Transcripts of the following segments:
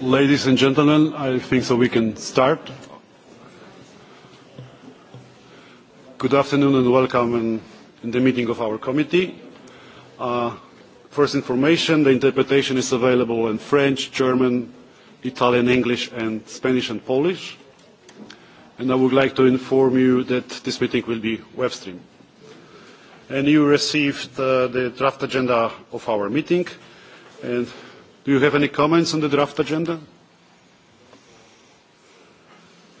Ladies and gentlemen, I think so we can start. Good afternoon and welcome in the meeting of our committee. First information, the interpretation is available in French, German, Italian, English and Spanish and Polish. And I would like to inform you that this meeting will be web streamed. And you received the draft agenda of our meeting. And do you have any comments on the draft agenda?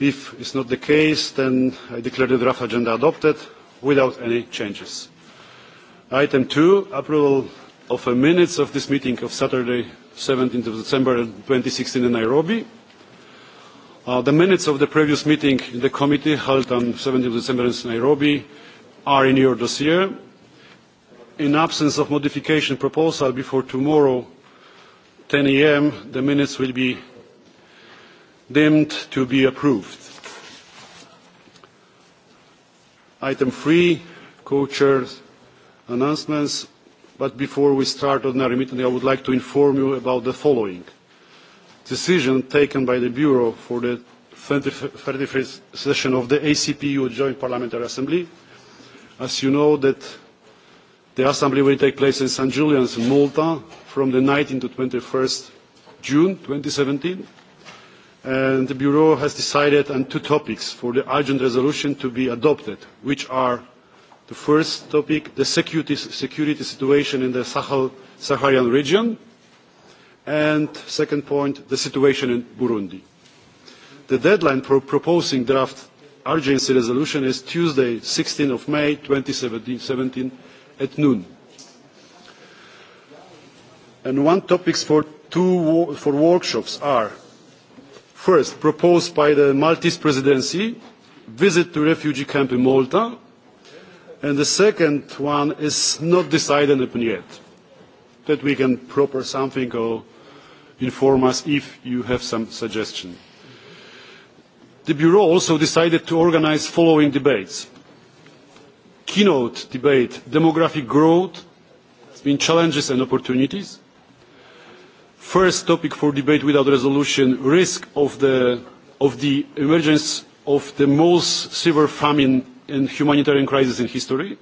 If it's not the case, then I declare the draft agenda adopted without any changes. Item 2, approval of the minutes of this meeting of Saturday, 17th of December 2016 in Nairobi. The minutes of the previous meeting in the committee held on 17th of December in Nairobi are in your dossier in absence of modification proposal before tomorrow 10 a.m. the minutes will be deemed to be approved. Item three, co-chairs announcements, but before we start ordinary meeting I would like to inform you about the following. Decision taken by the Bureau for the thirty st session of the ACPU Joint Parliamentary Assembly. As you know that The assembly will take place in St. Julian's, Malta, from the 19 to 21st June 2017. And the Bureau has decided on two topics for the urgent resolution to be adopted, which are the first topic, the security situation in the Saharan region, and second point, the situation in Burundi. The deadline for proposing draft urgency resolution is Tuesday, 16 of May 2017 at noon. And one topics for two for workshops are first proposed by the Maltese Presidency visit to refugee camp in Malta and the second one is not decided upon yet. That we can proper something or inform us if you have some suggestion. The Bureau also decided to organise following debates keynote debate demographic growth between challenges and opportunities. First topic for debate without resolution risk of the emergence of the most severe famine and humanitarian crisis in history.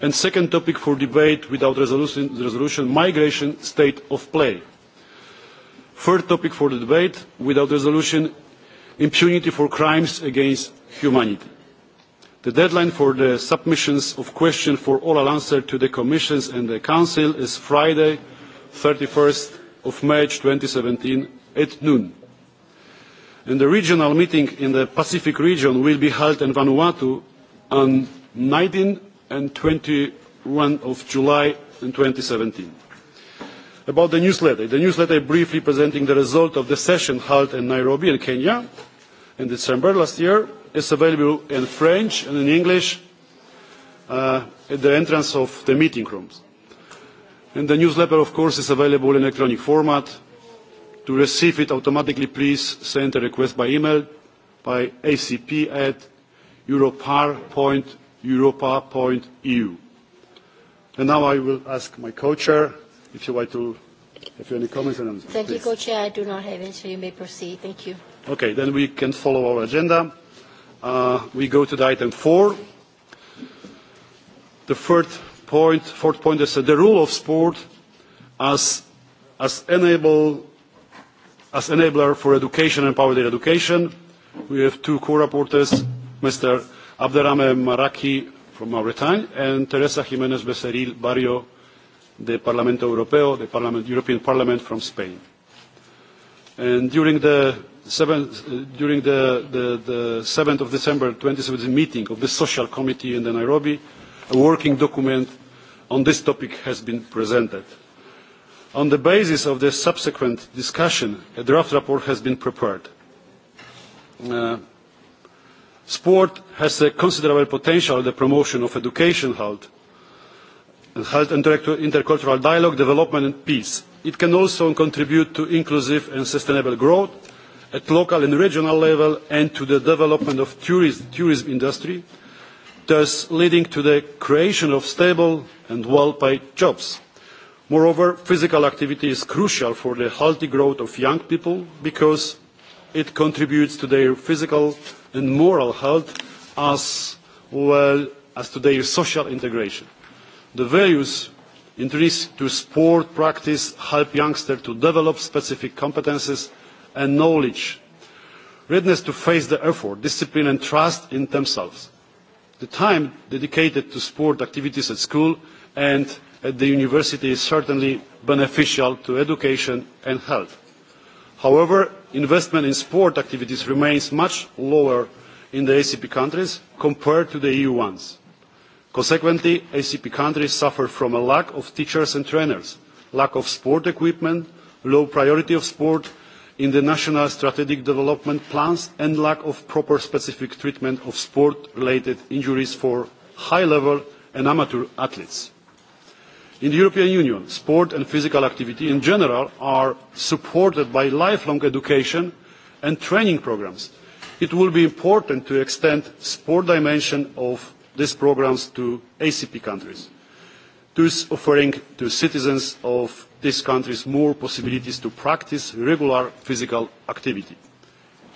And second topic for debate without resolution migration state of play. Third topic for the debate without resolution impunity for crimes against humanity. The deadline for the submissions of questions for oral answer to the Commission and the Council is Friday, 31st of March 2017 at noon. And the regional meeting in the Pacific region will be held in Vanuatu on 19 and 21 of July 2017. About the newsletter. The newsletter briefly presenting the result of the session held in Nairobi in Kenya in December last year is available in French and in English at the entrance of the meeting rooms. And the newsletter, of course, is available in electronic format. To receive it automatically, please send a request by email by acp at europar.europa.eu. And now I will ask my co-chair if you want to have any comments. Thank you, co-chair. I do not have any, so you may proceed. Thank you. Okay, then we can follow our agenda. We go to the item four. The fourth point is the rule of sport as enabler for education and poverty education. We have two co-rapporteurs, Mr. Abderame Maraki from Mauritania and Teresa Jiménez Becerril Barrio the Parlamento Europeo, the European Parliament from Spain. And during the during the 7th of December 2017 meeting of the Social Committee in Nairobi, a working document on this topic has been presented. On the basis of the subsequent discussion, a draft report has been prepared. Sport has a considerable potential in the promotion of education, health, intercultural dialogue, development and peace. It can also contribute to inclusive and sustainable growth at local and regional level and to the development of the tourism industry, thus leading to the creation of stable and well-paid jobs. Moreover, physical activity is crucial for the healthy growth of young people because it contributes to their physical and moral health as well as to their social integration. The values introduced to sport practice help youngsters to develop specific competences and knowledge, readiness to face the effort, discipline and trust in themselves. The time dedicated to sport activities at school and at the university is certainly beneficial to education and health. However, investment in sport activities remains much lower in the ACP countries compared to the EU ones. Consequently, ACP countries suffer from a lack of teachers and trainers, lack of sport equipment, low priority of sport in the national strategic development plans and lack of proper specific treatment of sport-related injuries for high-level and amateur athletes. In the European Union, sport and physical activity in general are supported by lifelong education and training programmes. It will be important to extend the sport dimension of these programmes to ACP countries, thus offering to citizens of these countries more possibilities to practice regular physical activity.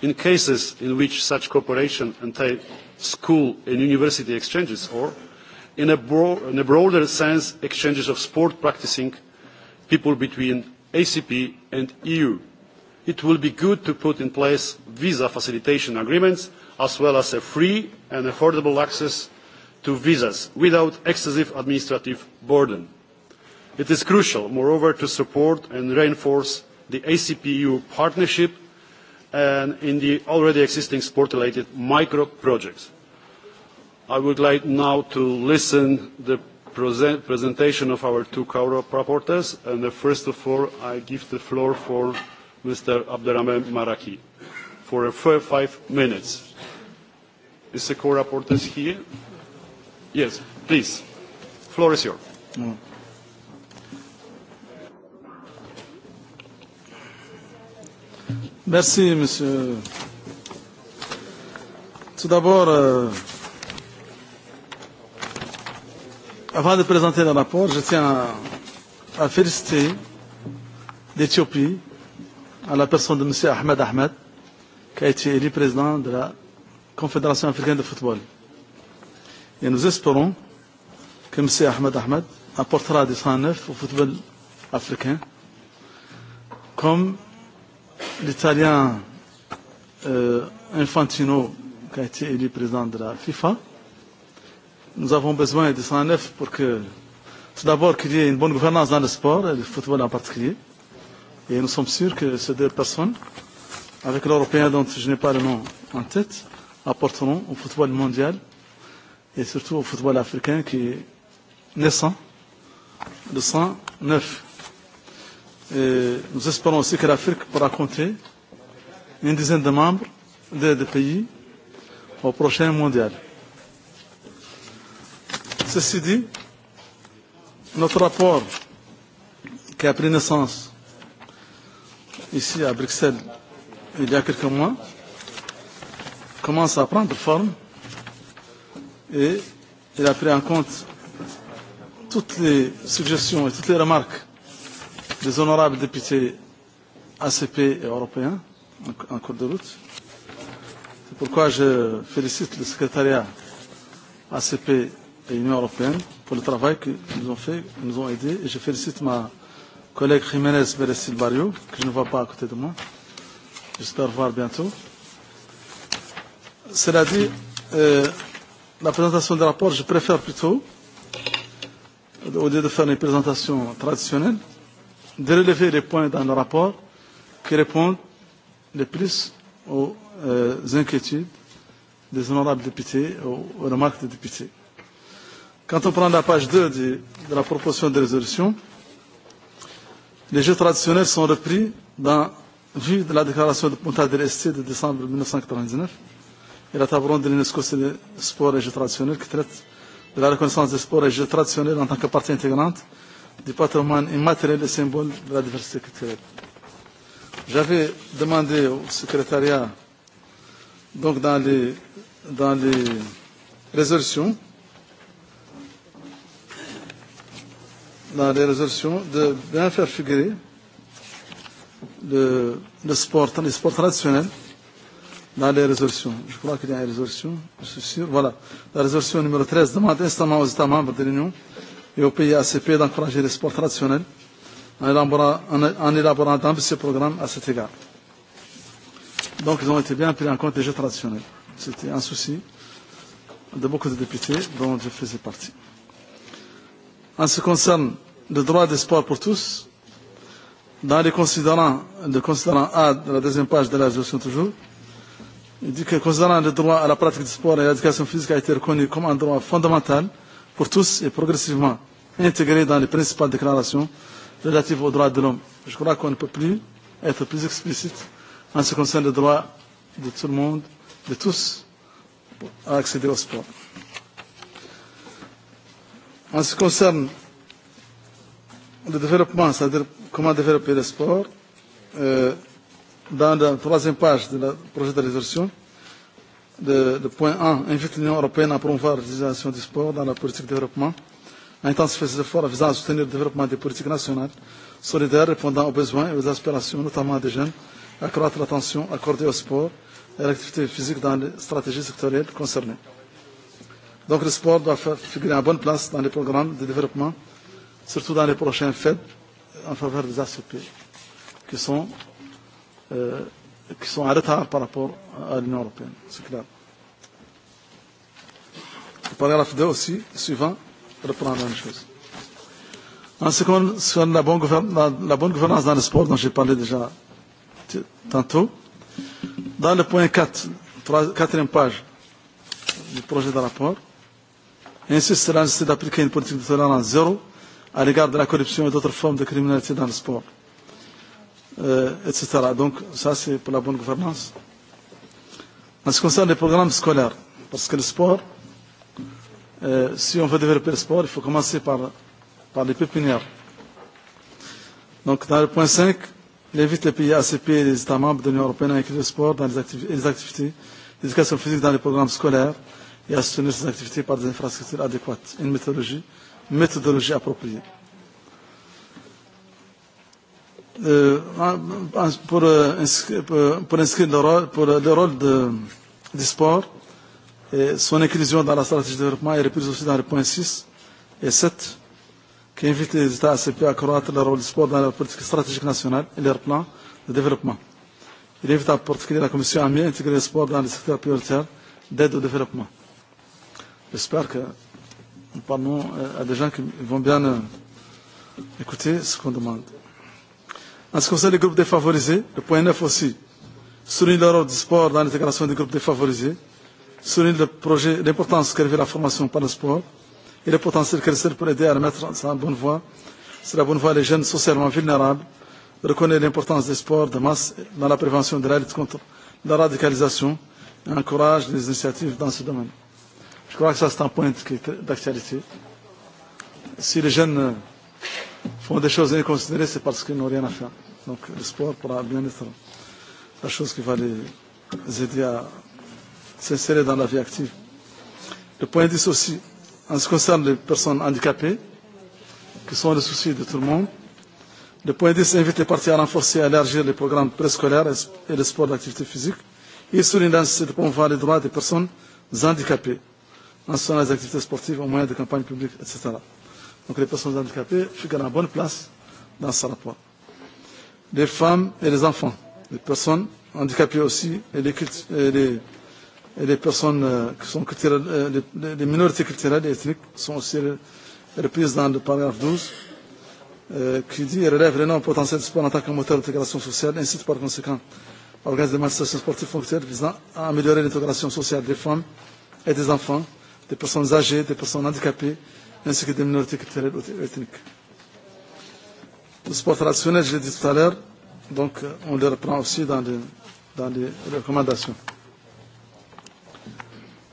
In cases in which such cooperation entails school and university exchanges or, in a broader sense, exchanges of sport practicing people between ACP and EU. It will be good to put in place visa facilitation agreements as well as a free and affordable access to visas without excessive administrative burden. It is crucial, moreover, to support and reinforce the ACPU partnership and in the already existing sport-related micro projects. I would like now to listen to the presentation of our two co-rapporteurs, and first of all, I give the floor for Mr. Abderrahmane Maraki for five minutes. Is the co-rapporteur here? Yes, please. The floor is yours. Merci, monsieur. Tout d'abord, avant de présenter le rapport, je tiens à féliciter l'Éthiopie à la personne de monsieur Ahmed Ahmed, qui a été élu président de la Confédération africaine de football. Et nous espérons que M. Ahmed Ahmed apportera des sang neuf au football africain, comme l'italien euh, Infantino qui a été élu président de la FIFA. Nous avons besoin de 109 pour que, tout d'abord qu'il y ait une bonne gouvernance dans le sport, et le football en particulier. Et nous sommes sûrs que ces deux personnes, avec l'Européen dont je n'ai pas le nom en tête, apporteront au football mondial et surtout au football africain qui est naissant de 109 nous espérons aussi que l'Afrique pourra compter une dizaine de membres de, de pays au prochain mondial. Ceci dit, notre rapport qui a pris naissance ici à Bruxelles il y a quelques mois commence à prendre forme et il a pris en compte toutes les suggestions et toutes les remarques des honorables députés ACP et européens en cours de route. C'est pourquoi je félicite le secrétariat ACP et Union européenne pour le travail qu'ils nous ont fait, qu'ils nous ont aidés. Et je félicite ma collègue Jiménez Beresil Barrio, que je ne vois pas à côté de moi. J'espère voir bientôt. Cela dit, la présentation des rapport, je préfère plutôt, au lieu de faire une présentation traditionnelle, de relever les points dans le rapport qui répondent le plus aux inquiétudes des honorables députés, aux remarques des députés. Quand on prend la page 2 de la proposition de résolution, les jeux traditionnels sont repris dans vue de la déclaration de Punta del Este de décembre 1999 et la table de l'UNESCO sur les sports et jeux traditionnels qui traite de la reconnaissance des sports et jeux traditionnels en tant que partie intégrante du patrimoine immatériel et symbole de la diversité culturelle. J'avais demandé au secrétariat, donc dans les, dans les résolutions, dans les résolutions, de bien faire figurer le, le sport, les sports traditionnels dans les résolutions. Je crois qu'il y a une résolution, je suis sûr. Voilà. La résolution numéro 13 demande instamment aux États membres de l'Union et au pays ACP d'encourager les sports traditionnels en élaborant d'ambitieux programmes à cet égard. Donc, ils ont été bien pris en compte les jeux traditionnels. C'était un souci de beaucoup de députés dont je faisais partie. En ce qui concerne le droit des sports pour tous, dans les considérants, le considérant A de la deuxième page de la résolution toujours, il dit que considérant le droit à la pratique du sport et à l'éducation physique a été reconnu comme un droit fondamental pour tous et progressivement intégrer dans les principales déclarations relatives aux droits de l'homme. Je crois qu'on ne peut plus être plus explicite en ce qui concerne les droits de tout le monde, de tous, à accéder au sport. En ce qui concerne le développement, c'est-à-dire comment développer le sport, dans la troisième page du projet de résolution, de, de point 1, invite l'Union européenne à promouvoir l'utilisation du sport dans la politique de développement, à intensifier ses efforts visant à soutenir le développement des politiques nationales, solidaires, répondant aux besoins et aux aspirations, notamment des jeunes, à accroître l'attention accordée au sport et à l'activité physique dans les stratégies sectorielles concernées. Donc le sport doit faire figurer en bonne place dans les programmes de développement, surtout dans les prochains FED en faveur des ACP, qui sont qui sont à retard par rapport à l'Union européenne. C'est clair. Le paragraphe 2 aussi, suivant, reprend la même chose. En ce qui concerne la bonne gouvernance dans le sport, dont j'ai parlé déjà tantôt, dans le point 4, quatrième page du projet de rapport, insiste sur la nécessité d'appliquer une politique de tolérance zéro à l'égard de la corruption et d'autres formes de criminalité dans le sport etc. Donc ça, c'est pour la bonne gouvernance. En ce qui concerne les programmes scolaires, parce que le sport, si on veut développer le sport, il faut commencer par, par les pépinières. Donc dans le point 5, il invite les pays ACP et les États membres de l'Union européenne à inclure le sport dans les, les activités d'éducation physique dans les programmes scolaires et à soutenir ces activités par des infrastructures adéquates, une méthodologie, méthodologie appropriée pour, pour inscrire le rôle, pour le rôle de, du sport, et son inclusion dans la stratégie de développement est reprise aussi dans les points 6 et 7, qui invite les États ACP à croître le rôle du sport dans la politique stratégique nationale et leur plan de développement. Il invite en particulier la Commission à mieux intégrer le sport dans le secteur prioritaire d'aide au développement. J'espère que nous parlons à des gens qui vont bien écouter ce qu'on demande. En ce qui concerne les groupes défavorisés, le point 9 aussi souligne le rôle du sport dans l'intégration des groupes défavorisés, souligne l'importance que revêt la formation par le sport et le potentiel qu'elle sert pour aider à remettre sur la bonne voie, sur la bonne voie les jeunes socialement vulnérables, reconnaît l'importance des sports de masse dans la prévention de la lutte contre la radicalisation et encourage les initiatives dans ce domaine. Je crois que ça, c'est un point d'actualité. Si les jeunes font des choses inconsidérées, c'est parce qu'ils n'ont rien à faire. Donc le sport pourra bien être la chose qui va les aider à s'insérer dans la vie active. Le point 10 aussi, en ce qui concerne les personnes handicapées, qui sont le soucis de tout le monde, le point 10 invite les partis à renforcer et à élargir les programmes préscolaires et le sport d'activité physique. Il souligne la nécessité de promouvoir les droits des personnes handicapées en ce les activités sportives au moyen de campagnes publiques, etc donc les personnes handicapées, figurent à bonne place dans ce rapport. Les femmes et les enfants, les personnes handicapées aussi, et les, les, et les personnes qui sont culturelles, les, minorités culturelles et ethniques sont aussi reprises dans le paragraphe 12 qui dit relève l'énorme potentiel du sport en tant que moteur d'intégration sociale, incite par conséquent organiser des manifestations sportives fonctionnelles visant à améliorer l'intégration sociale des femmes et des enfants, des personnes âgées, des personnes handicapées, neyse que demir tekipleri ethniques. Le sport traditionnel, je l'ai dit tout à l'heure, donc on le reprend aussi dans les, dans les recommandations.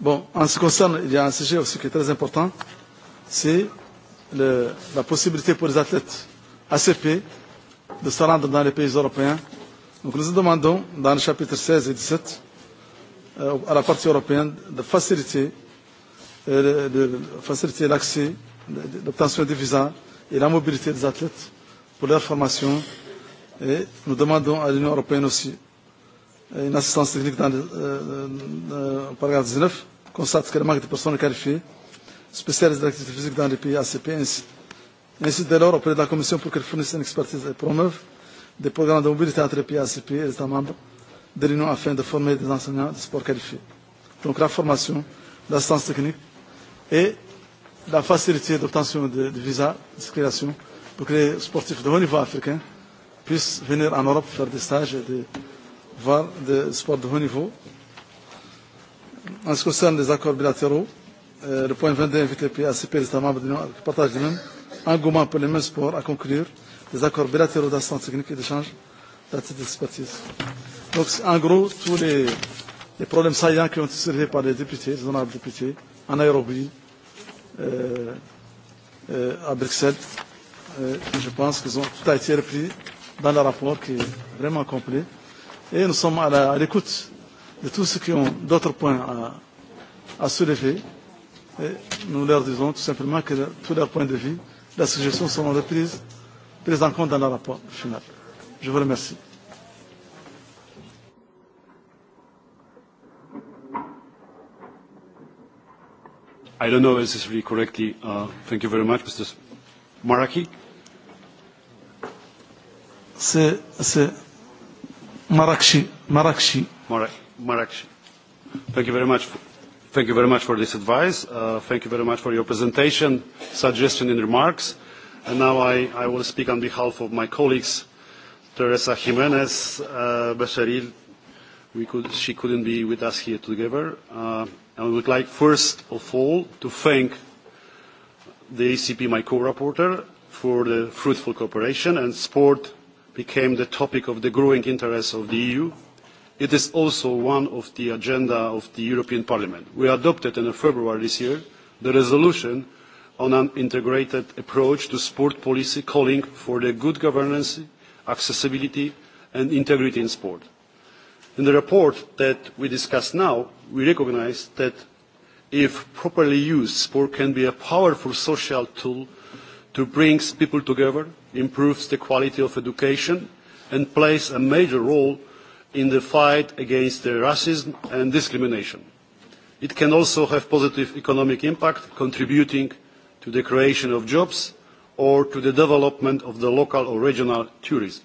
Bon, en ce qui concerne, il y a un sujet aussi qui est très important, c'est la possibilité pour les athlètes ACP de se rendre dans les pays européens. Donc nous demandons, dans les chapitres 16 et 17, à la partie européenne, de faciliter de faciliter l'accès, l'obtention des visas et la mobilité des athlètes pour leur formation. Et nous demandons à l'Union européenne aussi une assistance technique dans le paragraphe 19 constate que le manque de personnes qualifiées spécialistes de l'activité physique dans les pays ACP ainsi. Ainsi, dès lors, auprès de la Commission pour qu'elle fournisse une expertise et promeuve des programmes de mobilité entre les pays ACP et les États membres de l'Union afin de former des enseignants de sport qualifiés. Donc la formation, l'assistance technique et la facilité d'obtention de visas de création, pour que les sportifs de haut niveau africains puissent venir en Europe faire des stages et de voir des sports de haut niveau. En ce qui concerne les accords bilatéraux, le point 22 invite les pays ACP et les États membres de l'Union qui partagent le même engouement pour les mêmes sports à conclure des accords bilatéraux d'assistance technique et d'échange d'expertise. Donc, en gros, tous les, les problèmes saillants qui ont été soulevés par les députés, les honorables députés, en aérobie, à Bruxelles. Je pense qu'ils ont tout a été repris dans le rapport qui est vraiment complet. Et nous sommes à l'écoute de tous ceux qui ont d'autres points à soulever. et Nous leur disons tout simplement que tous leurs points de vue, leurs suggestions seront reprises, prises en compte dans le rapport final. Je vous remercie. I don't know if this is really correctly. Thank you very much, Mr. Maraki. Marakshi. Marakshi. Marakshi. Thank you very much. Thank you very much for this advice. Thank you very much for your presentation, suggestion and remarks. And now I will speak on behalf of my colleagues, Teresa Jimenez, Becheril, could, she couldn't be with us here together. Uh, and would like first of all to thank the ACP, my co-rapporteur, for the fruitful cooperation and sport became the topic of the growing interest of the EU. It is also one of the agenda of the European Parliament. We adopted in February this year the resolution on an integrated approach to sport policy calling for the good governance, accessibility and integrity in sport. In the report that we discuss now, we recognise that if properly used, sport can be a powerful social tool to bring people together, improves the quality of education, and plays a major role in the fight against racism and discrimination. It can also have positive economic impact, contributing to the creation of jobs or to the development of the local or regional tourism.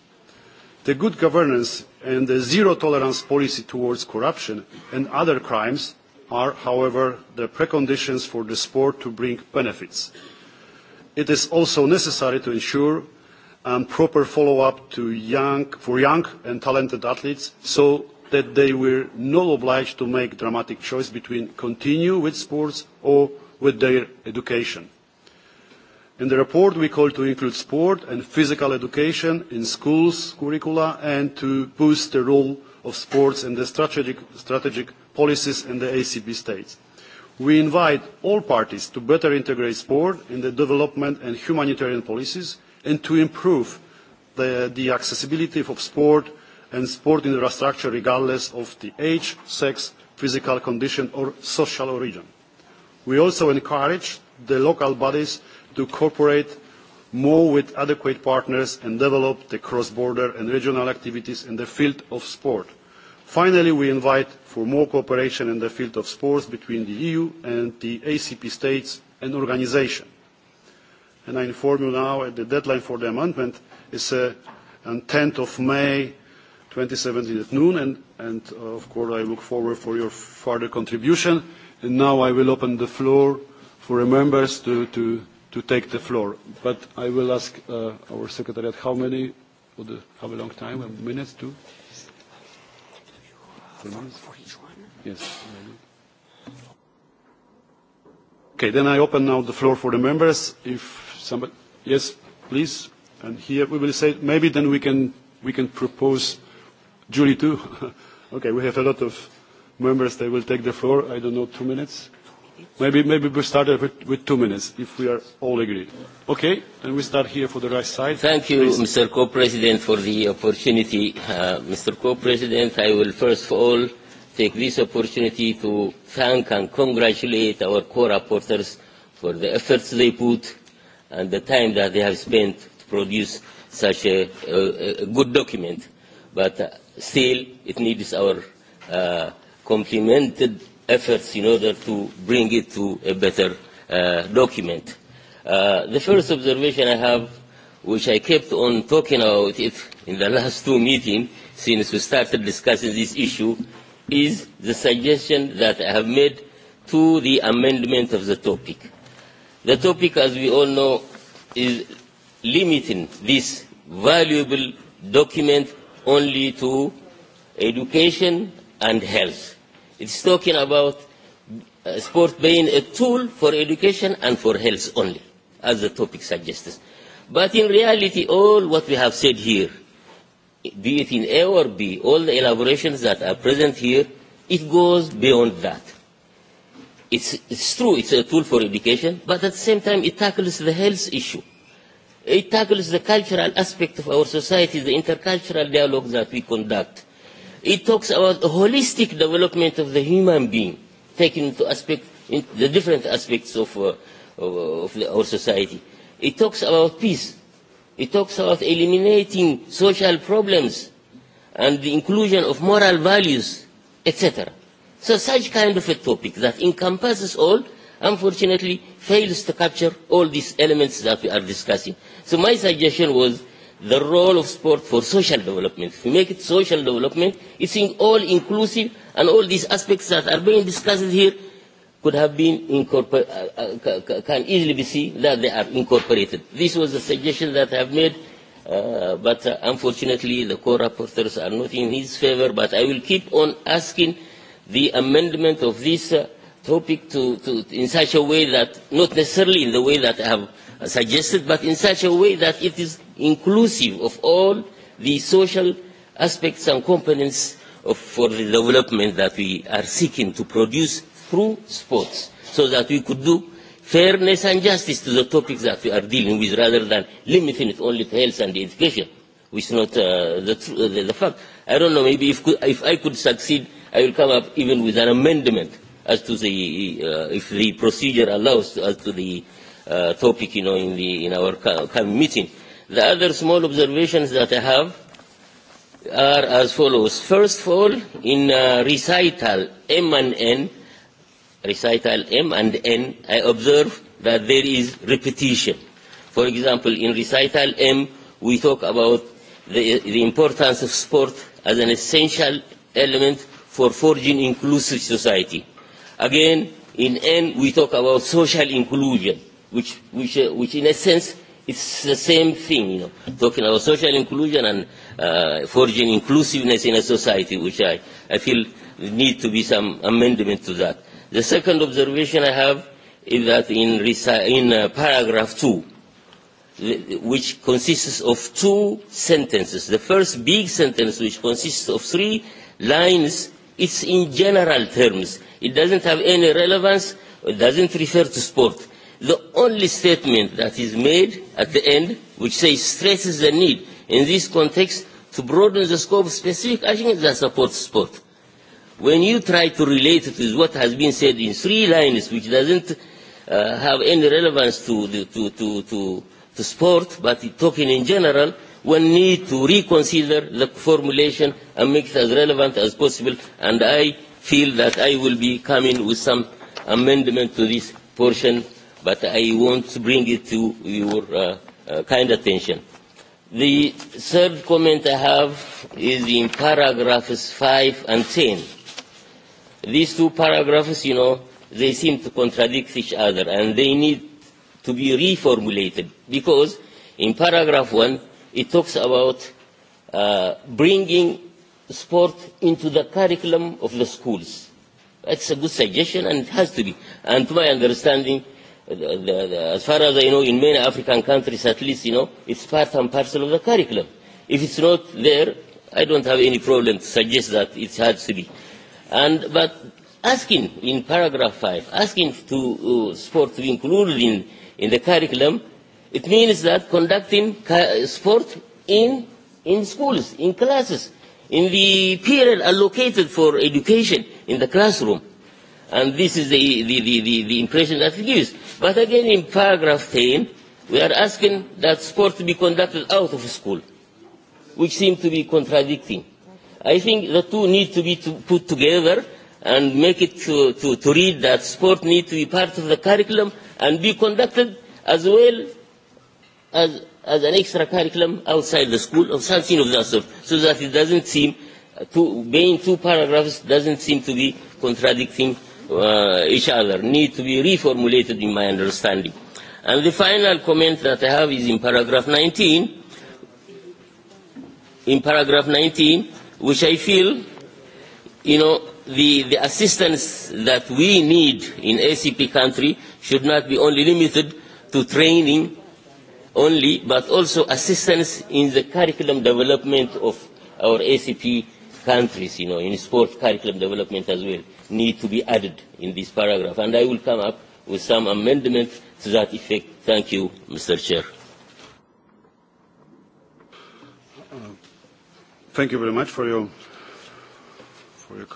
The good governance and the zero tolerance policy towards corruption and other crimes are, however, the preconditions for the sport to bring benefits. It is also necessary to ensure proper follow up for young and talented athletes so that they were not obliged to make dramatic choice between continue with sports or with their education. In the report, we call to include sport and physical education in schools' curricula and to boost the role of sports in the strategic policies in the ACB states. We invite all parties to better integrate sport in the development and humanitarian policies and to improve the accessibility of sport and sport infrastructure regardless of the age, sex, physical condition or social origin. We also encourage the local bodies to cooperate more with adequate partners and develop the cross-border and regional activities in the field of sport. Finally, we invite for more cooperation in the field of sports between the EU and the ACP states and organisations. And I inform you now that the deadline for the amendment is on 10th of May 2017 at noon, and of course I look forward for your further contribution. And now I will open the floor for members to to take the floor. But I will ask our secretariat how many would have a long time, a minute, two? Yes. Okay, then I open now the floor for the members. If somebody, yes, please. And here we will say maybe then we can we can propose Julie too. Okay, we have a lot of members. that will take the floor. I don't know, two minutes. Maybe maybe we start with, with two minutes if we are all agreed. Okay, and we start here for the right side. Thank you, Mr. Co-President, for the opportunity. Mr. Co-President, I will first of all take this opportunity to thank and congratulate our co-rapporteurs for the efforts they put and the time that they have spent to produce such a, good document. But still, it needs our uh, complemented efforts in order to bring it to a better document. The first observation I have, which I kept on talking about it in the last two meetings since we started discussing this issue, is the suggestion that I have made to the amendment of the topic. The topic, as we all know, is limiting this valuable document only to education and health. It's talking about sport being a tool for education and for health only, as the topic suggests. But in reality, all what we have said here, be it in A or B, all the elaborations that are present here, it goes beyond that. It's, it's true, it's a tool for education, but at the same time, it tackles the health issue. It tackles the cultural aspect of our society, the intercultural dialogue that we conduct It talks about the holistic development of the human being, taking into aspect in the different aspects of our society. It talks about peace. It talks about eliminating social problems and the inclusion of moral values, etc. So such kind of a topic that encompasses all, unfortunately, fails to capture all these elements that we are discussing. So my suggestion was the role of sport for social development. If we make it social development, it's all inclusive, and all these aspects that are being discussed here could have been incorporated, can easily be seen that they are incorporated. This was a suggestion that I have made, but unfortunately the co-rapporteurs are not in his favor, but I will keep on asking the amendment of this topic to, to, in such a way that, not necessarily in the way that I have suggested, but in such a way that it is inclusive of all the social aspects and components of, for the development that we are seeking to produce through sports, so that we could do fairness and justice to the topics that we are dealing with, rather than limiting it only to health and education, which is not uh, the, the, the fact. I don't know, maybe if, if I could succeed, I will come up even with an amendment as to the if the procedure allows as to the topic you know in the in our coming meeting. The other small observations that I have are as follows. First of all, in recital M and N, recital M and N, I observe that there is repetition. For example, in recital M, we talk about the, the importance of sport as an essential element for forging inclusive society. Again, in N we talk about social inclusion, which, which, which in a sense it's the same thing, you know, talking about social inclusion and uh, forging inclusiveness in a society, which I, I feel need to be some amendment to that. The second observation I have is that in, in paragraph two, which consists of two sentences. The first big sentence, which consists of three lines it's in general terms. It doesn't have any relevance. It doesn't refer to sport. The only statement that is made at the end, which says stresses the need in this context to broaden the scope of specific actions that support sport. When you try to relate it with what has been said in three lines, which doesn't have any relevance to to to to to sport, but talking in general, One need to reconsider the formulation and make it as relevant as possible and I feel that I will be coming with some amendment to this portion but I want to bring it to your kind attention. The third comment I have is in paragraphs 5 and 10. These two paragraphs, you know, they seem to contradict each other and they need to be reformulated because in paragraph 1 It talks about bringing sport into the curriculum of the schools. That's a good suggestion and it has to be. And to my understanding, as far as I know, in many African countries at least, you know, it's part and parcel of the curriculum. If it's not there, I don't have any problem to suggest that it has to be. And, but asking in paragraph 5, asking to sport to be included in, in the curriculum It means that conducting sport in in schools, in classes, in the period allocated for education in the classroom. And this is the, the, the, the, impression that it gives. But again, in paragraph 10, we are asking that sport to be conducted out of school, which seems to be contradicting. I think the two need to be to put together and make it to, to, to read that sport needs to be part of the curriculum and be conducted as well as an extra curriculum outside the school or something of that sort, so that it doesn't seem to being two paragraphs doesn't seem to be contradicting each other. Need to be reformulated in my understanding. And the final comment that I have is in paragraph 19. In paragraph 19, which I feel, you know, the, the assistance that we need in ACP country should not be only limited to training only, but also assistance in the curriculum development of our ACP countries, you know, in sport curriculum development as well, need to be added in this paragraph. And I will come up with some amendments to that effect. Thank you, Mr. Chair. Thank you very much for your for your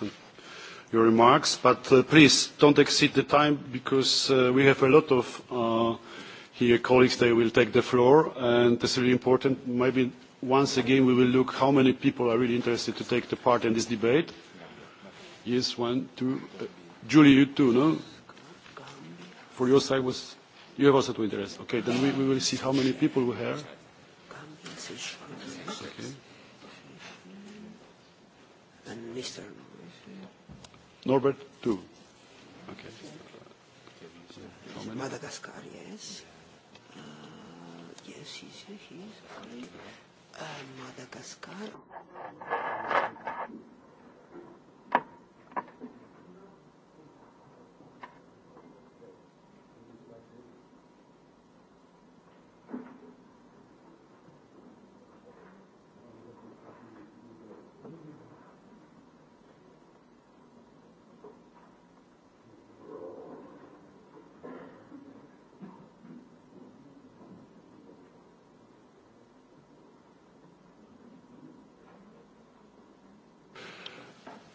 your remarks, but please don't exceed the time because we have a lot of here colleagues they will take the floor and this is really important. Maybe once again we will look how many people are really interested to take the part in this debate. Yes, one, two. Julie, you too, no? For your side was, you have also two interests. Okay, then we, we will see how many people we have. Norbert, two. Okay. Madagascar, Κασκάλου.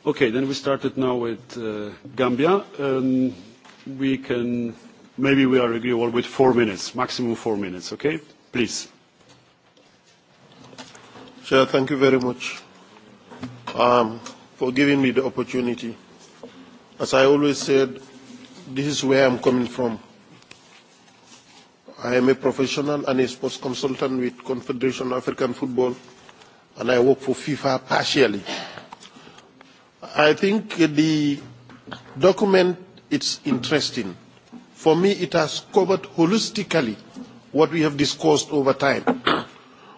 Okay, then we started now with Gambia. We can, maybe we are agreeable with four minutes, maximum four minutes, okay? Please. Chair, thank you very much for giving me the opportunity. As I always said, this is where I'm coming from. I am a professional and a sports consultant with Confederation of African Football, and I work for FIFA partially. I think the document is interesting. For me, it has covered holistically what we have discussed over time.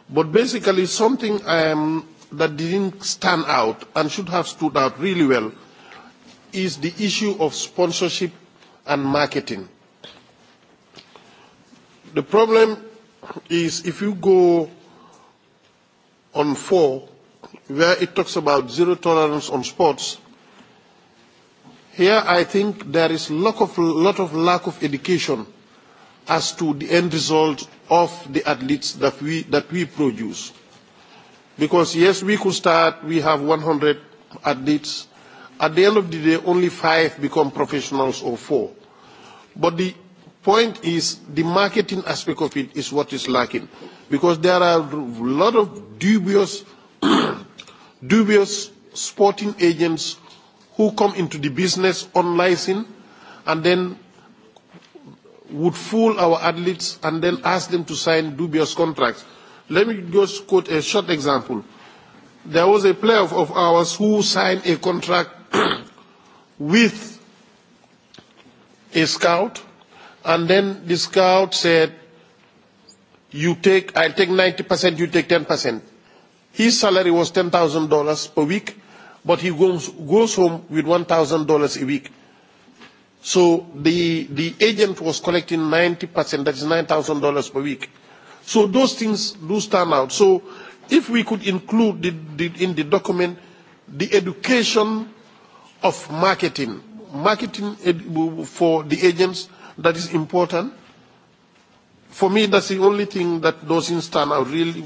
But basically, something that didn't stand out and should have stood out really well is the issue of sponsorship and marketing. The problem is if you go on four where it talks about zero tolerance on sports, here I think there is a lot of, lack of education as to the end result of the athletes that we, that we produce. Because yes, we could start, we have 100 athletes. At the end of the day, only five become professionals or four. But the point is the marketing aspect of it is what is lacking. Because there are a lot of dubious dubious sporting agents who come into the business on license and then would fool our athletes and then ask them to sign dubious contracts. Let me just quote a short example. There was a player of ours who signed a contract with a scout and then the scout said, you take, I take 90%, you take 10%. His salary was $10,000 per week, but he goes, goes home with $1,000 a week. So the, the agent was collecting 90%, that is $9,000 per week. So those things do stand out. So if we could include the, in the document the education of marketing, marketing for the agents, that is important for me, that's the only thing that those stand are really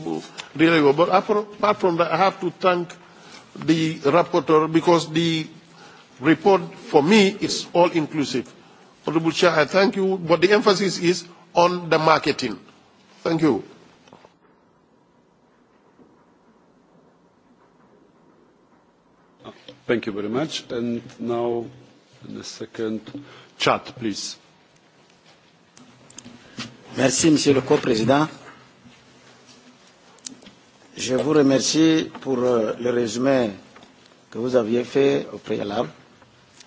reliable. But apart from that, I have to thank the rapporteur because the report, for me, is all-inclusive. Honorable Chair, I thank you, but the emphasis is on the marketing. Thank you. Thank you very much. And now, in second, chat, please. Merci, Monsieur le Co-président. Je vous remercie pour le résumé que vous aviez fait au préalable.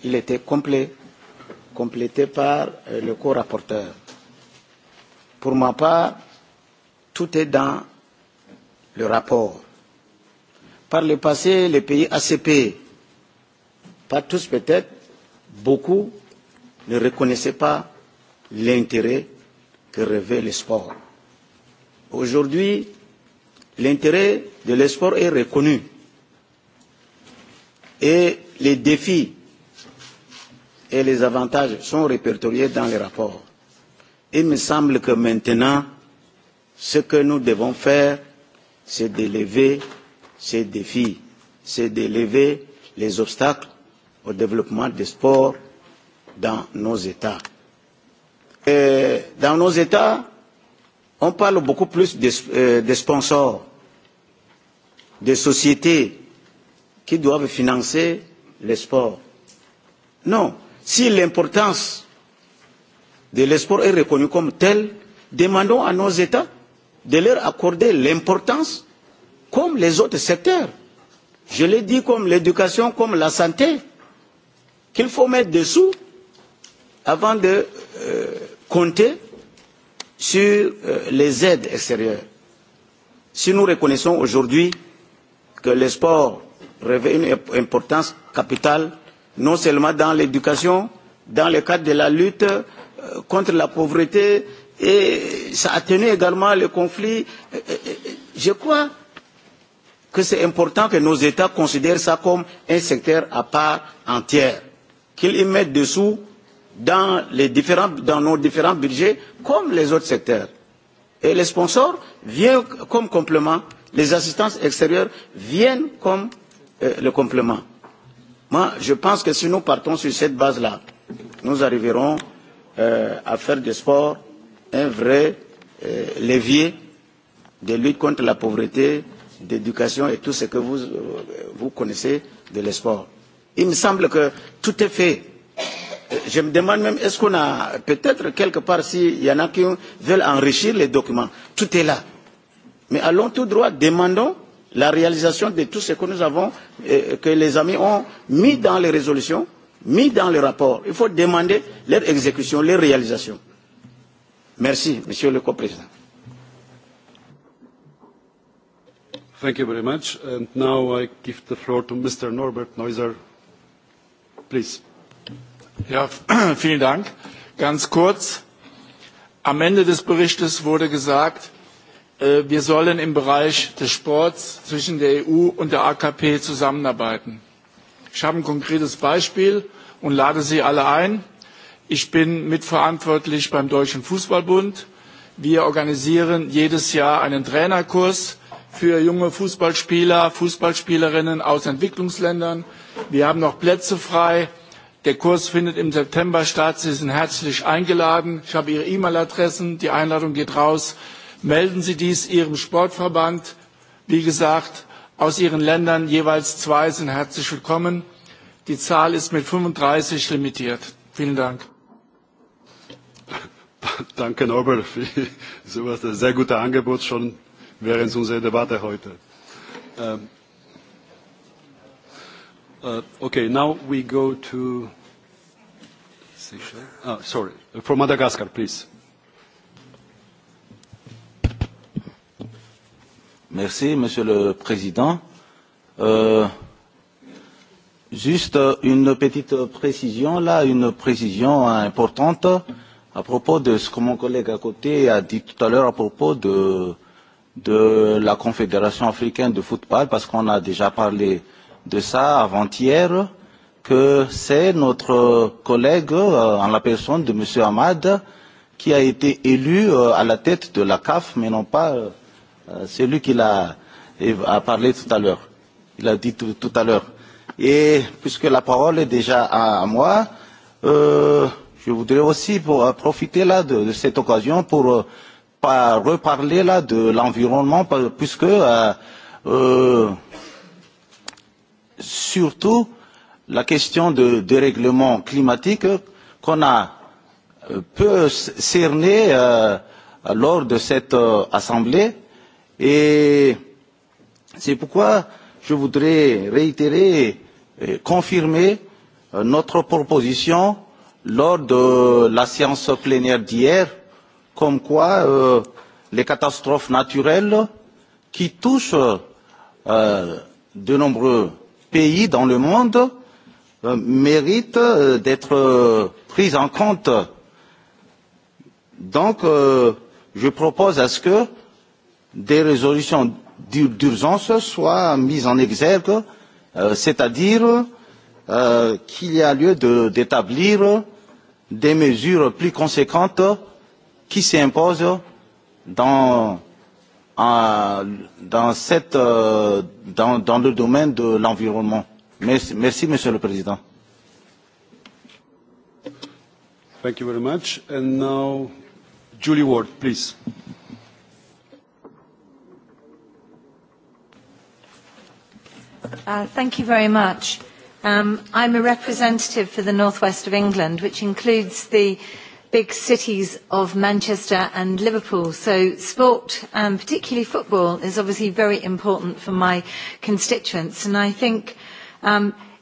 Il était complet, complété par le co-rapporteur. Pour ma part, tout est dans le rapport. Par le passé, les pays ACP, pas tous peut-être, beaucoup ne reconnaissaient pas l'intérêt que revêt le sport. Aujourd'hui, l'intérêt de l'esport est reconnu et les défis et les avantages sont répertoriés dans les rapports. Il me semble que maintenant, ce que nous devons faire, c'est d'élever ces défis, c'est d'élever les obstacles au développement des sports dans nos États dans nos États, on parle beaucoup plus de sponsors, de sociétés qui doivent financer le sport. Non, si l'importance de l'esport est reconnue comme telle, demandons à nos États de leur accorder l'importance comme les autres secteurs. Je l'ai dit comme l'éducation, comme la santé, qu'il faut mettre dessous avant de compter sur les aides extérieures. Si nous reconnaissons aujourd'hui que le sport revêt une importance capitale, non seulement dans l'éducation, dans le cadre de la lutte contre la pauvreté, et ça atténue également le conflit, je crois que c'est important que nos États considèrent ça comme un secteur à part entière, qu'ils y mettent dessous dans, les différents, dans nos différents budgets comme les autres secteurs. Et les sponsors viennent comme complément, les assistances extérieures viennent comme le complément. Moi, je pense que si nous partons sur cette base-là, nous arriverons à faire du sport un vrai levier de lutte contre la pauvreté, d'éducation et tout ce que vous, vous connaissez de l'esport. Il me semble que tout est fait je me demande même est-ce qu'on a peut-être quelque part s'il y en a qui veulent enrichir les documents. Tout est là. Mais allons tout droit, demandons la réalisation de tout ce que nous avons, que les amis ont mis dans les résolutions, mis dans les rapports. Il faut demander leur exécution, leur réalisation. Merci, Monsieur le Co-président. Thank you very much. And now I give the floor to Mr. Norbert Neuser. Please. Herr vielen Ganz kurz. Am Ende des Berichts wurde gesagt, wir sollen im Bereich des Sports zwischen der EU und der AKP zusammenarbeiten. Ich habe ein konkretes Beispiel und lade Sie alle ein. Ich bin mitverantwortlich beim Deutschen Fußballbund. Wir organisieren jedes Jahr einen Trainerkurs für junge Fußballspieler, Fußballspielerinnen aus Entwicklungsländern. Wir haben noch Plätze frei Der Kurs findet im September statt. Sie sind herzlich eingeladen. Ich habe Ihre E-Mail-Adressen. Die Einladung geht raus. Melden Sie dies Ihrem Sportverband. Wie gesagt, aus Ihren Ländern jeweils zwei sind herzlich willkommen. Die Zahl ist mit 35 limitiert. Vielen Dank. Danke, Nobel, für sowas, sehr gutes Angebot schon während unserer Debatte heute. Okay, now we go to Sorry, from Madagascar, please. Merci, Monsieur le Président. Juste une petite précision, là, une précision importante à propos de ce que mon collègue à côté a dit tout à l'heure à propos de de la Confédération africaine de football, parce qu'on a déjà parlé de ça avant-hier que c'est notre collègue en la personne de M. Ahmad qui a été élu à la tête de la CAF, mais non pas celui qui a, a parlé tout à l'heure. Il a dit tout, à l'heure. Et puisque la parole est déjà à, moi, euh, je voudrais aussi profiter là de, cette occasion pour pas reparler là de l'environnement, puisque euh, surtout la question de dérèglement climatique qu'on a peu cerné lors de cette assemblée et c'est pourquoi je voudrais réitérer et confirmer notre proposition lors de la séance plénière d'hier comme quoi les catastrophes naturelles qui touchent de nombreux pays dans le monde mérite d'être prise en compte. Donc, je propose à ce que des résolutions d'urgence soient mises en exergue, c'est-à-dire qu'il y a lieu d'établir des mesures plus conséquentes qui s'imposent dans dans, cette, dans, dans le domaine de l'environnement. Merci, merci, Monsieur le Président. Thank you very much. And now, Julie Ward, please. Thank you very much. Um, I'm a representative for the northwest of England, which includes the big cities of Manchester and Liverpool. So sport, and particularly football, is obviously very important for my constituents. And I think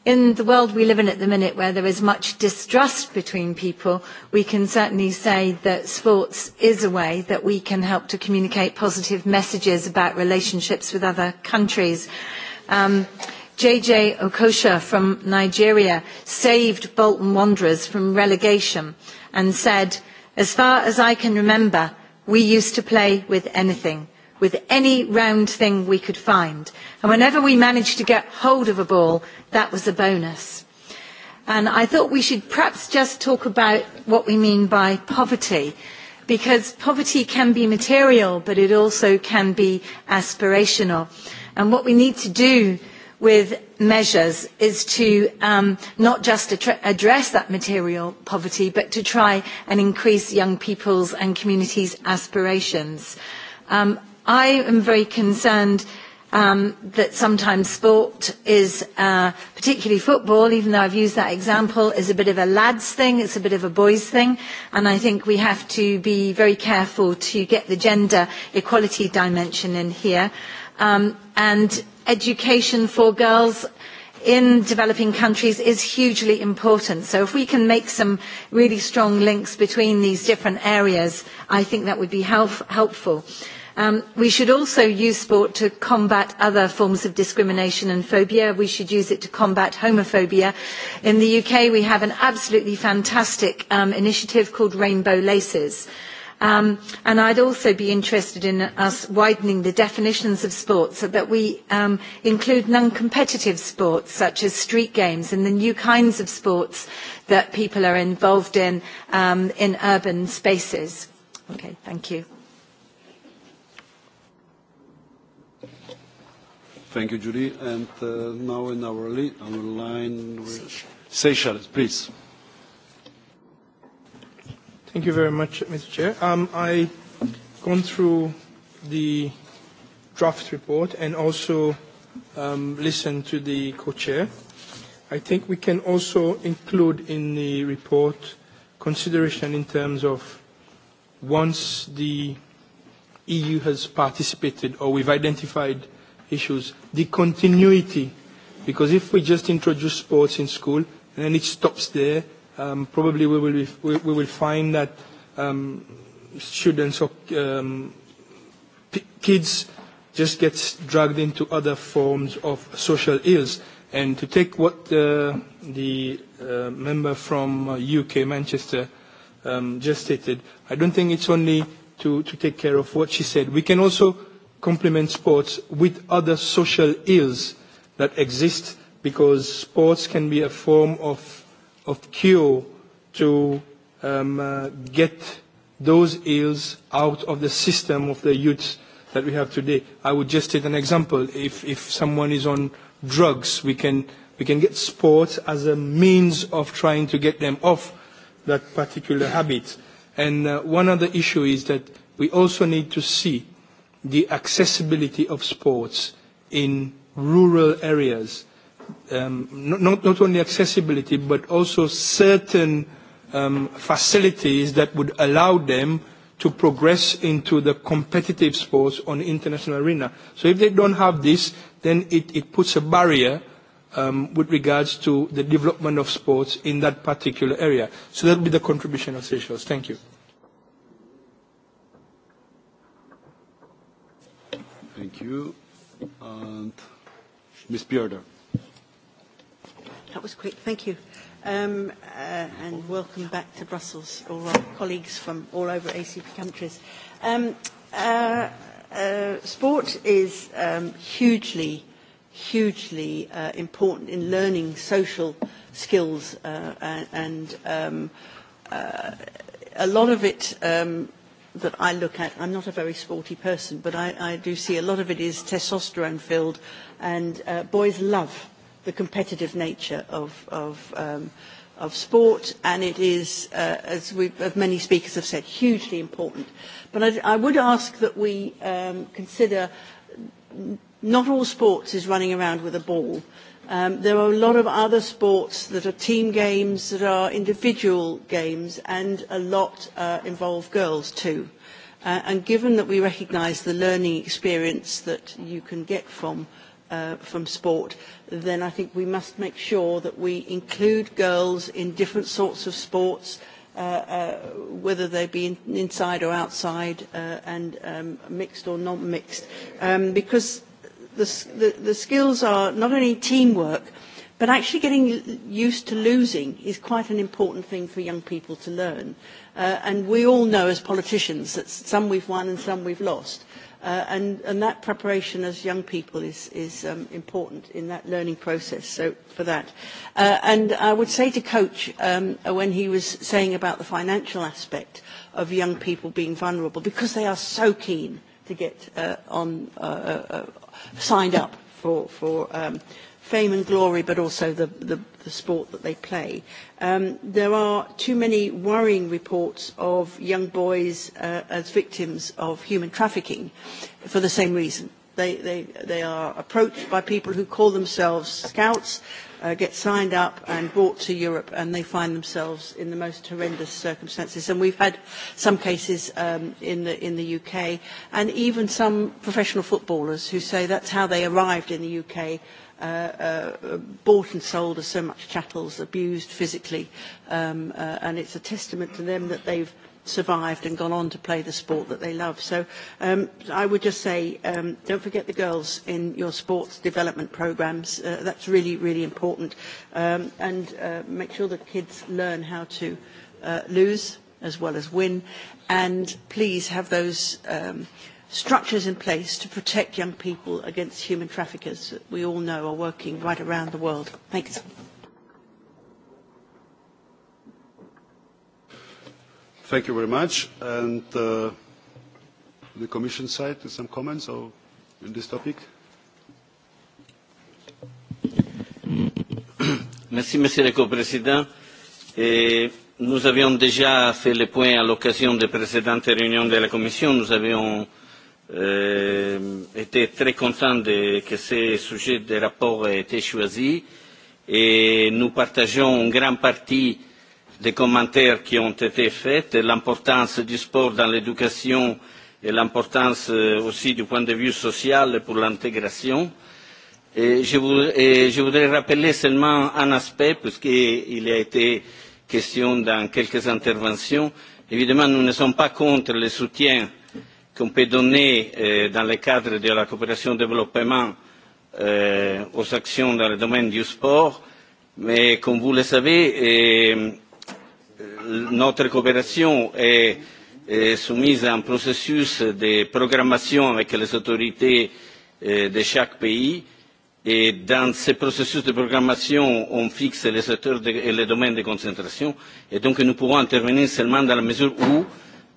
in the world we live in at the minute where there is much distrust between people, we can certainly say that sports is a way that we can help to communicate positive messages about relationships with other countries. JJ Okosha from Nigeria saved Bolton Wanderers from relegation and said, as far as I can remember, we used to play with anything, with any round thing we could find. And whenever we managed to get hold of a ball, that was a bonus. And I thought we should perhaps just talk about what we mean by poverty, because poverty can be material, but it also can be aspirational. And what we need to do with measures is to not just address that material poverty, but to try and increase young people's and communities' aspirations. I am very concerned that sometimes sport is, particularly football, even though I've used that example, is a bit of a lads thing, it's a bit of a boys thing, and I think we have to be very careful to get the gender equality dimension in here. And education for girls in developing countries is hugely important. So if we can make some really strong links between these different areas, I think that would be helpful. We should also use sport to combat other forms of discrimination and phobia. We should use it to combat homophobia. In the UK, we have an absolutely fantastic initiative called Rainbow Laces And I'd also be interested in us widening the definitions of sports so that we include non-competitive sports such as street games and the new kinds of sports that people are involved in in urban spaces. Okay, thank you. Thank you, Julie. And now in our line, Seychelles, please. Thank you very much, Mr. Chair. Um, I gone through the draft report and also um, listened to the co-chair. I think we can also include in the report consideration in terms of once the EU has participated or we've identified issues, the continuity, because if we just introduce sports in school and then it stops there, probably we will we will find that students or kids just get dragged into other forms of social ills. And to take what the member from UK, Manchester, just stated, I don't think it's only to to take care of what she said. We can also complement sports with other social ills that exist because sports can be a form of of cure to get those ills out of the system of the youths that we have today. I would just take an example. If if someone is on drugs, we can we can get sports as a means of trying to get them off that particular habit. And one other issue is that we also need to see the accessibility of sports in rural areas not only accessibility but also certain facilities that would allow them to progress into the competitive sports on the international arena. So if they don't have this, then it it puts a barrier with regards to the development of sports in that particular area. So that would be the contribution of Seychelles. Thank you. Thank you. And Ms. Bjerder. That was quick. Thank you. Um, and welcome back to Brussels, all our colleagues from all over ACP countries. Um, uh, sport is um, hugely, hugely important in learning social skills and um, uh, a lot of it um, that I look at, I'm not a very sporty person, but I, I do see a lot of it is testosterone filled and boys love the competitive nature of of of sport and it is as we as many speakers have said hugely important but i would ask that we consider not all sports is running around with a ball there are a lot of other sports that are team games that are individual games and a lot involve girls too and given that we recognise the learning experience that you can get from from sport, then I think we must make sure that we include girls in different sorts of sports, whether they be inside or outside and mixed or non-mixed, because the skills are not only teamwork, but actually getting used to losing is quite an important thing for young people to learn. And we all know as politicians that some we've won and some we've lost and that preparation as young people is important in that learning process so for that. And I would say to Coach when he was saying about the financial aspect of young people being vulnerable because they are so keen to get on signed up for fame and glory but also the the sport that they play. There are too many worrying reports of young boys as victims of human trafficking for the same reason. They are approached by people who call themselves scouts, get signed up and brought to Europe, and they find themselves in the most horrendous circumstances. And we've had some cases in the UK, and even some professional footballers who say that's how they arrived in the UK bought and sold as so much chattels, abused physically, and it's a testament to them that they've survived and gone on to play the sport that they love. So I would just say, don't forget the girls in your sports development programs. That's really, really important. And make sure the kids learn how to lose as well as win. And please have those structures in place to protect young people against human traffickers that we all know are working right around the world. Thanks. Thank you very much. And the Commission side, some comments on this topic? Merci, Monsieur le Co-président. Nous avions déjà fait le point à l'occasion des précédentes réunions de la Commission. Nous avions était très content que ce sujet de rapport ait été choisi et nous partageons une grande partie des commentaires qui ont été faits, l'importance du sport dans l'éducation et l'importance aussi du point de vue social pour l'intégration. Je voudrais rappeler seulement un aspect, puisqu'il a été question dans quelques interventions. Évidemment, nous ne sommes pas contre le soutien qu'on peut donner dans le cadre de la coopération développement aux actions dans le domaine du sport, mais comme vous le savez, notre coopération est soumise à un processus de programmation avec les autorités de chaque pays et dans ce processus de programmation on fixe les secteurs et les domaines de concentration et donc nous pouvons intervenir seulement dans la mesure où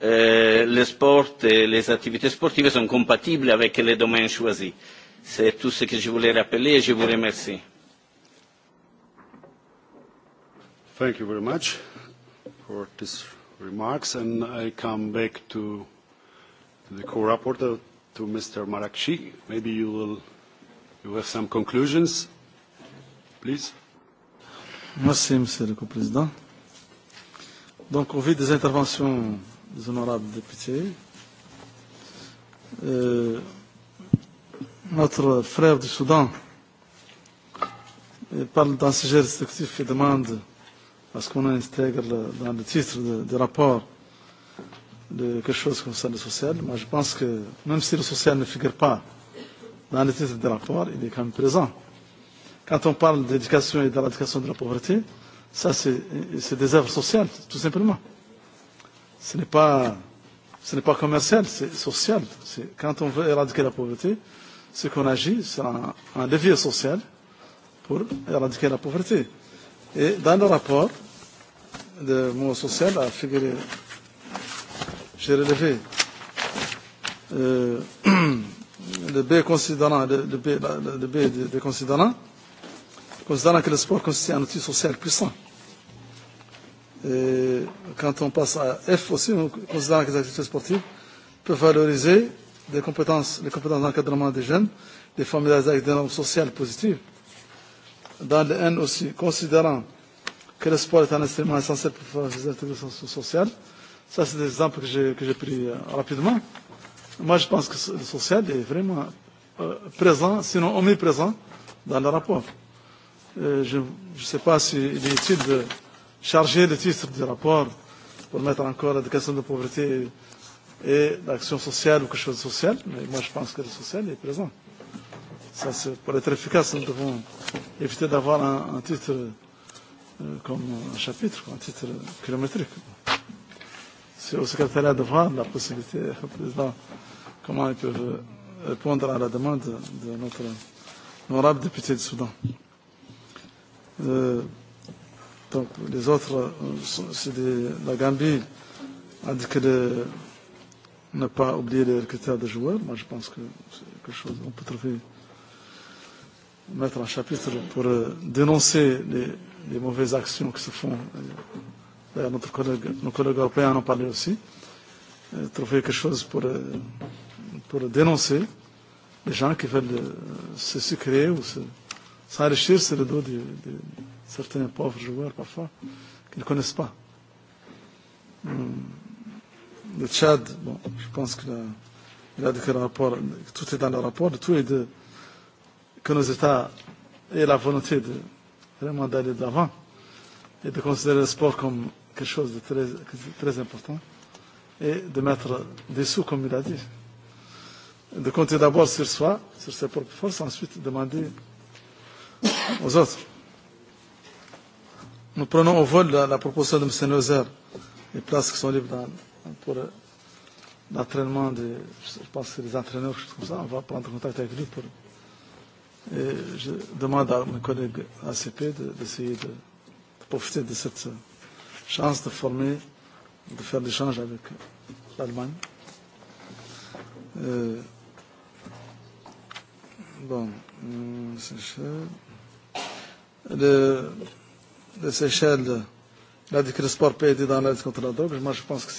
le sport et les activités sportives sont compatibles avec les domaines choisis. C'est tout ce que je voulais rappeler et je vous remercie. Thank you very much for these remarks and I come back to the co-rapporteur, to Mr. Marakshi. Maybe you will you have some conclusions, please. Merci, Monsieur le president Donc, au vu des interventions les honorables députés. Euh, notre frère du Soudan parle d'un sujet restrictif et demande à ce qu'on intègre dans le titre de rapport de quelque chose concernant le social. Moi, je pense que même si le social ne figure pas dans le titre du rapport, il est quand même présent. Quand on parle d'éducation et d'éradication de la pauvreté, ça, c'est des œuvres sociales, tout simplement ce n'est pas ce n'est pas commercial, c'est social. Quand on veut éradiquer la pauvreté, ce qu'on agit, c'est un, un levier social pour éradiquer la pauvreté. Et dans le rapport, le mot social a figuré, j'ai relevé, euh, le B considérant, le, le B, le B des considérant, considérant que le sport constitue un outil social puissant quand on passe à F aussi, on considère que les activités sportives peuvent valoriser des compétences, les compétences d'encadrement des jeunes, des familles avec des normes sociales positives. Dans le N aussi, considérant que le sport est un instrument essentiel pour des intégrations sociales. ça c'est des exemples que j'ai pris rapidement. Moi je pense que le social est vraiment présent, sinon omniprésent, dans le rapport. Je ne sais pas s'il est utile de chargé le titre du rapport pour mettre encore l'éducation de pauvreté et l'action sociale ou quelque chose de social, mais moi je pense que le social est présent. Ça, pour être efficace, nous devons éviter d'avoir un, titre comme un chapitre, un titre kilométrique. C'est au secrétariat de voir la possibilité, au comment ils peuvent répondre à la demande de notre honorable député du Soudan. Euh, Donc les autres, c'est de la Gambie, indique que de ne pas oublier les critères de joueurs. Moi, je pense que c'est quelque chose qu'on peut trouver, mettre un chapitre pour dénoncer les, les mauvaises actions qui se font. D'ailleurs, notre collègue, nos collègues européens en ont parlé aussi. Trouver quelque chose pour, pour dénoncer les gens qui veulent se, sucrer ou s'enrichir sur le dos des, des, certains pauvres joueurs parfois qu'ils ne connaissent pas. Le Tchad, bon, je pense que il a que le rapport, tout est dans le rapport de tous les deux, que nos États aient la volonté de vraiment d'aller de l'avant et de considérer le sport comme quelque chose de très, très important et de mettre des sous, comme il a dit. De compter d'abord sur soi, sur ses propres forces, ensuite demander aux autres. Nous prenons au vol la proposition de M. Neuser, les places qui sont libres pour l'entraînement des, je pense, des entraîneurs, comme ça. On va prendre contact avec lui pour. Et je demande à mes collègues ACP d'essayer de, de profiter de cette chance de former, de faire l'échange avec l'Allemagne. bon, dit échelles la sport peut aider dans la lutte contre la drogue. Moi, je pense que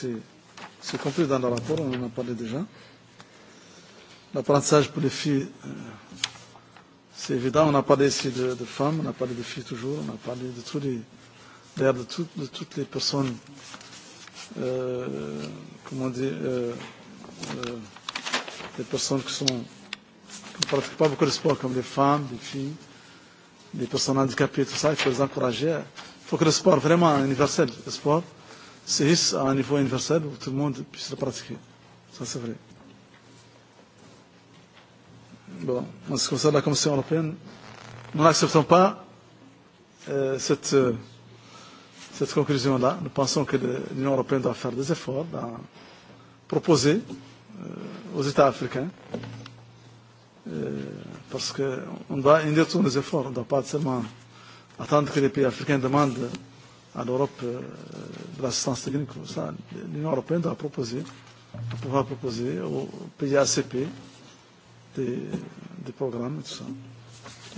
c'est compris dans le rapport, on en a parlé déjà. L'apprentissage pour les filles, c'est évident. On a parlé ici de, de femmes, on a parlé de filles toujours, on a parlé de tous les, de, de toutes les personnes, euh, comment dire, euh, euh, les personnes qui sont qui ne pratiquent pas beaucoup de sport, comme des femmes, les filles, Les personnes handicapées, tout ça, il faut les encourager. Il faut que le sport, vraiment universel, le sport, c'est à un niveau universel où tout le monde puisse le pratiquer. Ça, c'est vrai. Bon, en ce qui concerne la Commission européenne, nous n'acceptons pas cette, cette conclusion-là. Nous pensons que l'Union européenne doit faire des efforts, doit proposer aux États africains parce qu'on doit indiquer tous nos efforts, on ne doit pas seulement attendre que les pays africains demandent à l'Europe de l'assistance technique L'Union européenne doit proposer, doit pouvoir proposer aux pays ACP des, des programmes et tout ça.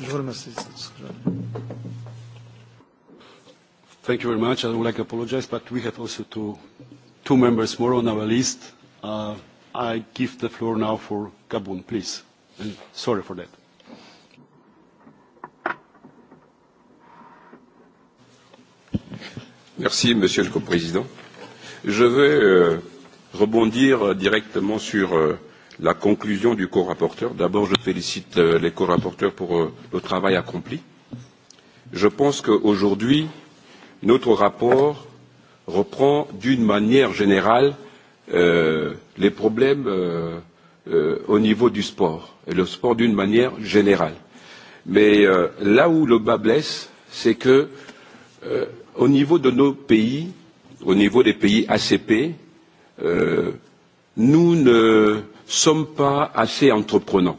Je vous remercie. Thank you very much. I would like to apologize, but we have also two, two members more on our list. Uh, I give the floor now for Gabon, please for that. Merci, Monsieur le Président. Je vais rebondir directement sur la conclusion du corapporteur. D'abord, je félicite les corapporteurs pour le travail accompli. Je pense qu'aujourd'hui, notre rapport reprend d'une manière générale les problèmes au niveau du sport, et le sport d'une manière générale. Mais là où le bas blesse, c'est que au niveau de nos pays, au niveau des pays ACP, nous ne sommes pas assez entreprenants.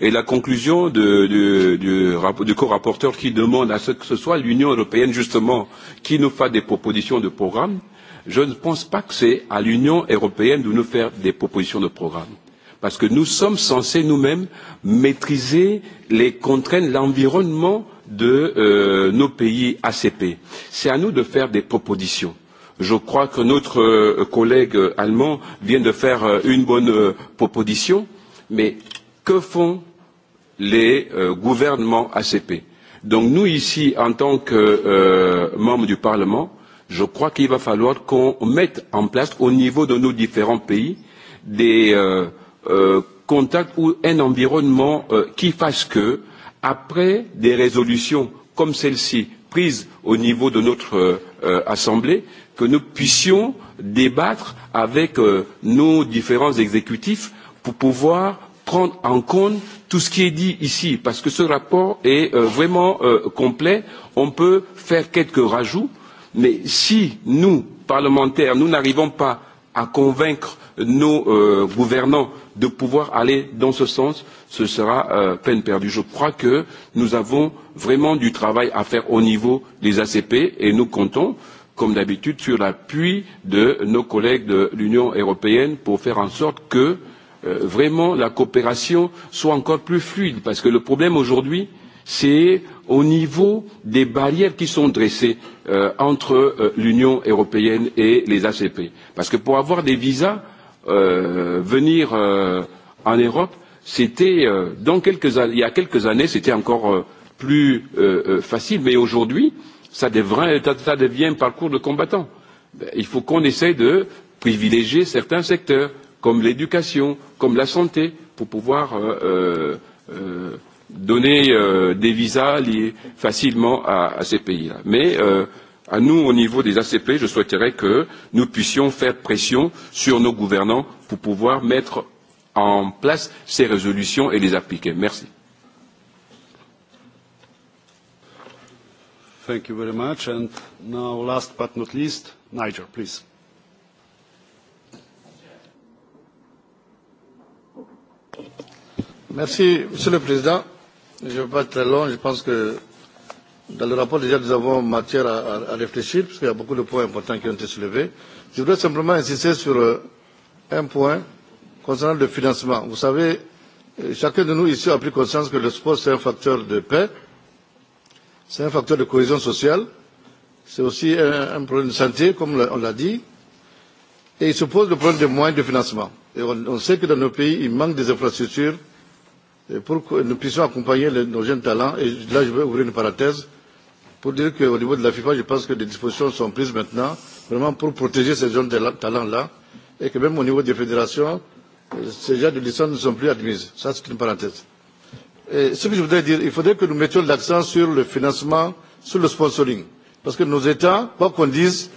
Et la conclusion du co-rapporteur qui demande à ce que ce soit l'Union européenne, justement, qui nous fasse des propositions de programme, je ne pense pas que c'est à l'Union européenne de nous faire des propositions de programme parce que nous sommes censés nous-mêmes maîtriser les contraintes, l'environnement de nos pays ACP. C'est à nous de faire des propositions. Je crois que notre collègue allemand vient de faire une bonne proposition, mais que font les gouvernements ACP Donc nous, ici, en tant que membres du Parlement, je crois qu'il va falloir qu'on mette en place, au niveau de nos différents pays, des contact ou un environnement qui fasse que, après des résolutions comme celle-ci, prises au niveau de notre Assemblée, que nous puissions débattre avec nos différents exécutifs pour pouvoir prendre en compte tout ce qui est dit ici, parce que ce rapport est vraiment complet. On peut faire quelques rajouts, mais si nous, parlementaires, nous n'arrivons pas à convaincre nos gouvernants de pouvoir aller dans ce sens, ce sera peine perdue. Je crois que nous avons vraiment du travail à faire au niveau des ACP et nous comptons, comme d'habitude, sur l'appui de nos collègues de l'Union européenne pour faire en sorte que vraiment la coopération soit encore plus fluide, parce que le problème aujourd'hui, c'est au niveau des barrières qui sont dressées entre l'Union européenne et les ACP. Parce que pour avoir des visas, venir en Europe, c'était dans quelques il y a quelques années, c'était encore plus facile, mais aujourd'hui, ça devient un parcours de combattant. Il faut qu'on essaie de privilégier certains secteurs, comme l'éducation, comme la santé, pour pouvoir donner des visas liés facilement à ces pays là. Mais à nous, au niveau des ACP, je souhaiterais que nous puissions faire pression sur nos gouvernants pour pouvoir mettre en place ces résolutions et les appliquer. Merci. Thank you very much. And now, last but not least, Niger, please. Merci, Monsieur le Président. Je ne vais pas être très long. Je pense que Dans le rapport, déjà, nous avons matière à, réfléchir, parce qu'il y a beaucoup de points importants qui ont été soulevés. Je voudrais simplement insister sur un point concernant le financement. Vous savez, chacun de nous ici a pris conscience que le sport, c'est un facteur de paix, c'est un facteur de cohésion sociale, c'est aussi un, problème de santé, comme on l'a dit, et il se pose le problème des moyens de financement. Et on, on sait que dans nos pays, il manque des infrastructures pour que nous puissions accompagner nos jeunes talents. Et là, je vais ouvrir une parenthèse pour dire qu'au niveau de la FIFA, je pense que des dispositions sont prises maintenant, vraiment pour protéger ces jeunes talents-là, et que même au niveau des fédérations, ces gens de licence ne sont plus admises. Ça, c'est une parenthèse. Et ce que je voudrais dire, il faudrait que nous mettions l'accent sur le financement, sur le sponsoring. Parce que nos États, quoi qu'on dise,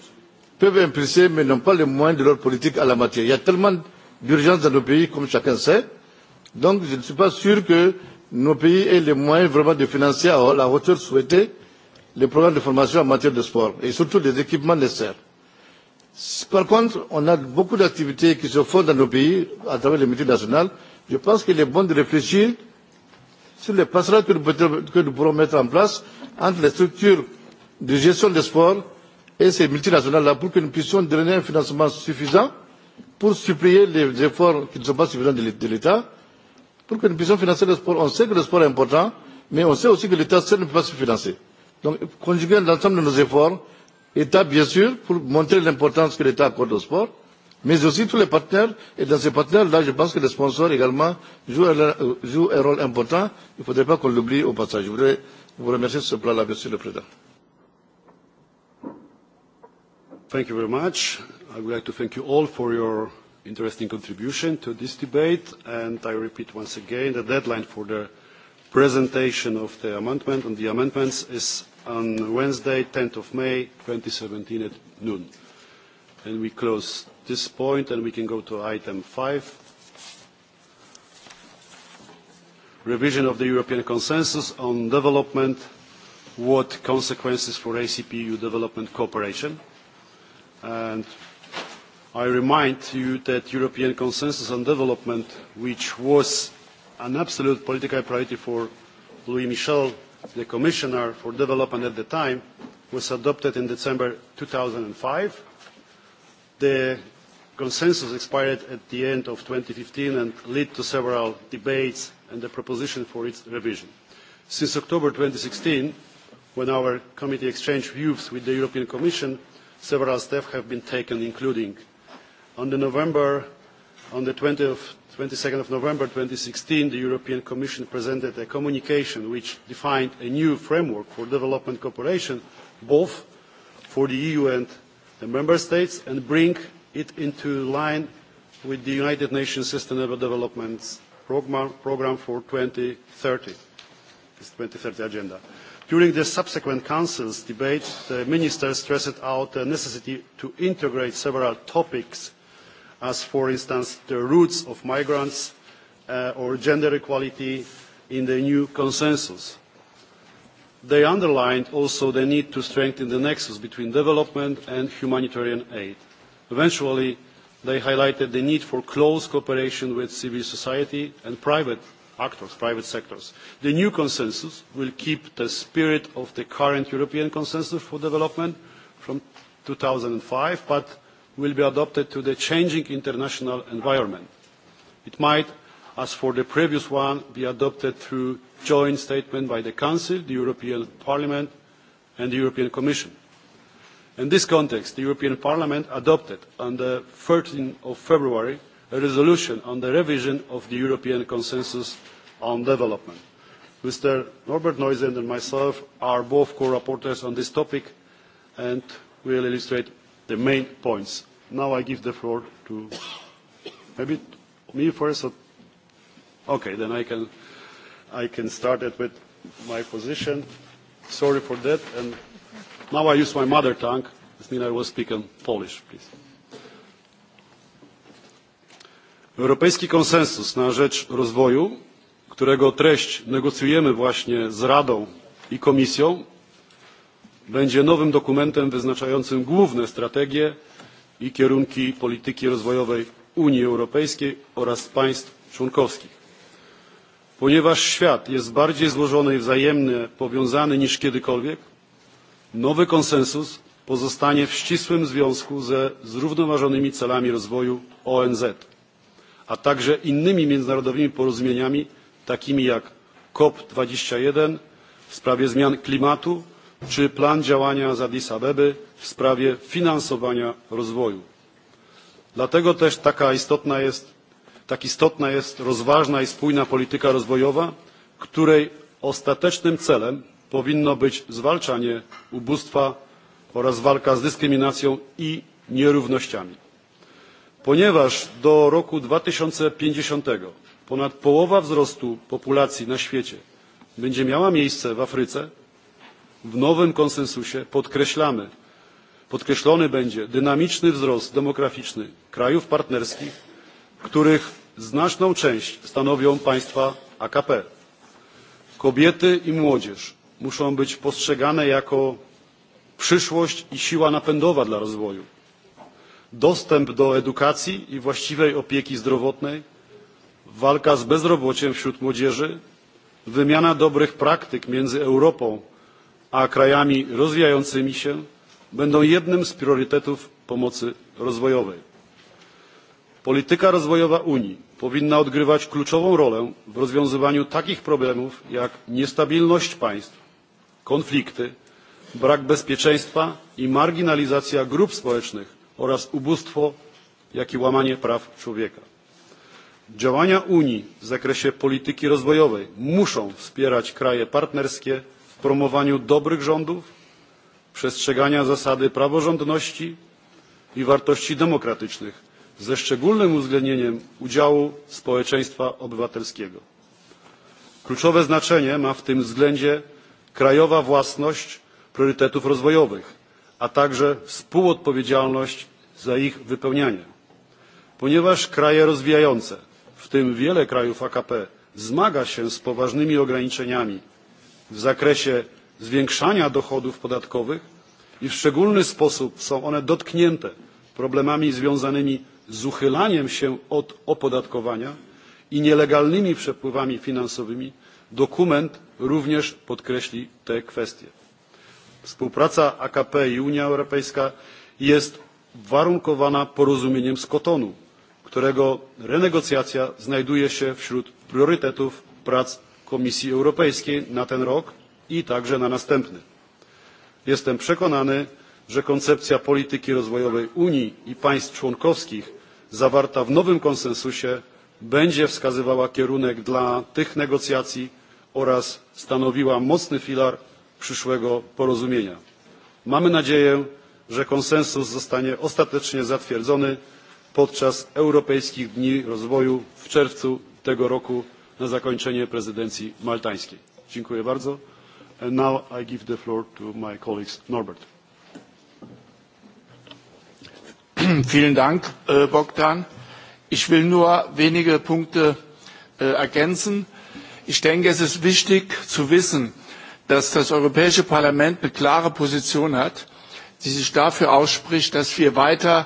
peuvent impulser, mais n'ont pas les moyens de leur politique à la matière. Il y a tellement d'urgence dans nos pays, comme chacun sait. Donc, je ne suis pas sûr que nos pays aient les moyens vraiment de financer à la hauteur souhaitée les programmes de formation en matière de sport et surtout les équipements nécessaires. Par contre, on a beaucoup d'activités qui se font dans nos pays à travers les multinationales. Je pense qu'il est bon de réfléchir sur les passerelles que nous pourrons mettre en place entre les structures de gestion des sports et ces multinationales-là pour que nous puissions donner un financement suffisant pour supplier les efforts qui ne sont pas suffisants de l'État, pour que nous puissions financer le sport. On sait que le sport est important, mais on sait aussi que l'État seul ne peut pas se financer. Donc, conjuguer l'ensemble de nos efforts, État bien sûr, pour montrer l'importance que l'État accorde au sport, mais aussi tous les partenaires. Et dans ces partenaires-là, je pense que les sponsors également jouent un jouent un rôle important. Il ne faudrait pas qu'on l'oublie au passage. Je voudrais vous remercier sur ce plan-là, Monsieur le Président. Thank you very much. I would like to thank you all for your interesting contribution to this debate. And I repeat once again, the deadline for the presentation of the amendment and the amendments is on Wednesday, 10th of May, 2017 at noon. And we close this point and we can go to item 5. Revision of the European Consensus on Development, What Consequences for ACPU Development Cooperation. And I remind you that European Consensus on Development, which was an absolute political priority for Louis Michel the Commissioner for Development at the time, was adopted in December 2005. The consensus expired at the end of 2015 and led to several debates and a proposition for its revision. Since October 2016, when our committee exchanged views with the European Commission, several steps have been taken, including on the November, on the 20th 22 November 2016, the European Commission presented a communication which defined a new framework for development cooperation, both for the EU and the Member States, and bring it into line with the United Nations Sustainable Development Programme for 2030, this 2030 agenda. During the subsequent Council's debate, the Minister stressed out the necessity to integrate several topics as, for instance, the roots of migrants or gender equality in the new consensus. They underlined also the need to strengthen the nexus between development and humanitarian aid. Eventually, they highlighted the need for close cooperation with civil society and private actors, private sectors. The new consensus will keep the spirit of the current European Consensus for Development from 2005, but will be adopted to the changing international environment. It might, as for the previous one, be adopted through joint statement by the Council, the European Parliament and the European Commission. In this context, the European Parliament adopted on the 13 of February a resolution on the revision of the European Consensus on Development. Mr. Norbert Neusen and myself are both co-rapporteurs on this topic and will illustrate the main points. Now I give the floor to maybe me first. Okay, then I can I can start it with my position. Sorry for that. And now I use my mother tongue. This means I will speak in Polish, please. Europejski konsensus na rzecz rozwoju, którego treść negocjujemy właśnie z Radą i Komisją, będzie nowym dokumentem wyznaczającym główne strategie i kierunki polityki rozwojowej Unii Europejskiej oraz państw członkowskich. Ponieważ świat jest bardziej złożony i wzajemnie powiązany niż kiedykolwiek, nowy konsensus pozostanie w ścisłym związku ze zrównoważonymi celami rozwoju ONZ, a także innymi międzynarodowymi porozumieniami takimi jak COP21 w sprawie zmian klimatu czy plan działania z Addis Abeby w sprawie finansowania rozwoju. Dlatego też taka istotna jest, tak istotna jest rozważna i spójna polityka rozwojowa, której ostatecznym celem powinno być zwalczanie ubóstwa oraz walka z dyskryminacją i nierównościami. Ponieważ do roku 2050 ponad połowa wzrostu populacji na świecie będzie miała miejsce w Afryce, w nowym konsensusie podkreślamy podkreślony będzie dynamiczny wzrost demograficzny krajów partnerskich których znaczną część stanowią państwa akp. kobiety i młodzież muszą być postrzegane jako przyszłość i siła napędowa dla rozwoju. dostęp do edukacji i właściwej opieki zdrowotnej walka z bezrobociem wśród młodzieży wymiana dobrych praktyk między europą a krajami rozwijającymi się będą jednym z priorytetów pomocy rozwojowej. Polityka rozwojowa Unii powinna odgrywać kluczową rolę w rozwiązywaniu takich problemów jak niestabilność państw, konflikty, brak bezpieczeństwa i marginalizacja grup społecznych oraz ubóstwo, jak i łamanie praw człowieka. Działania Unii w zakresie polityki rozwojowej muszą wspierać kraje partnerskie promowaniu dobrych rządów, przestrzegania zasady praworządności i wartości demokratycznych, ze szczególnym uwzględnieniem udziału społeczeństwa obywatelskiego. Kluczowe znaczenie ma w tym względzie krajowa własność priorytetów rozwojowych, a także współodpowiedzialność za ich wypełnianie. Ponieważ kraje rozwijające, w tym wiele krajów AKP, zmaga się z poważnymi ograniczeniami w zakresie zwiększania dochodów podatkowych i w szczególny sposób są one dotknięte problemami związanymi z uchylaniem się od opodatkowania i nielegalnymi przepływami finansowymi dokument również podkreśli te kwestie. Współpraca AKP i Unia Europejska jest warunkowana porozumieniem z Kotonu, którego renegocjacja znajduje się wśród priorytetów prac Komisji Europejskiej na ten rok i także na następny. Jestem przekonany, że koncepcja polityki rozwojowej Unii i państw członkowskich zawarta w nowym konsensusie będzie wskazywała kierunek dla tych negocjacji oraz stanowiła mocny filar przyszłego porozumienia. Mamy nadzieję, że konsensus zostanie ostatecznie zatwierdzony podczas Europejskich Dni Rozwoju w czerwcu tego roku na zakończenie prezydencji maltańskiej. Dziękuję bardzo. now I give the floor to my Norbert. Vielen Dank, Bogdan. Ich will nur wenige Punkte ergänzen. Ich denke, es ist wichtig zu wissen, dass das Europäische Parlament eine klare Position hat, die sich dafür ausspricht, dass wir weiter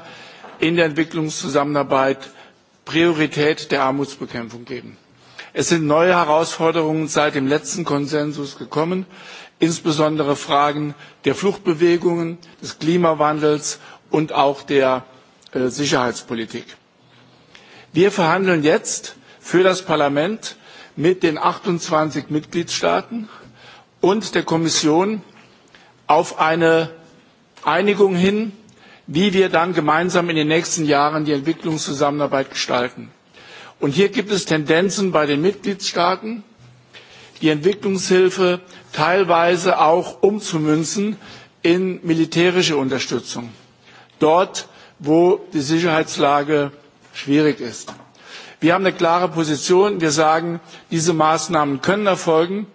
in der Entwicklungszusammenarbeit Priorität der Armutsbekämpfung geben. Es sind neue Herausforderungen seit dem letzten Konsensus gekommen, insbesondere Fragen der Fluchtbewegungen, des Klimawandels und auch der Sicherheitspolitik. Wir verhandeln jetzt für das Parlament mit den 28 Mitgliedstaaten und der Kommission auf eine Einigung hin, wie wir dann gemeinsam in den nächsten Jahren die Entwicklungszusammenarbeit gestalten. Und hier gibt es Tendenzen bei den Mitgliedstaaten, die Entwicklungshilfe teilweise auch umzumünzen in militärische Unterstützung, dort, wo die Sicherheitslage schwierig ist. Wir haben eine klare Position. Wir sagen, diese Maßnahmen können erfolgen,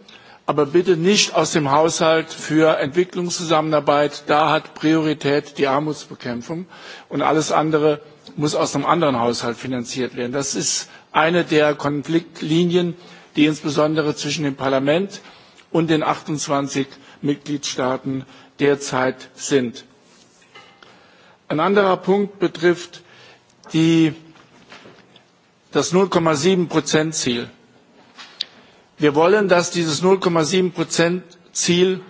aber bitte nicht aus dem Haushalt für Entwicklungszusammenarbeit. Da hat Priorität die Armutsbekämpfung und alles andere muss aus einem anderen Haushalt finanziert werden. Das ist eine der Konfliktlinien, die insbesondere zwischen dem Parlament und den 28 Mitgliedstaaten derzeit sind. Ein anderer Punkt betrifft das 0,7 Ziel. Wir wollen, dass dieses 0,7 Ziel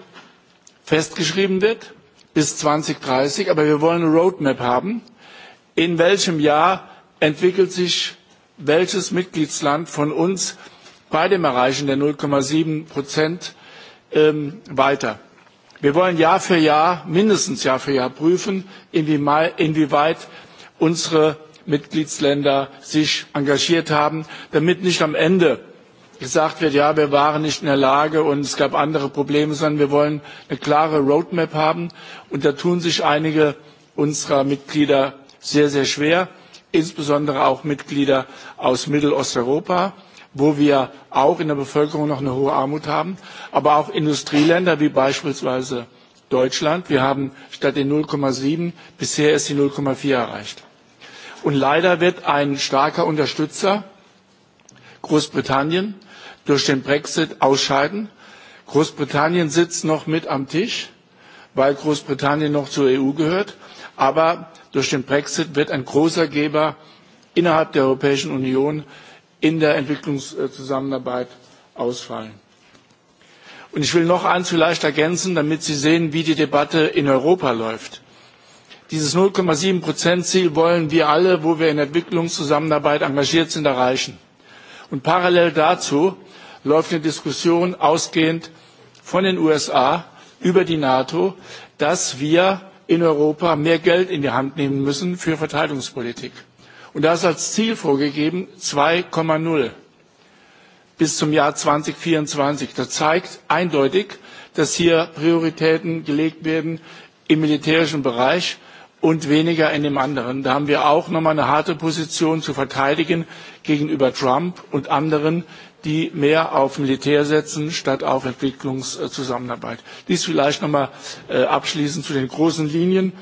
festgeschrieben wird bis 2030, aber wir wollen eine Roadmap haben in welchem Jahr entwickelt sich welches Mitgliedsland von uns bei dem Erreichen der 0,7 Prozent weiter. Wir wollen Jahr für Jahr, mindestens Jahr für Jahr prüfen, inwieweit unsere Mitgliedsländer sich engagiert haben, damit nicht am Ende gesagt wird, ja, wir waren nicht in der Lage und es gab andere Probleme, sondern wir wollen eine klare Roadmap haben. Und da tun sich einige unserer Mitglieder sehr, sehr schwer, insbesondere auch Mitglieder aus Mittelosteuropa, wo wir auch in der Bevölkerung noch eine hohe Armut haben, aber auch Industrieländer wie beispielsweise Deutschland. Wir haben statt den 0,7 bisher erst die 0,4 erreicht. Und leider wird ein starker Unterstützer Großbritannien durch den Brexit ausscheiden. Großbritannien sitzt noch mit am Tisch, weil Großbritannien noch zur EU gehört. Aber Durch den Brexit wird ein großer Geber innerhalb der Europäischen Union in der Entwicklungszusammenarbeit ausfallen. Und ich will noch eins vielleicht ergänzen, damit Sie sehen, wie die Debatte in Europa läuft. Dieses 0,7 Ziel wollen wir alle, wo wir in Entwicklungszusammenarbeit engagiert sind, erreichen. Und parallel dazu läuft eine Diskussion ausgehend von den USA über die NATO, dass wir in Europa mehr Geld in die Hand nehmen müssen für Verteidigungspolitik. Und da ist als Ziel vorgegeben 2,0 bis zum Jahr 2024. Das zeigt eindeutig, dass hier Prioritäten gelegt werden im militärischen Bereich und weniger in dem anderen. Da haben wir auch nochmal eine harte Position zu verteidigen gegenüber Trump und anderen, die mehr auf Militär setzen, statt auf Entwicklungszusammenarbeit. Dies vielleicht noch nochmal abschließend zu den großen Linien.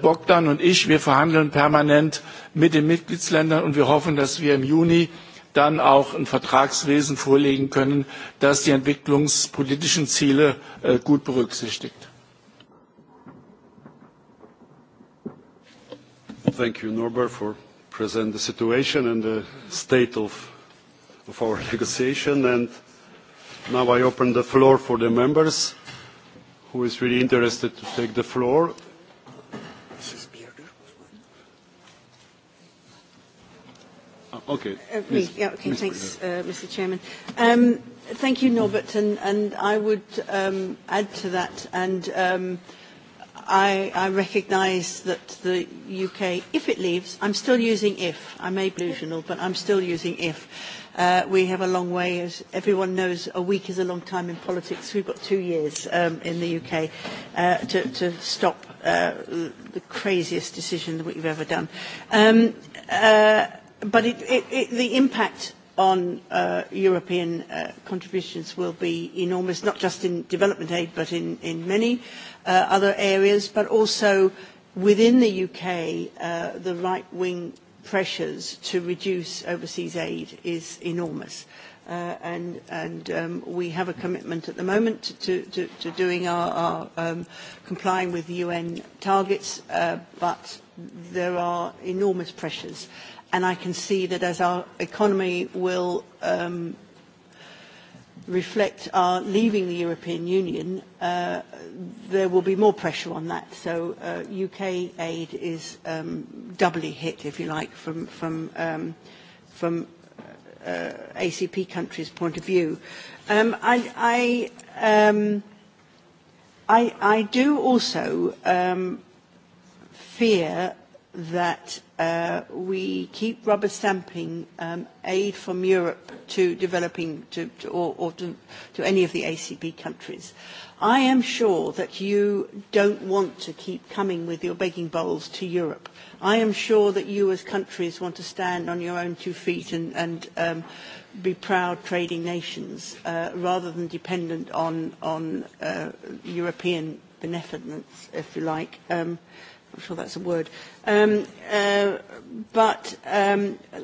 Bogdan und ich, wir verhandeln permanent mit den Mitgliedsländern und wir hoffen, dass wir im Juni dann auch ein Vertragswesen vorlegen können, das die entwicklungspolitischen Ziele gut berücksichtigt. the situation and the state of of our negotiation. And now I open the floor for the members who is really interested to take the floor. Okay. Okay, thanks, Mr. Chairman. Thank you, Norbert, and and I would add to that, and I I recognise that the UK, if it leaves, I'm still using if. I'm ablusional, but I'm still using if We have a long way. As everyone knows, a week is a long time in politics. We've got two years in the UK to stop the craziest decision that we've ever done. But the impact on European contributions will be enormous, not just in development aid, but in many other areas, but also within the UK, the right-wing pressures to reduce overseas aid is enormous and and we have a commitment at the moment to to to doing our complying with the UN targets but there are enormous pressures and I can see that as our economy will reflect our leaving the European Union, there will be more pressure on that. So UK aid is doubly hit, if you like, from from ACP countries' point of view. I I do also fear that we keep rubber stamping aid from Europe to developing to or to any of the ACP countries. I am sure that you don't want to keep coming with your begging bowls to Europe. I am sure that you as countries want to stand on your own two feet and be proud trading nations rather than dependent on European benevolence, if you like I'm sure that's a word. But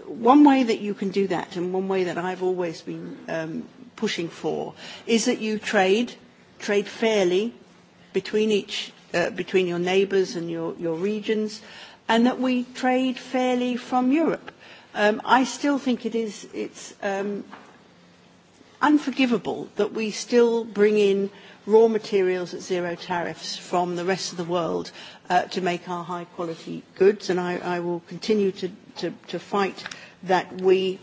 one way that you can do that, and one way that I've always been pushing for, is that you trade, trade fairly between each, between your neighbours and your your regions, and that we trade fairly from Europe. I still think it is it's unforgivable that we still bring in raw materials at zero tariffs from the rest of the world to make our high quality goods and I I will continue to to to fight that we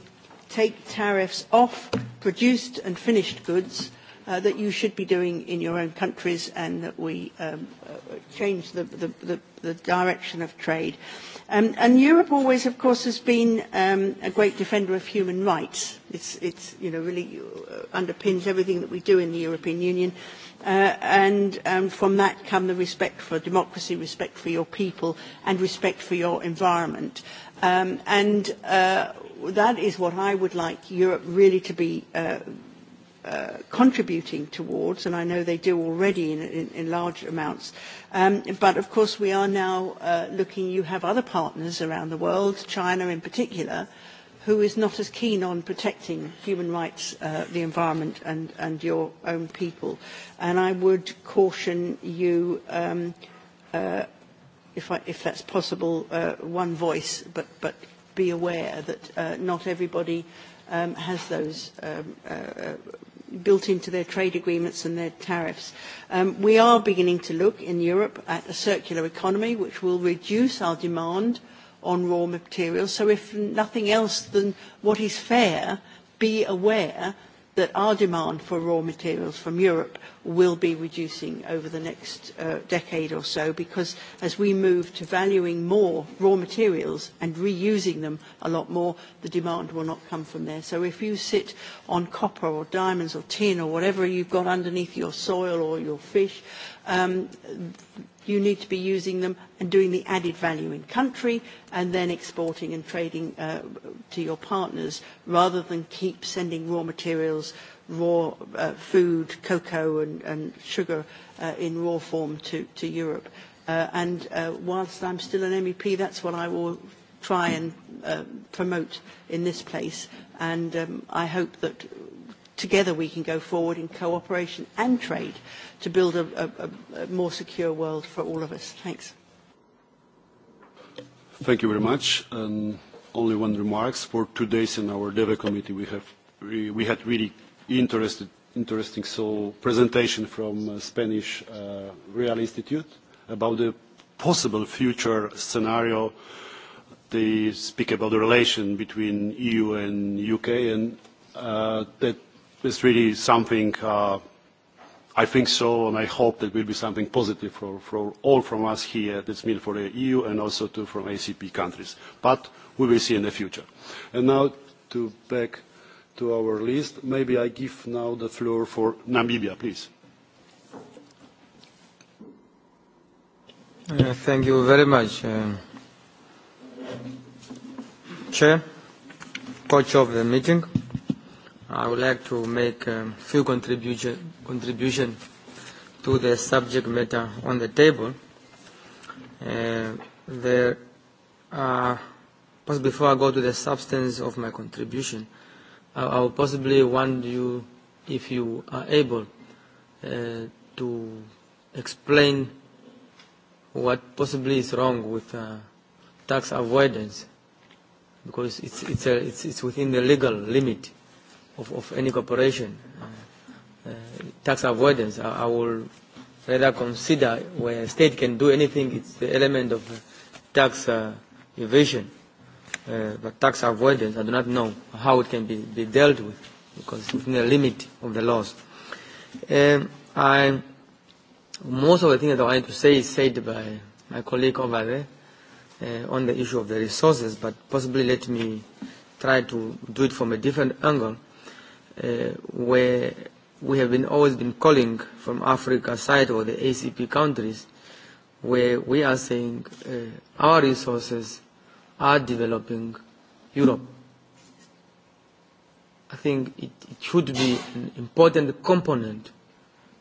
take tariffs off produced and finished goods that you should be doing in your own countries and that we change the the the direction of trade. And Europe always, of course, has been a great defender of human rights. It's, you know, really underpins everything that we do in the European Union and from that come the respect for democracy, respect for your people and respect for your environment. And that is what I would like Europe really to be contributing towards, and I know they do already in large amounts. But of course we are now looking, you have other partners around the world, China in particular who is not as keen on protecting human rights, the environment and your own people. And I would caution you, if that's possible, one voice, but be aware that not everybody has those built into their trade agreements and their tariffs. We are beginning to look in Europe at a circular economy, which will reduce our demand on raw materials. So if nothing else than what is fair, be aware that our demand for raw materials from Europe will be reducing over the next decade or so because as we move to valuing more raw materials and reusing them a lot more, the demand will not come from there. So if you sit on copper or diamonds or tin or whatever you've got underneath your soil or your fish, you need to be using them and doing the added value in country and then exporting and trading to your partners rather than keep sending raw materials, raw food, cocoa and sugar in raw form to Europe. And whilst I'm still an MEP, that's what I will try and promote in this place. And I hope that together we can go forward in cooperation and trade to build a more secure world for all of us. Thanks. Thank you very much. Only one remark. For two days in our DEVA committee, we have we had really interesting so presentation from Spanish Real Institute about the possible future scenario. They speak about the relation between EU and UK and that is really something I think so, and I hope that will be something positive for all from us here. That's mean for the EU and also to from ACP countries. But we will see in the future. And now to back to our list. Maybe I give now the floor for Namibia, please. Thank you very much, Chair, coach of the meeting. I would like to make a few contribution contribution to the subject matter on the table. There before I go to the substance of my contribution, I would possibly want you, if you are able, to explain what possibly is wrong with tax avoidance, because it's it's it's within the legal limit of any corporation. Tax avoidance, I will rather consider where a state can do anything, it's the element of tax evasion. But tax avoidance, I do not know how it can be dealt with, because within the limit of the laws. I Most of the things that I wanted to say is said by my colleague over there on the issue of the resources, but possibly let me try to do it from a different angle where we have been always been calling from Africa side or the ACP countries, where we are saying our resources are developing Europe. I think it, it should be an important component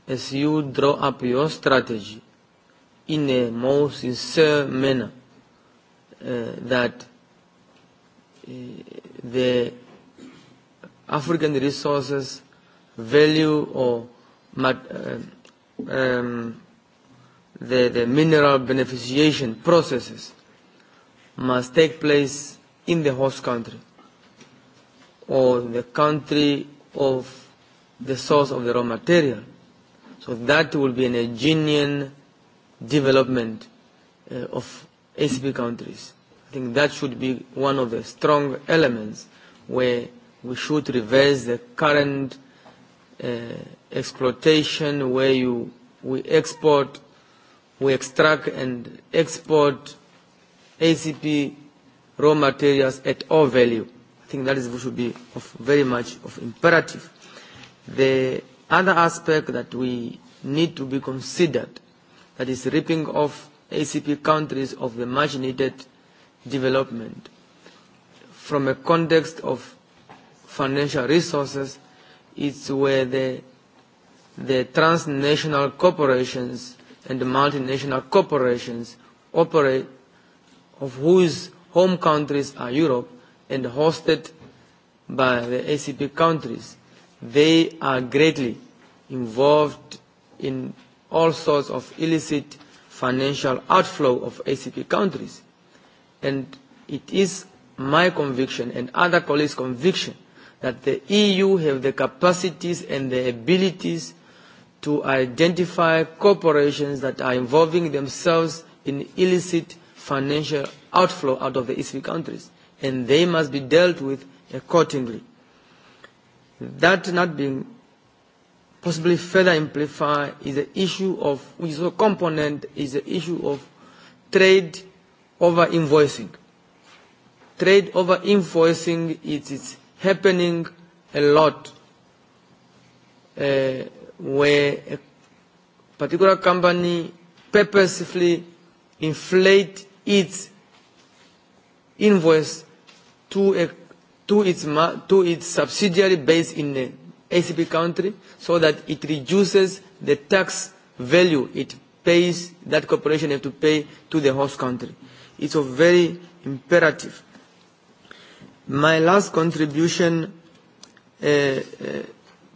as you draw up your strategy in a more sincere manner that the African resources value or the the mineral beneficiation processes must take place in the host country or the country of the source of the raw material. So that will be an genuine development of ACP countries. I think that should be one of the strong elements where we should reverse the current exploitation where you we export we extract and export ACP raw materials at all value. I think that is should be of very much of imperative. The other aspect that we need to be considered that is ripping off ACP countries of the much needed development from a context of financial resources it's where the, the transnational corporations and the multinational corporations operate of whose home countries are Europe and hosted by the ACP countries. They are greatly involved in all sorts of illicit financial outflow of ACP countries. And it is my conviction and other colleagues' conviction that the EU have the capacities and the abilities to identify corporations that are involving themselves in illicit financial outflow out of the ECB countries, and they must be dealt with accordingly. That not being possibly further amplified is the issue of, which is a component, is the issue of trade over invoicing. Trade over invoicing is its happening a lot where a particular company purposefully inflate its invoice to to its to its subsidiary based in the ACP country so that it reduces the tax value it pays that corporation have to pay to the host country. It's a very imperative My last contribution,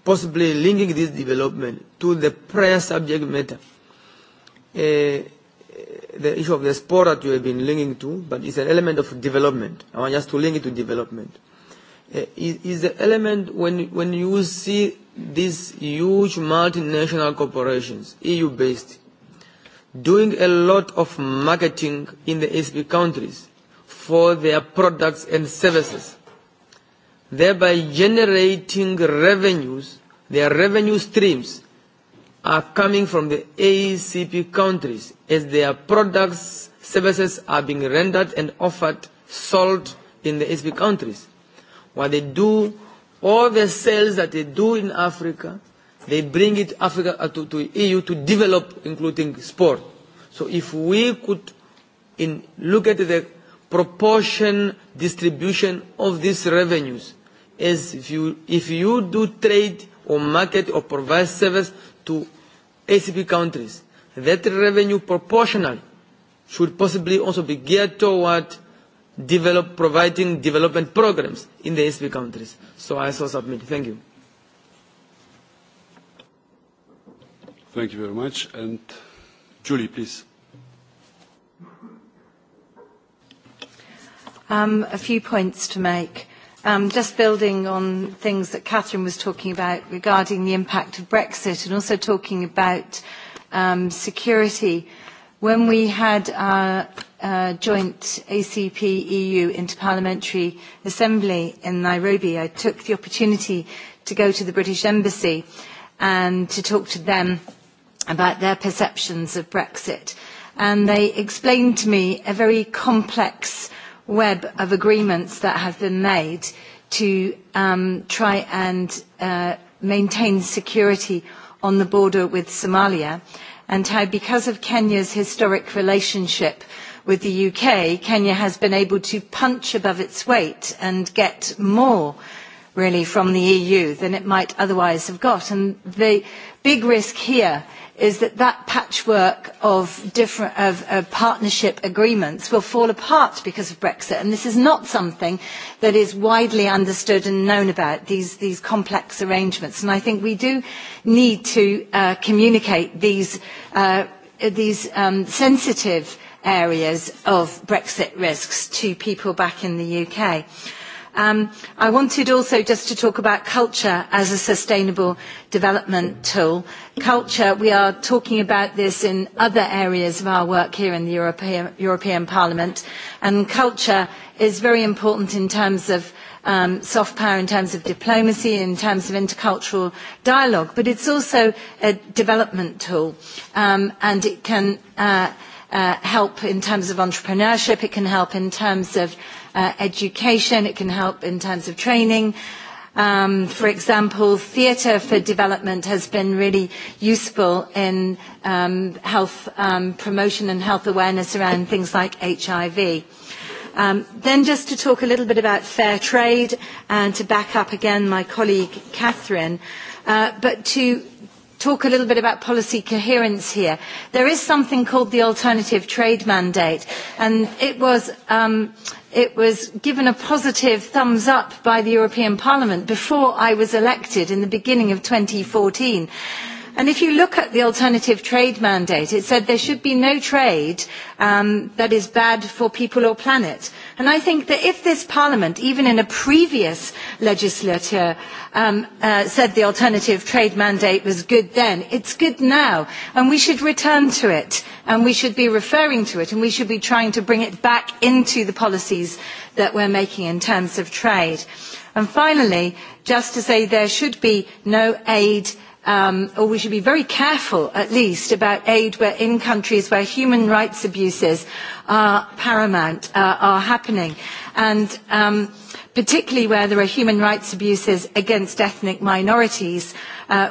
possibly linking this development to the prior subject matter, the issue of the sport that you have been linking to, but it's an element of development. I want just to link it to development. Is the element when when you see these huge multinational corporations, EU-based, doing a lot of marketing in the SP countries for their products and services, thereby generating revenues. Their revenue streams are coming from the ACP countries as their products, services are being rendered and offered, sold in the ACP countries. What they do, all the sales that they do in Africa, they bring it Africa to, to EU to develop, including sport. So if we could in, look at the proportion distribution of these revenues as if you if you do trade or market or provide service to ACP countries that revenue proportional should possibly also be geared toward providing development programs in the ACP countries so I so submit thank you thank you very much and Julie please A few points to make. Just building on things that Catherine was talking about regarding the impact of Brexit and also talking about security. When we had our joint ACP-EU Interparliamentary Assembly in Nairobi, I took the opportunity to go to the British Embassy and to talk to them about their perceptions of Brexit. And they explained to me a very complex web of agreements that have been made to try and maintain security on the border with Somalia and how because of Kenya's historic relationship with the UK, Kenya has been able to punch above its weight and get more really from the EU than it might otherwise have got. And the big risk here is that that patchwork of different of partnership agreements will fall apart because of brexit and this is not something that is widely understood and known about these these complex arrangements and i think we do need to communicate these these sensitive areas of brexit risks to people back in the uk I wanted also just to talk about culture as a sustainable development tool. Culture, we are talking about this in other areas of our work here in the European Parliament, and culture is very important in terms of soft power in terms of diplomacy, in terms of intercultural dialogue, but it's also a development tool and it can help in terms of entrepreneurship, it can help in terms of education. It can help in terms of training. For example, theatre for development has been really useful in health promotion and health awareness around things like HIV. Then just to talk a little bit about fair trade and to back up again my colleague Catherine, but to talk a little bit about policy coherence here. There is something called the alternative trade mandate, and it was it was given a positive thumbs up by the European Parliament before I was elected in the beginning of 2014. And if you look at the alternative trade mandate, it said there should be no trade that is bad for people or planet. And I think that if this Parliament, even in a previous legislature, said the alternative trade mandate was good then, it's good now. And we should return to it. And we should be referring to it. And we should be trying to bring it back into the policies that we're making in terms of trade. And finally, just to say there should be no aid or we should be very careful at least about aid where in countries where human rights abuses are paramount are happening and particularly where there are human rights abuses against ethnic minorities.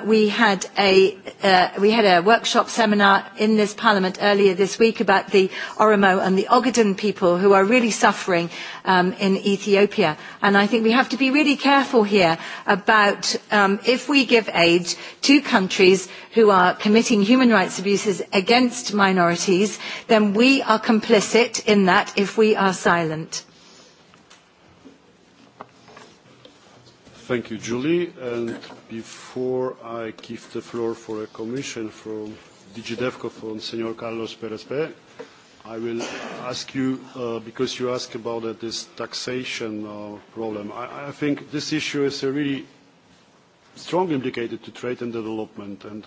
We had a workshop seminar in this Parliament earlier this week about the Oromo and the Ogaden people who are really suffering in Ethiopia. And I think we have to be really careful here about if we give aid to countries who are committing human rights abuses against minorities, then we are complicit in that if we are silent. Thank you, Julie. And before I give the floor for a commission from DigiDevco from Senor Carlos Perez, I will ask you, because you ask about this taxation problem. I think this issue is a really strong implicated to trade and development. And,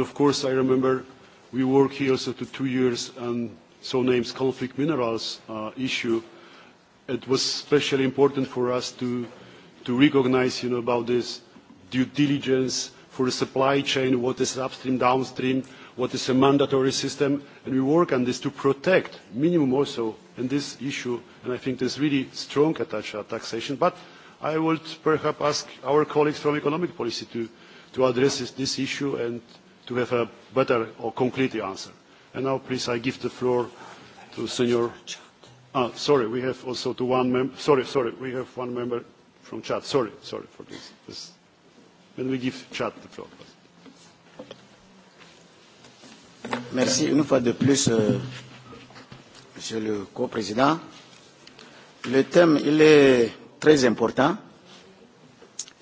of course, I remember we worked here also for two years on so-named conflict minerals issue. It was especially important for us to to recognize, you know, about this due diligence for the supply chain, what is upstream, downstream, what is a mandatory system, and we work on this to protect minimum also in this issue, and I think there's really strong to taxation. But I would perhaps ask our colleagues from economic policy to to address this issue and to have a better or concrete answer. And now, please, I give the floor to Senor. Sorry, we have also to one member. Sorry, sorry, we have one member from Chad. Sorry, for this. we give Chad the floor. Merci une fois de plus, Monsieur le Co-président. Le thème, il est très important.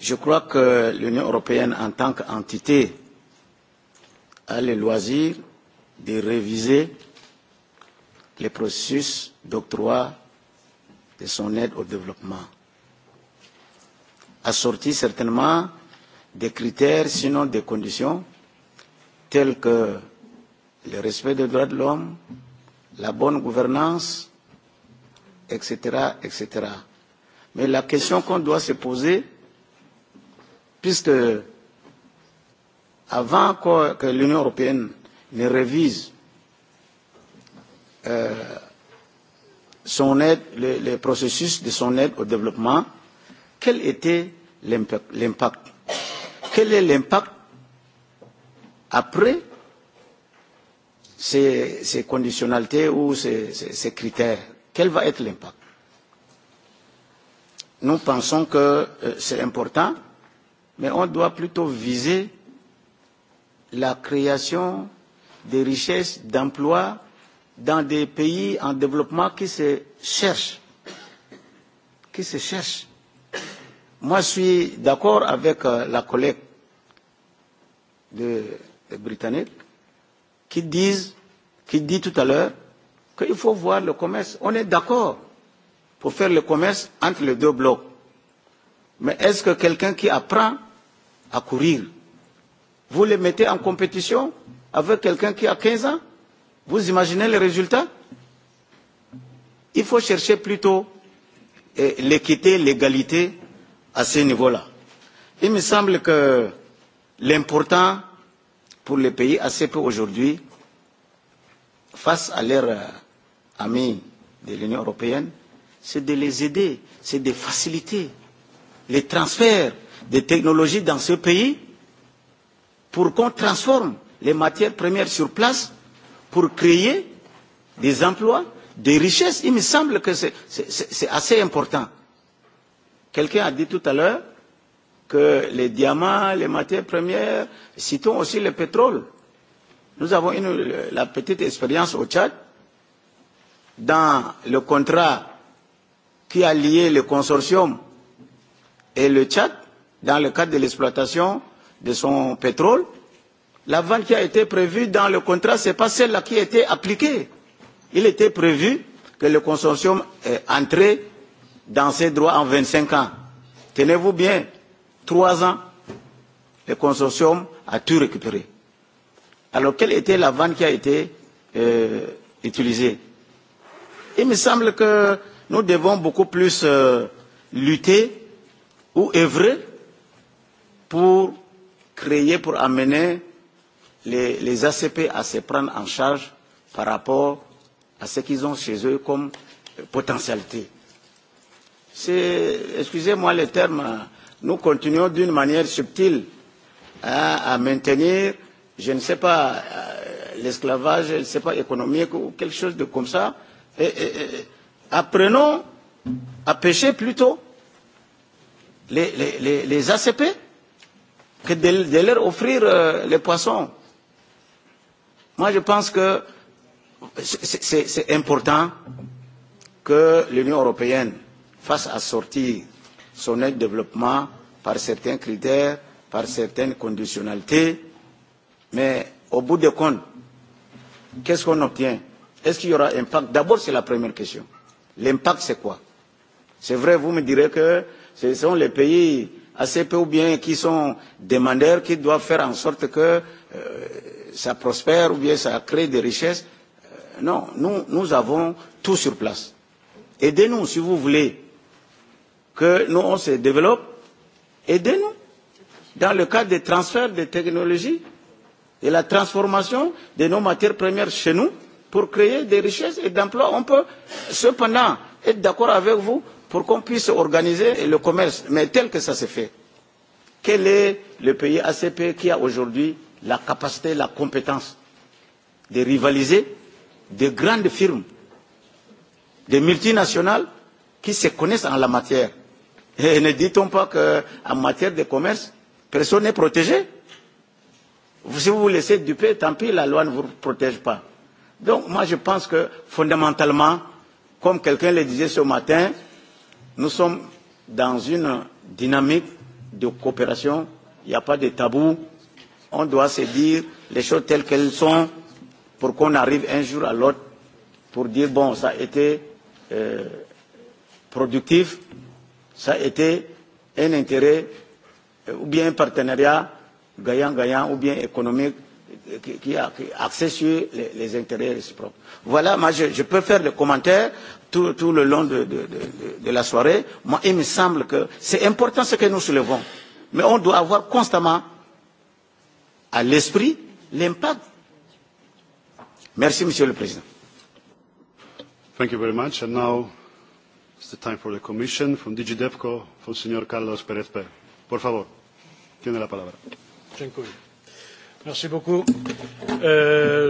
Je crois que l'Union européenne, en tant qu'entité, a le loisir de réviser les processus d'octroi de son aide au développement assorti certainement des critères, sinon des conditions, telles que le respect des droits de l'homme, la bonne gouvernance, etc., etc. Mais la question qu'on doit se poser, puisque avant que l'Union européenne ne révise son aide, le processus de son aide au développement, quel était l'impact Quel est l'impact après ces, ces conditionnalités ou ces, ces, critères Quel va être l'impact Nous pensons que c'est important, mais on doit plutôt viser la création des richesses, d'emplois dans des pays en développement qui se cherchent, qui se cherchent Moi, je suis d'accord avec la collègue de, de Britannique qui, disent, qui dit tout à l'heure qu'il faut voir le commerce. On est d'accord pour faire le commerce entre les deux blocs. Mais est-ce que quelqu'un qui apprend à courir, vous le mettez en compétition avec quelqu'un qui a 15 ans Vous imaginez le résultat? Il faut chercher plutôt l'équité, l'égalité à ce niveau-là. Il me semble que l'important pour les pays ACP aujourd'hui, face à leurs amis de l'Union européenne, c'est de les aider, c'est de faciliter les transferts des technologies dans ce pays pour qu'on transforme les matières premières sur place pour créer des emplois, des richesses. Il me semble que c'est assez important. Quelqu'un a dit tout à l'heure que les diamants, les matières premières, citons aussi le pétrole. Nous avons une, la petite expérience au Tchad dans le contrat qui a lié le consortium et le Tchad dans le cadre de l'exploitation de son pétrole. La vente qui a été prévue dans le contrat, ce n'est pas celle-là qui a été appliquée. Il était prévu que le consortium entré dans ses droits en 25 ans. Tenez-vous bien, trois ans, le consortium a tout récupéré. Alors, quelle était la vanne qui a été euh, utilisée Il me semble que nous devons beaucoup plus lutter ou œuvrer pour créer, pour amener les, les ACP à se prendre en charge par rapport à ce qu'ils ont chez eux comme potentialité c'est, excusez-moi le terme, nous continuons d'une manière subtile à, à maintenir, je ne sais pas, l'esclavage, je ne sais pas, économique ou quelque chose de comme ça. Et, et, apprenons à pêcher plutôt les, les, les, ACP que de, leur offrir euh, les poissons. Moi, je pense que c'est important que l'Union européenne à sortir son aide développement par certains critères, par certaines conditionnalités. Mais au bout de compte, qu'est-ce qu'on obtient Est-ce qu'il y aura impact D'abord, c'est la première question. L'impact, c'est quoi C'est vrai, vous me direz que ce sont les pays peu ou bien qui sont demandeurs, qui doivent faire en sorte que ça prospère ou bien ça crée des richesses. Non, nous, nous avons tout sur place. Aidez-nous si vous voulez que nous, on se développe, aidez-nous dans le cadre des transferts de technologies, et la transformation de nos matières premières chez nous pour créer des richesses et d'emplois. On peut cependant être d'accord avec vous pour qu'on puisse organiser le commerce, mais tel que ça se fait. Quel est le pays ACP qui a aujourd'hui la capacité, la compétence de rivaliser des grandes firmes, des multinationales qui se connaissent en la matière Et ne dit-on pas qu'en matière de commerce, personne n'est protégé Si vous vous laissez duper, tant pis, la loi ne vous protège pas. Donc moi je pense que fondamentalement, comme quelqu'un le disait ce matin, nous sommes dans une dynamique de coopération. Il n'y a pas de tabou. On doit se dire les choses telles qu'elles sont pour qu'on arrive un jour à l'autre pour dire bon, ça a été productif, ça a été un intérêt ou bien un partenariat gagnant-gagnant ou bien économique qui a axé sur les intérêts réciproques. Voilà, moi je peux faire des commentaires tout le long de la soirée. Moi, il me semble que c'est important ce que nous soulevons. Mais on doit avoir constamment à l'esprit l'impact. Merci, Monsieur le Président. Thank you very much. And now It's the time for la Commission. From señor Carlos Pérez Por favor, tiene la palabra. Merci beaucoup.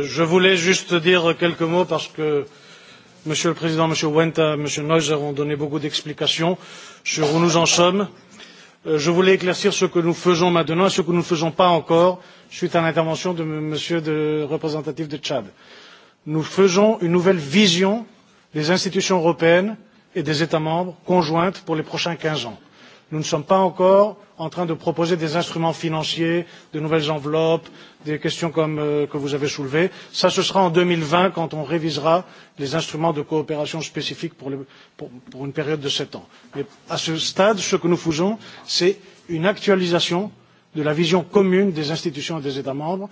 je voulais juste dire quelques mots parce que Monsieur le Président, Monsieur Wenta, Monsieur Neuser ont donné beaucoup d'explications sur où nous en sommes. Je voulais éclaircir ce que nous faisons maintenant et ce que nous ne faisons pas encore suite à l'intervention de Monsieur le représentatif de Tchad. Nous faisons une nouvelle vision des institutions européennes et des États membres conjointes pour les prochains quinze ans. Nous ne sommes pas encore en train de proposer des instruments financiers, de nouvelles enveloppes, des questions comme que vous avez soulevées. Ça, ce sera en 2020 quand on révisera les instruments de coopération spécifiques pour une période de sept ans. Mais à ce stade, ce que nous faisons, c'est une actualisation de la vision commune des institutions et des États membres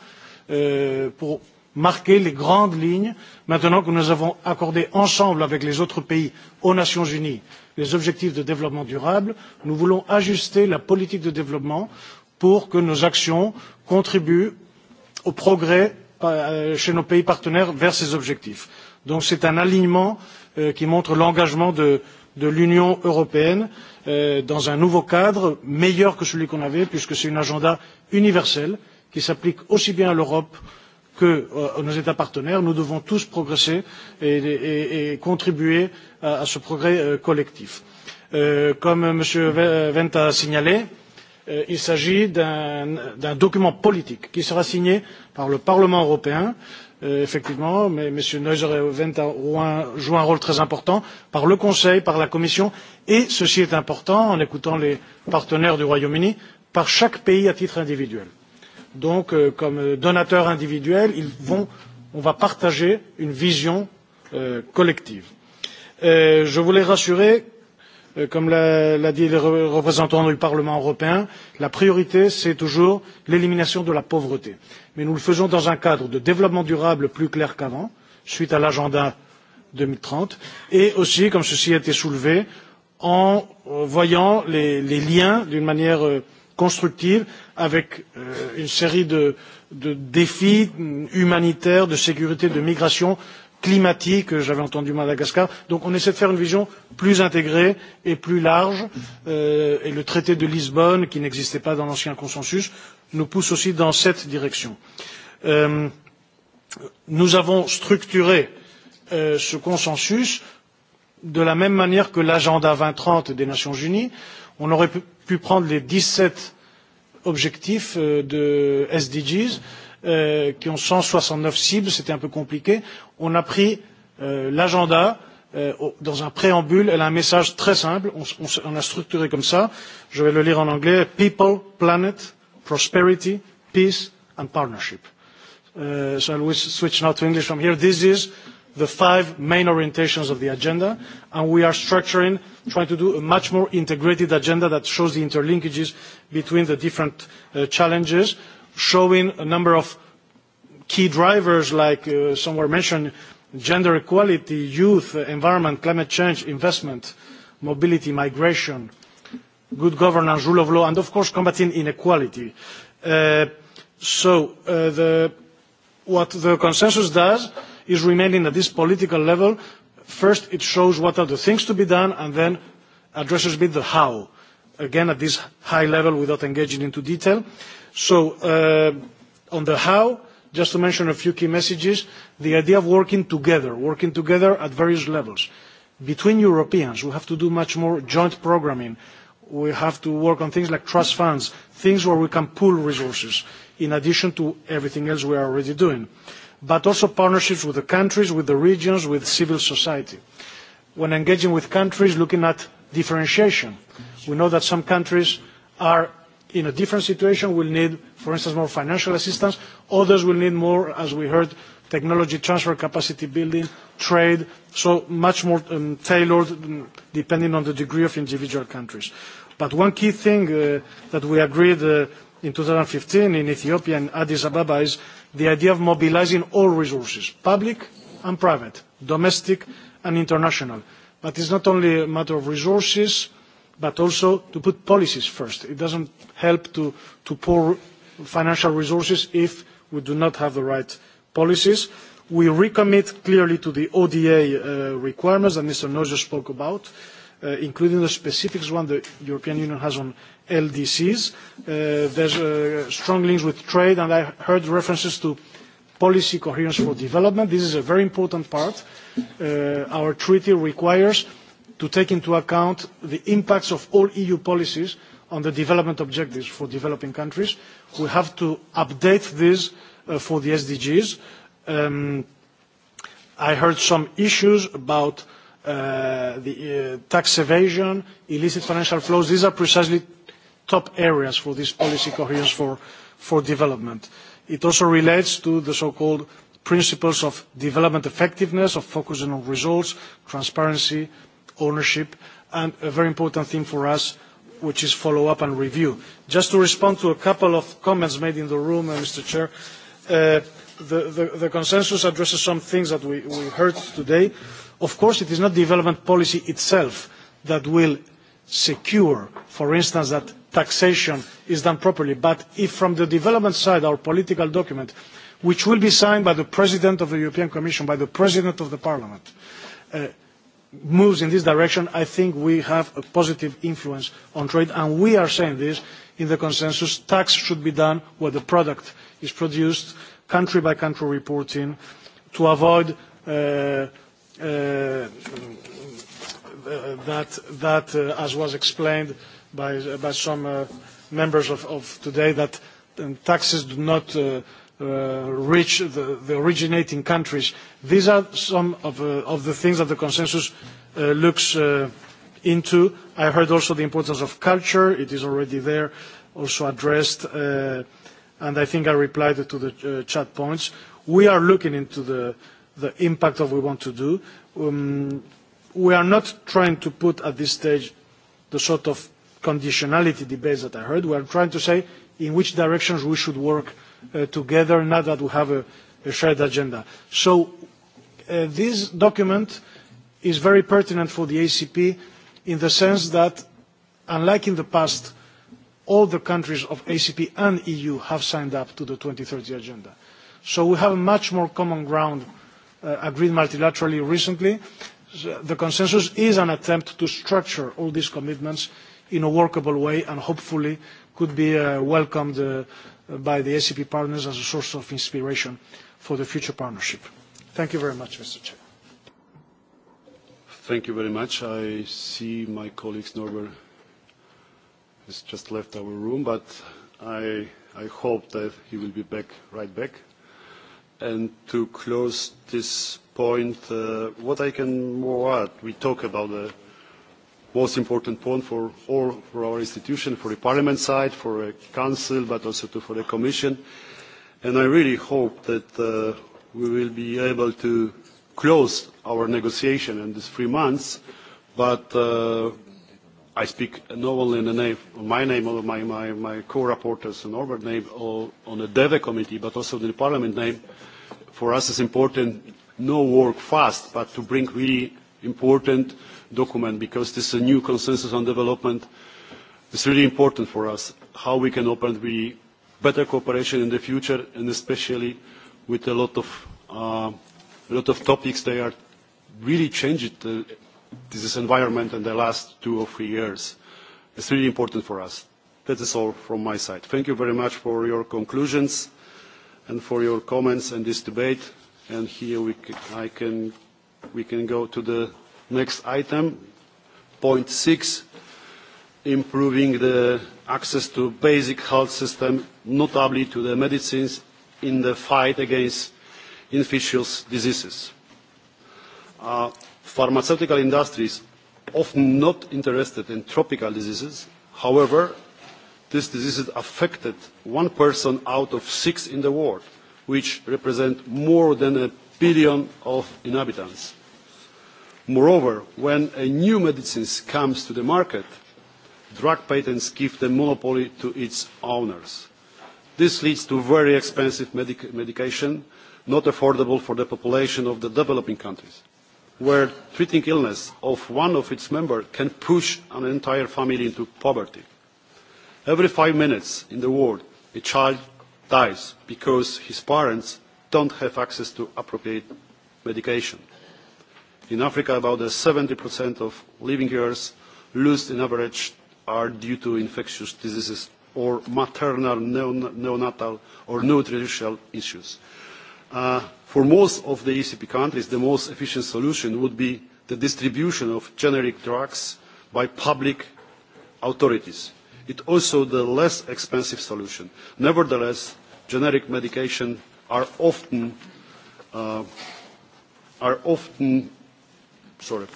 pour marquer les grandes lignes maintenant que nous avons accordé ensemble avec les autres pays aux Nations Unies les objectifs de développement durable. Nous voulons ajuster la politique de développement pour que nos actions contribuent au progrès chez nos pays partenaires vers ces objectifs. Donc c'est un alignement qui montre l'engagement de l'Union européenne dans un nouveau cadre meilleur que celui qu'on avait puisque c'est un agenda universel qui s'applique aussi bien à l'Europe que nos États partenaires, nous devons tous progresser et contribuer à ce progrès collectif. Comme M. Venta a signalé, il s'agit d'un document politique qui sera signé par le Parlement européen, effectivement, mais M. Neuser et Venta jouent un rôle très important, par le Conseil, par la Commission, et ceci est important en écoutant les partenaires du Royaume-Uni, par chaque pays à titre individuel donc comme donateurs individuels, ils vont, on va partager une vision collective. Je voulais rassurer, comme l'a dit le représentant du Parlement européen, la priorité, c'est toujours l'élimination de la pauvreté. Mais nous le faisons dans un cadre de développement durable plus clair qu'avant, suite à l'agenda 2030, et aussi, comme ceci a été soulevé, en voyant les liens d'une manière constructive avec une série de défis humanitaires, de sécurité, de migration, climatique, j'avais entendu Madagascar. Donc on essaie de faire une vision plus intégrée et plus large. Et le traité de Lisbonne, qui n'existait pas dans l'ancien consensus, nous pousse aussi dans cette direction. Nous avons structuré ce consensus de la même manière que l'agenda 2030 des Nations Unies. On aurait pu prendre les 17 objectifs de SDGs qui ont 169 cibles, c'était un peu compliqué. On a pris l'agenda dans un préambule, elle a un message très simple, on l'a structuré comme ça, je vais le lire en anglais, People, Planet, Prosperity, Peace and Partnership. So I will switch now to English from here. This is the five main orientations of the agenda, and we are structuring, trying to do a much more integrated agenda that shows the interlinkages between the different challenges, showing a number of key drivers like some were mentioned, gender equality, youth, environment, climate change, investment, mobility, migration, good governance, rule of law, and of course combating inequality. So what the consensus does is remaining at this political level, first it shows what are the things to be done and then addresses a bit the how, again at this high level without engaging into detail. So on the how, just to mention a few key messages, the idea of working together, working together at various levels. Between Europeans, we have to do much more joint programming. We have to work on things like trust funds, things where we can pool resources, in addition to everything else we are already doing but also partnerships with the countries, with the regions, with civil society. When engaging with countries, looking at differentiation, we know that some countries are in a different situation, will need, for instance, more financial assistance. Others will need more, as we heard, technology transfer, capacity building, trade, so much more tailored depending on the degree of individual countries. But one key thing that we agreed in 2015 in Ethiopia and Addis Ababa is the idea of mobilizing all resources, public and private, domestic and international. But it is not only a matter of resources, but also to put policies first. It doesn't help to pour financial resources if we do not have the right policies. We recommit clearly to the ODA requirements that Mr. Neuser spoke about, including the specifics one the European Union has on LDCs. There's strong links with trade, and I heard references to policy coherence for development. This is a very important part. Our treaty requires to take into account the impacts of all EU policies on the development objectives for developing countries. We have to update this for the SDGs. I heard some issues about the tax evasion, illicit financial flows. These are precisely top areas for this policy coherence for development. It also relates to the so-called principles of development effectiveness, of focusing on results, transparency, ownership, and a very important thing for us, which is follow-up and review. Just to respond to a couple of comments made in the room, Mr. Chair, the consensus addresses some things that we heard today. Of course, it is not development policy itself that will secure, for instance, that taxation is done properly. But if from the development side, our political document, which will be signed by the President of the European Commission, by the President of the Parliament, moves in this direction, I think we have a positive influence on trade. And we are saying this in the consensus. Tax should be done where the product is produced, country by country reporting, to avoid that, as was explained by some members of today, that taxes do not reach the originating countries. These are some of the things that the consensus looks into. I heard also the importance of culture. It is already there, also addressed, and I think I replied to the chat points. We are looking into the impact of what we want to do we are not trying to put at this stage the sort of conditionality debates that I heard. We are trying to say in which directions we should work together now that we have a shared agenda. So this document is very pertinent for the ACP in the sense that, unlike in the past, all the countries of ACP and EU have signed up to the 2030 agenda. So we have much more common ground agreed multilaterally recently the consensus is an attempt to structure all these commitments in a workable way and hopefully could be welcomed by the ACP partners as a source of inspiration for the future partnership. Thank you very much, Mr. Chair. Thank you very much. I see my colleague Norbert has just left our room, but I hope that he will be back right back. And to close this point, what I can more add, we talk about the most important point for all for our institution, for the Parliament side, for the Council, but also for the Commission. And I really hope that we will be able to close our negotiation in these three months, but I speak not only in the name, my name, or my, my, my co-rapporteurs and Norbert name, or on the DEVE committee, but also in the Parliament name. For us, it's important no work fast, but to bring really important document, because this is a new consensus on development. It's really important for us how we can open really better cooperation in the future, and especially with a lot of, a lot of topics that are really changed this environment in the last two or three years. It's really important for us. That is all from my side. Thank you very much for your conclusions and for your comments and this debate. And here we can go to the next item, point six, improving the access to basic health system, notably to the medicines in the fight against infectious diseases. Pharmaceutical industries often not interested in tropical diseases. However, these diseases affected one person out of six in the world, which represent more than a billion of inhabitants. Moreover, when a new medicine comes to the market, drug patents give the monopoly to its owners. This leads to very expensive medication, not affordable for the population of the developing countries where treating illness of one of its members can push an entire family into poverty. Every five minutes in the world, a child dies because his parents don't have access to appropriate medication. In Africa, about 70% of living years lost in average are due to infectious diseases or maternal, neonatal, or nutritional issues. For most of the ECP countries, the most efficient solution would be the distribution of generic drugs by public authorities. It is also the less expensive solution. Nevertheless, generic medications are often are often sorry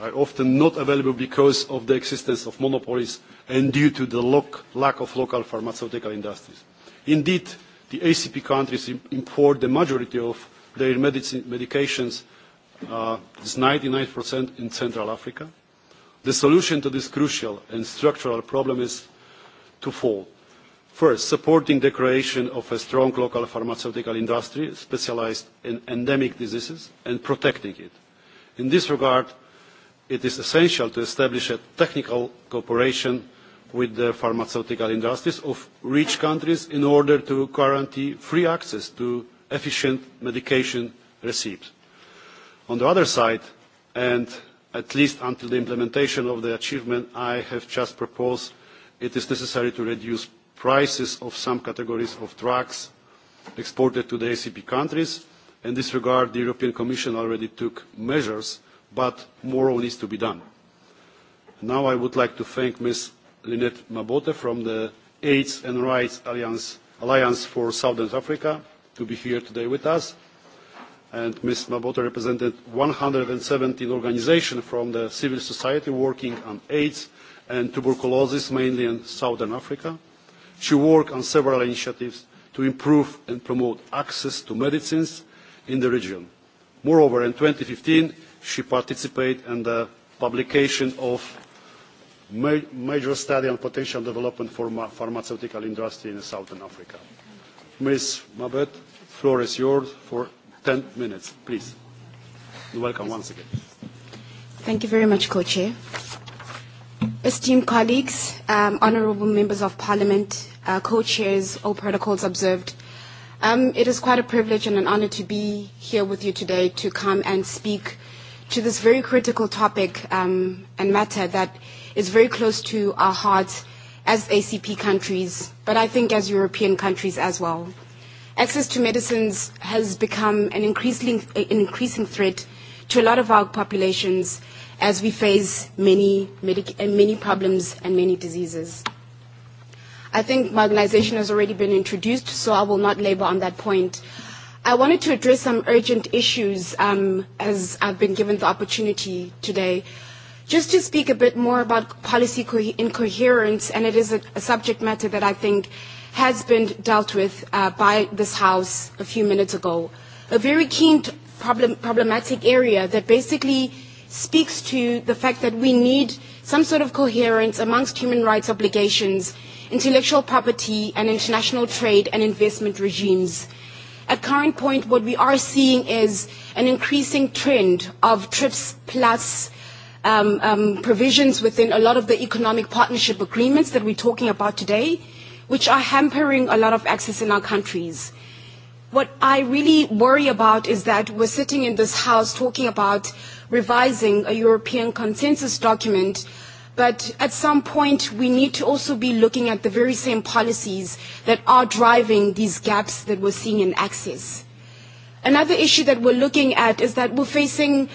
are often not available because of the existence of monopolies and due to the lack of local pharmaceutical industries. Indeed, the ACP countries import the majority of their medications, is 99% in Central Africa. The solution to this crucial and structural problem is twofold. First, supporting the creation of a strong local pharmaceutical industry specialized in endemic diseases and protecting it. In this regard, it is essential to establish a technical cooperation with the pharmaceutical industries of rich countries in order to guarantee free access to efficient medication receipts. On the other side, and at least until the implementation of the achievement I have just proposed, it is necessary to reduce prices of some categories of drugs exported to the ACP countries. In this regard, the European Commission already took measures, but more needs to be done. Now I would like to thank Ms. Lynette Mabote from the AIDS and Rights Alliance for Southern Africa to be here today with us. And Ms. Mabote represented 117 organizations from the civil society working on AIDS and tuberculosis, mainly in Southern Africa. She worked on several initiatives to improve and promote access to medicines in the region. Moreover, in 2015, she participated in the publication of major study on potential development for pharmaceutical industry in southern Africa. Ms. Mabet, floor is yours for 10 minutes, please. Welcome once again. Thank you very much, Co-Chair. Esteemed colleagues, honourable members of Parliament, co-chairs, all protocols observed. It is quite a privilege and an honour to be here with you today to come and speak to this very critical topic and matter that is very close to our hearts as ACP countries, but I think as European countries as well. Access to medicines has become an increasing threat to a lot of our populations as we face many many problems and many diseases. I think marginalization has already been introduced, so I will not labor on that point. I wanted to address some urgent issues as I've been given the opportunity today. Just to speak a bit more about policy incoherence, and it is a subject matter that I think has been dealt with by this House a few minutes ago. A very keen problematic area that basically speaks to the fact that we need some sort of coherence amongst human rights obligations, intellectual property, and international trade and investment regimes. At current point, what we are seeing is an increasing trend of TRIPS plus provisions within a lot of the economic partnership agreements that we're talking about today, which are hampering a lot of access in our countries. What I really worry about is that we're sitting in this House talking about revising a European consensus document, but at some point we need to also be looking at the very same policies that are driving these gaps that we're seeing in access. Another issue that we're looking at is that we're facing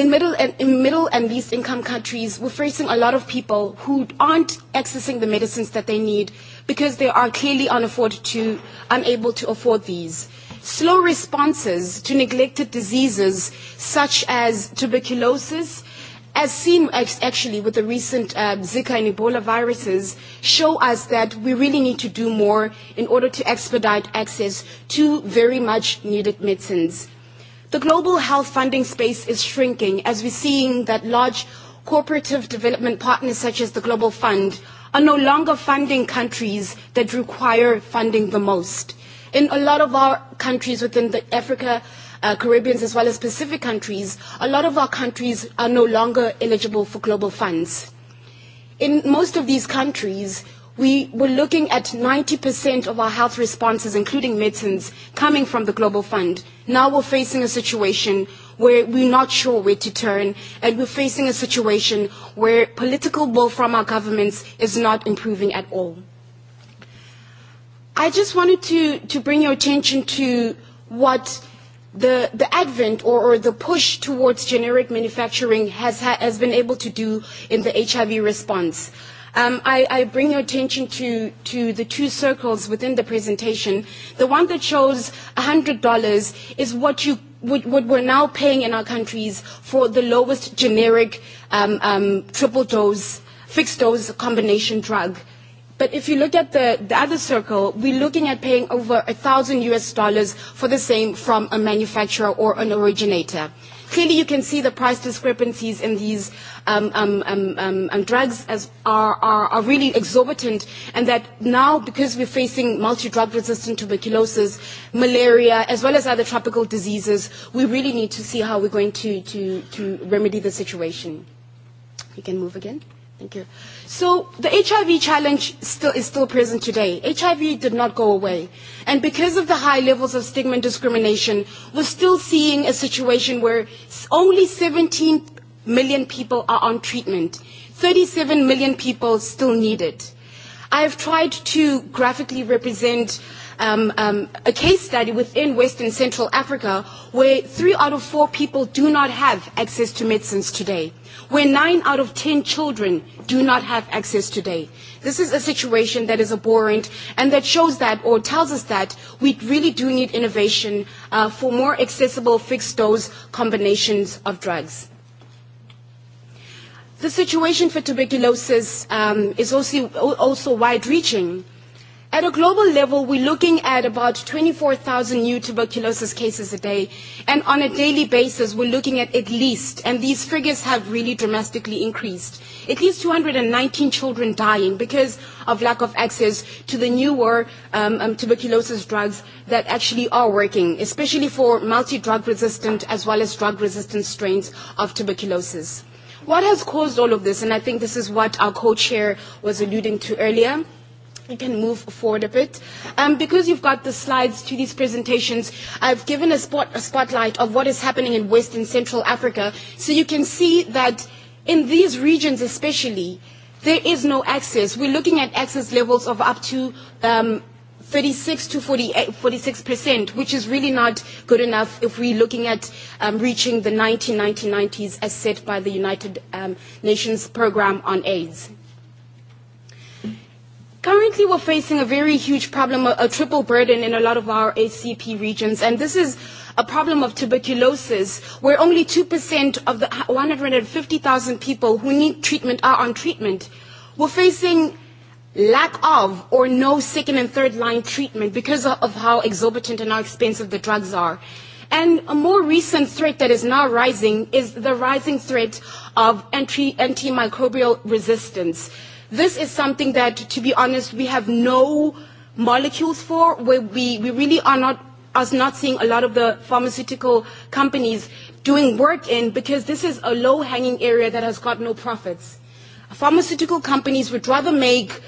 in middle and in middle and least income countries we're facing a lot of people who aren't accessing the medicines that they need because they are clearly unable to afford these slow responses to neglected diseases such as tuberculosis as seen actually with the recent zika and ebola viruses show us that we really need to do more in order to expedite access to very much needed medicines The global health funding space is shrinking as we're seeing that large cooperative development partners such as the Global Fund are no longer funding countries that require funding the most. In a lot of our countries within the Africa, Caribbean as well as Pacific countries, a lot of our countries are no longer eligible for global funds. In most of these countries, We were looking at 90% of our health responses, including medicines, coming from the Global Fund. Now we're facing a situation where we're not sure where to turn, and we're facing a situation where political will from our governments is not improving at all. I just wanted to bring your attention to what the advent or the push towards generic manufacturing has been able to do in the HIV response. I bring your attention to the two circles within the presentation. The one that shows $100 is what you what we're now paying in our countries for the lowest generic triple dose, fixed dose combination drug. But if you look at the other circle, we're looking at paying over 1,000 US dollars for the same from a manufacturer or an originator. Clearly, you can see the price discrepancies in these drugs as are are are really exorbitant, and that now, because we're facing multi-drug resistant tuberculosis, malaria, as well as other tropical diseases, we really need to see how we're going to remedy the situation. You can move again. Thank you. So the HIV challenge still is still present today. HIV did not go away. And because of the high levels of stigma and discrimination, we're still seeing a situation where only 17 million people are on treatment. 37 million people still need it. I have tried to graphically represent a case study within Western Central Africa where three out of four people do not have access to medicines today, where nine out of ten children do not have access today. This is a situation that is abhorrent and that shows that or tells us that we really do need innovation for more accessible fixed-dose combinations of drugs. The situation for tuberculosis is also wide-reaching At a global level, we're looking at about 24,000 new tuberculosis cases a day. And on a daily basis, we're looking at at least, and these figures have really dramatically increased, at least 219 children dying because of lack of access to the newer tuberculosis drugs that actually are working, especially for multi-drug resistant as well as drug resistant strains of tuberculosis. What has caused all of this, and I think this is what our co-chair was alluding to earlier, We can move forward a bit. Because you've got the slides to these presentations, I've given a spotlight of what is happening in West and Central Africa. So you can see that in these regions especially, there is no access. We're looking at access levels of up to 36 to 46%, which is really not good enough if we're looking at reaching the 1990s as set by the United Nations Programme on AIDS. Currently, we're facing a very huge problem, a triple burden in a lot of our ACP regions, and this is a problem of tuberculosis, where only 2% of the 150,000 people who need treatment are on treatment. We're facing lack of or no second and third line treatment because of how exorbitant and how expensive the drugs are. And a more recent threat that is now rising is the rising threat of antimicrobial resistance. This is something that, to be honest, we have no molecules for, where we really are not us not seeing a lot of the pharmaceutical companies doing work in, because this is a low-hanging area that has got no profits. Pharmaceutical companies would rather make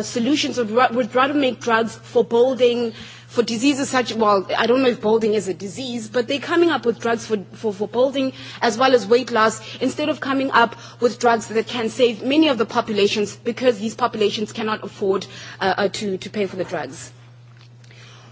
solutions, would rather make drugs for building for diseases such, well, I don't know if balding is a disease, but they're coming up with drugs for, for, balding as well as weight loss instead of coming up with drugs that can save many of the populations because these populations cannot afford to, to pay for the drugs.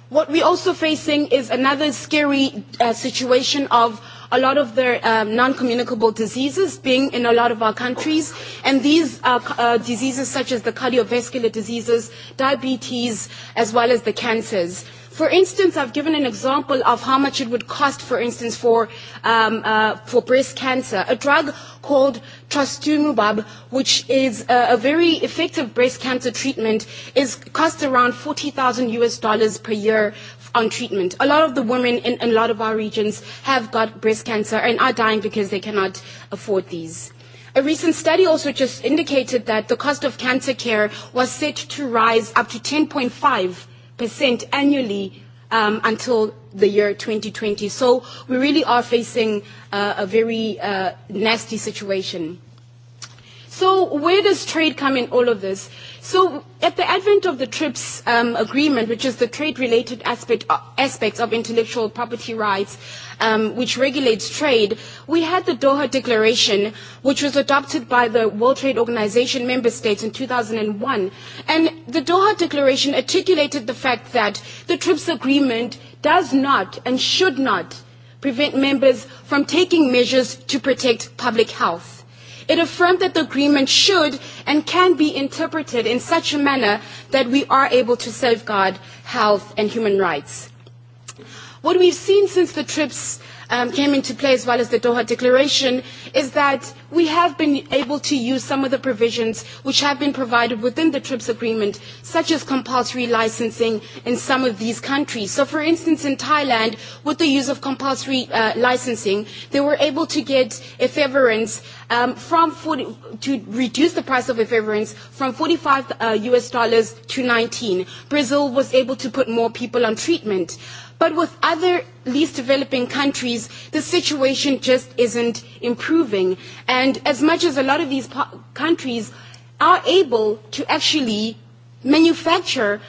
What we're also facing is another scary situation of a lot of their non-communicable diseases being in a lot of our countries. And these are diseases such as the cardiovascular diseases, diabetes, as well as the cancers. For instance, I've given an example of how much it would cost, for instance, for breast cancer. A drug called trastuzumab, which is a very effective breast cancer treatment, is cost around 40,000 US dollars per year on treatment. A lot of the women in a lot of our regions have got breast cancer and are dying because they cannot afford these. A recent study also just indicated that the cost of cancer care was set to rise up to 10.5% annually until the year 2020. So we really are facing a very nasty situation. So where does trade come in all of this? So at the advent of the TRIPS agreement, which is the trade-related aspects of intellectual property rights, which regulates trade, we had the Doha Declaration, which was adopted by the World Trade Organization member states in 2001. And the Doha Declaration articulated the fact that the TRIPS agreement does not and should not prevent members from taking measures to protect public health. It affirmed that the agreement should and can be interpreted in such a manner that we are able to safeguard health and human rights. What we've seen since the TRIPS came into play as well as the Doha Declaration is that we have been able to use some of the provisions which have been provided within the TRIPS agreement, such as compulsory licensing in some of these countries. So, for instance, in Thailand, with the use of compulsory licensing, they were able to get efference from to reduce the price of efference from 45 US dollars to 19. Brazil was able to put more people on treatment. But with other least developing countries, the situation just isn't improving. And as much as a lot of these countries are able to actually manufacture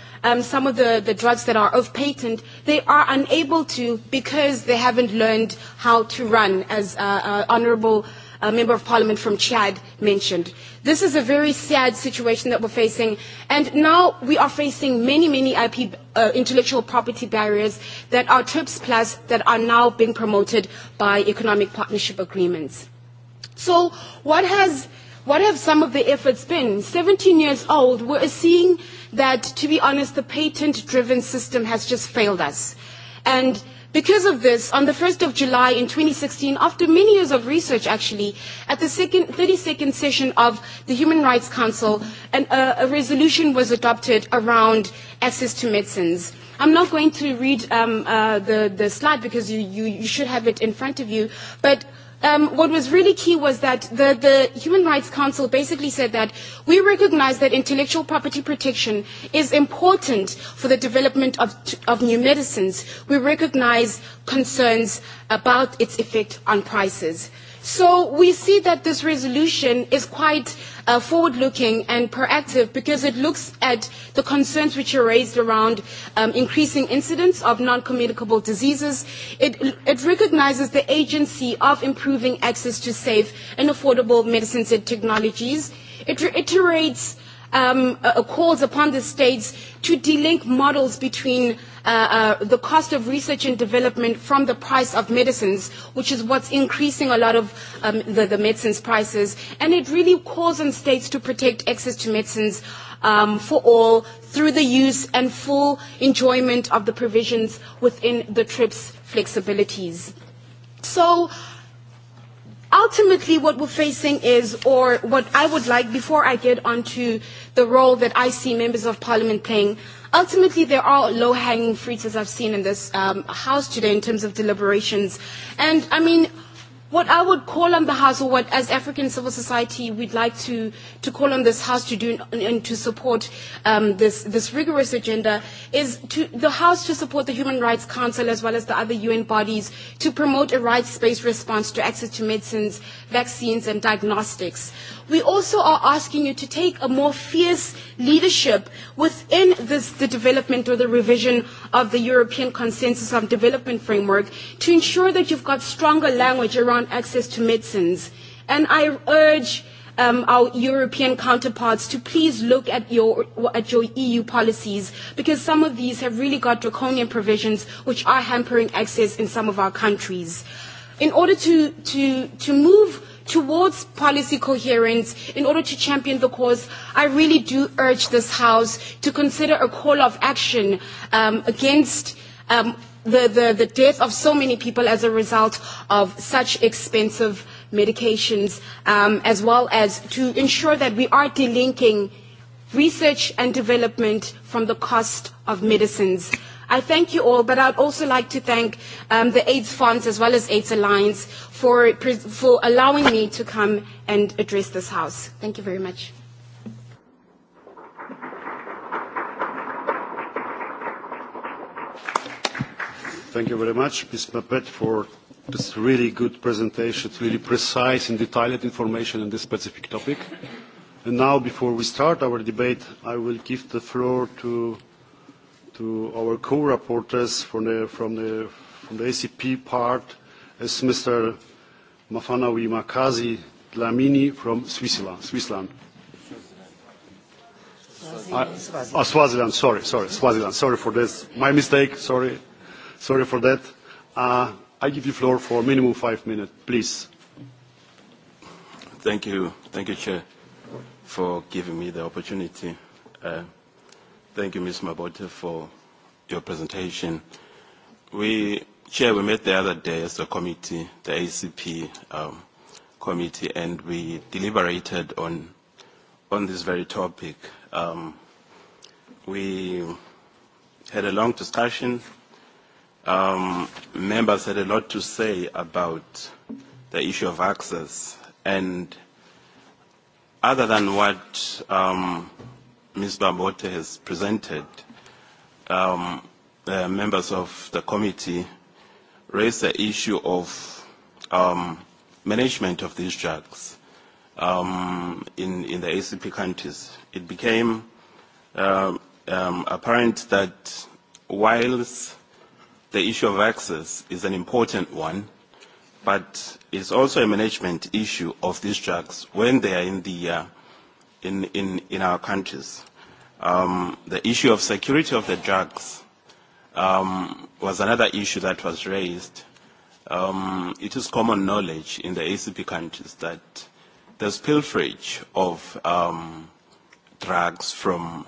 some of the drugs that are of patent, they are unable to because they haven't learned how to run, as Honourable a member of parliament from Chad mentioned. This is a very sad situation that we're facing, and now we are facing many, many IP intellectual property barriers that are TRIPS Plus that are now being promoted by economic partnership agreements. So what has what have some of the efforts been? 17 years old, we're seeing that, to be honest, the patent-driven system has just failed us. And Because of this, on the 1st of July in 2016, after many years of research actually, at the 32nd session of the Human Rights Council, a resolution was adopted around access to medicines. I'm not going to read the slide because you should have it in front of you, but What was really key was that the Human Rights Council basically said that we recognize that intellectual property protection is important for the development of new medicines. We recognize concerns about its effect on prices. So we see that this resolution is quite forward-looking and proactive because it looks at the concerns which are raised around increasing incidence of non-communicable diseases. It recognises the agency of improving access to safe and affordable medicines and technologies. It reiterates calls upon the states to delink models between the cost of research and development from the price of medicines, which is what's increasing a lot of the medicines prices. And it really calls on states to protect access to medicines for all through the use and full enjoyment of the provisions within the TRIPS flexibilities. So ultimately what we're facing is, or what I would like, before I get onto the role that I see members of parliament playing, ultimately there are low-hanging fruits, as I've seen in this house today, in terms of deliberations. And, I mean, What I would call on the House, or what as African civil society we'd like to call on this House to do and to support this rigorous agenda, is the House to support the Human Rights Council as well as the other UN bodies to promote a rights-based response to access to medicines, vaccines and diagnostics we also are asking you to take a more fierce leadership within this the development or the revision of the European Consensus on Development Framework to ensure that you've got stronger language around access to medicines. And I urge our European counterparts to please look at your EU policies because some of these have really got draconian provisions which are hampering access in some of our countries. In order to to to move towards policy coherence in order to champion the cause, I really do urge this House to consider a call of action against the death of so many people as a result of such expensive medications, as well as to ensure that we are delinking research and development from the cost of medicines. I thank you all, but I would also like to thank the AIDS Funds as well as AIDS Alliance for for allowing me to come and address this House. Thank you very much. Thank you very much, Ms. Mapet, for this really good presentation. It's really precise and detailed information on this specific topic. And now, before we start our debate, I will give the floor to to our co reporters from the from the from the ACP part, as Mr. Mafanawi Makazi Dlamini from Switzerland. Swaziland, sorry, sorry, Swaziland. Sorry for this. My mistake, sorry. Sorry for that. I give you floor for minimum five minutes, please. Thank you. Thank you, Chair, for giving me the opportunity. Thank you, Ms. Mabote, for your presentation. We Chair, we met the other day as the committee, the ACP um, committee, and we deliberated on on this very topic. Um, we had a long discussion. Um, members had a lot to say about the issue of access, and other than what um, Ms. Babote has presented, um, the members of the committee raised the issue of um, management of these drugs um, in, in the ACP countries. It became apparent that whilst the issue of access is an important one, but it's also a management issue of these drugs when they are in, the, in, in, in our countries. Um, the issue of security of the drugs was another issue that was raised. It is common knowledge in the ACP countries that the pilferage of drugs from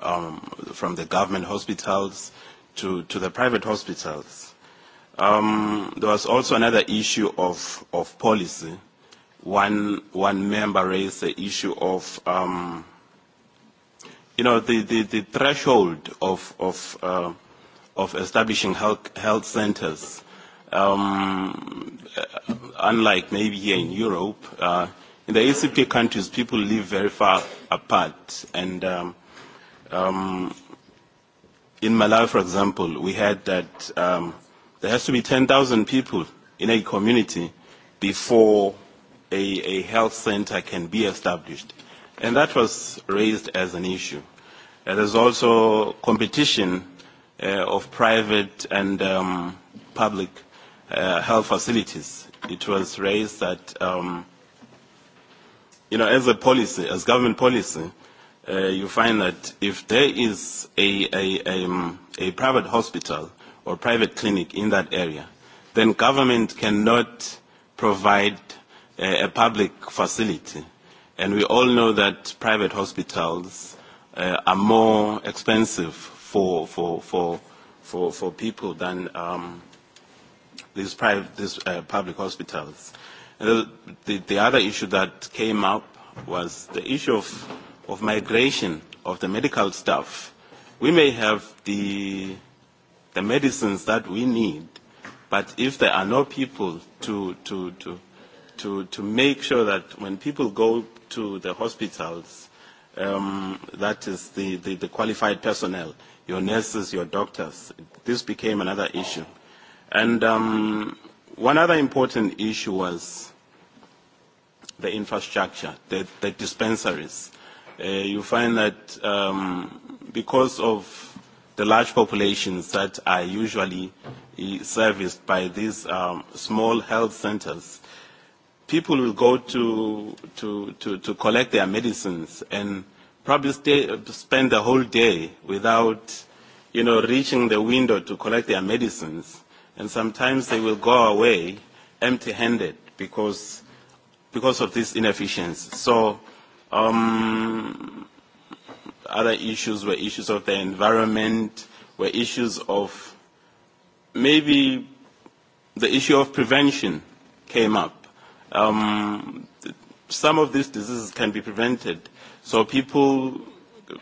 from the government hospitals to to the private hospitals. There was also another issue of of policy. One one member raised the issue of you know the the the threshold of of of establishing health centers. Unlike maybe here in Europe, in the ACP countries, people live very far apart. And in Malawi, for example, we had that there has to be 10,000 people in a community before a health center can be established. And that was raised as an issue. There is also competition of private and public health facilities. It was raised that, you know, as a policy, as government policy, you find that if there is a a private hospital or private clinic in that area, then government cannot provide a public facility. And we all know that private hospitals are more expensive for for for for for people than um these private these public hospitals. The the other issue that came up was the issue of of migration of the medical staff. We may have the the medicines that we need, but if there are no people to to to to to make sure that when people go to the hospitals, um that is the the qualified personnel your nurses, your doctors. This became another issue. And one other important issue was the infrastructure, the, the dispensaries. you find that because of the large populations that are usually serviced by these small health centers, people will go to, to, to, to collect their medicines and probably stay, spend the whole day without, you know, reaching the window to collect their medicines. And sometimes they will go away empty-handed because, because of this inefficiency. So um, other issues were issues of the environment, were issues of maybe the issue of prevention came up. Um, some of these diseases can be prevented So people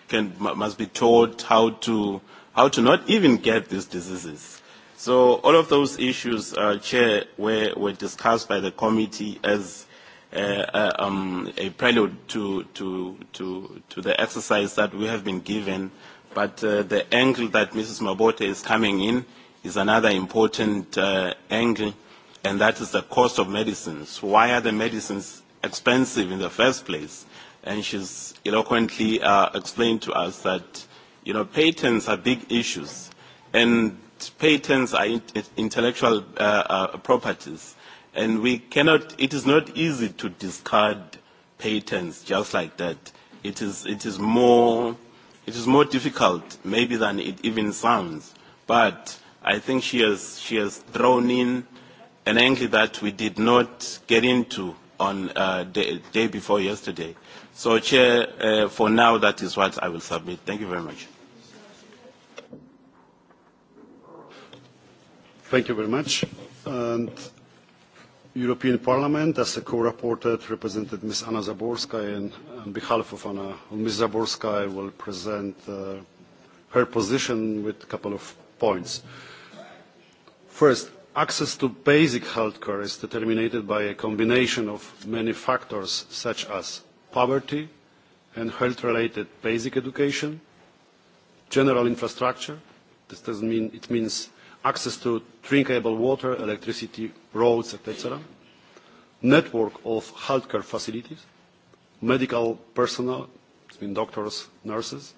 can must be taught how to how to not even get these diseases. So all of those issues, Chair, were were discussed by the committee as a prelude to to to to the exercise that we have been given. But the angle that Mrs. Mabote is coming in is another important angle, and that is the cost of medicines. Why are the medicines expensive in the first place? and she's eloquently explained to us that, you know, patents are big issues, and patents are intellectual properties, and we cannot, it is not easy to discard patents just like that. It is, it is more, it is more difficult maybe than it even sounds, but I think she has, she has thrown in an angle that we did not get into on the day before yesterday So, Chair, for now, that is what I will submit. Thank you very much. Thank you very much. European Parliament, as a co-rapporteur, represented Ms. Anna Zaborska, and on behalf of Ms. Zaborska, I will present her position with a couple of points. First, access to basic health care is determined by a combination of many factors, such as poverty and health-related basic education, general infrastructure. This doesn't mean it means access to drinkable water, electricity, roads, etc. Network of healthcare facilities, medical personnel, doctors, nurses,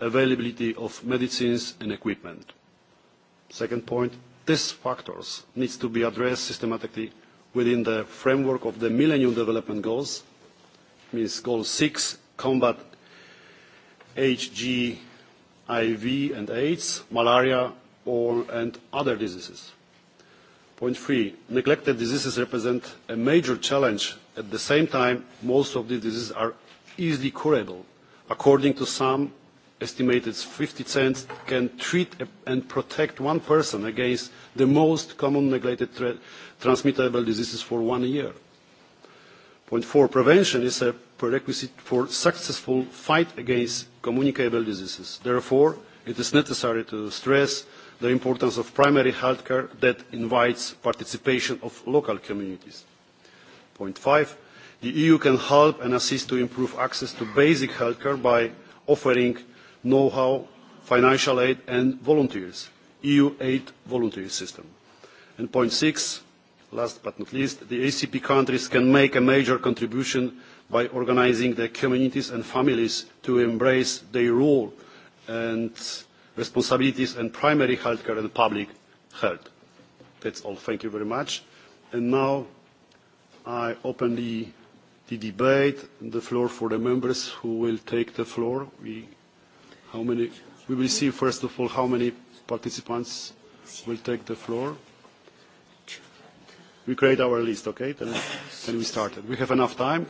availability of medicines and equipment. Second point, these factors need to be addressed systematically within the framework of the Millennium Development Goals means goal six, combat HGIV and AIDS, malaria, and other diseases. Point three, neglected diseases represent a major challenge. At the same time, most of these diseases are easily curable. According to some, estimated 50 cents can treat and protect one person against the most common neglected transmittable diseases for one year. Point four, prevention is a prerequisite for successful fight against communicable diseases. Therefore, it is necessary to stress the importance of primary health care that invites participation of local communities. Point five, the EU can help and assist to improve access to basic health care by offering know-how, financial aid and volunteers, EU aid volunteer system. And point six, Last but not least, the ACP countries can make a major contribution by organising their communities and families to embrace their role and responsibilities in primary healthcare and public health. That's all. Thank you very much. And now I open the debate, the floor for the members who will take the floor. We will see, first of all, how many participants will take the floor we create our list, okay? Then we started. We have enough time.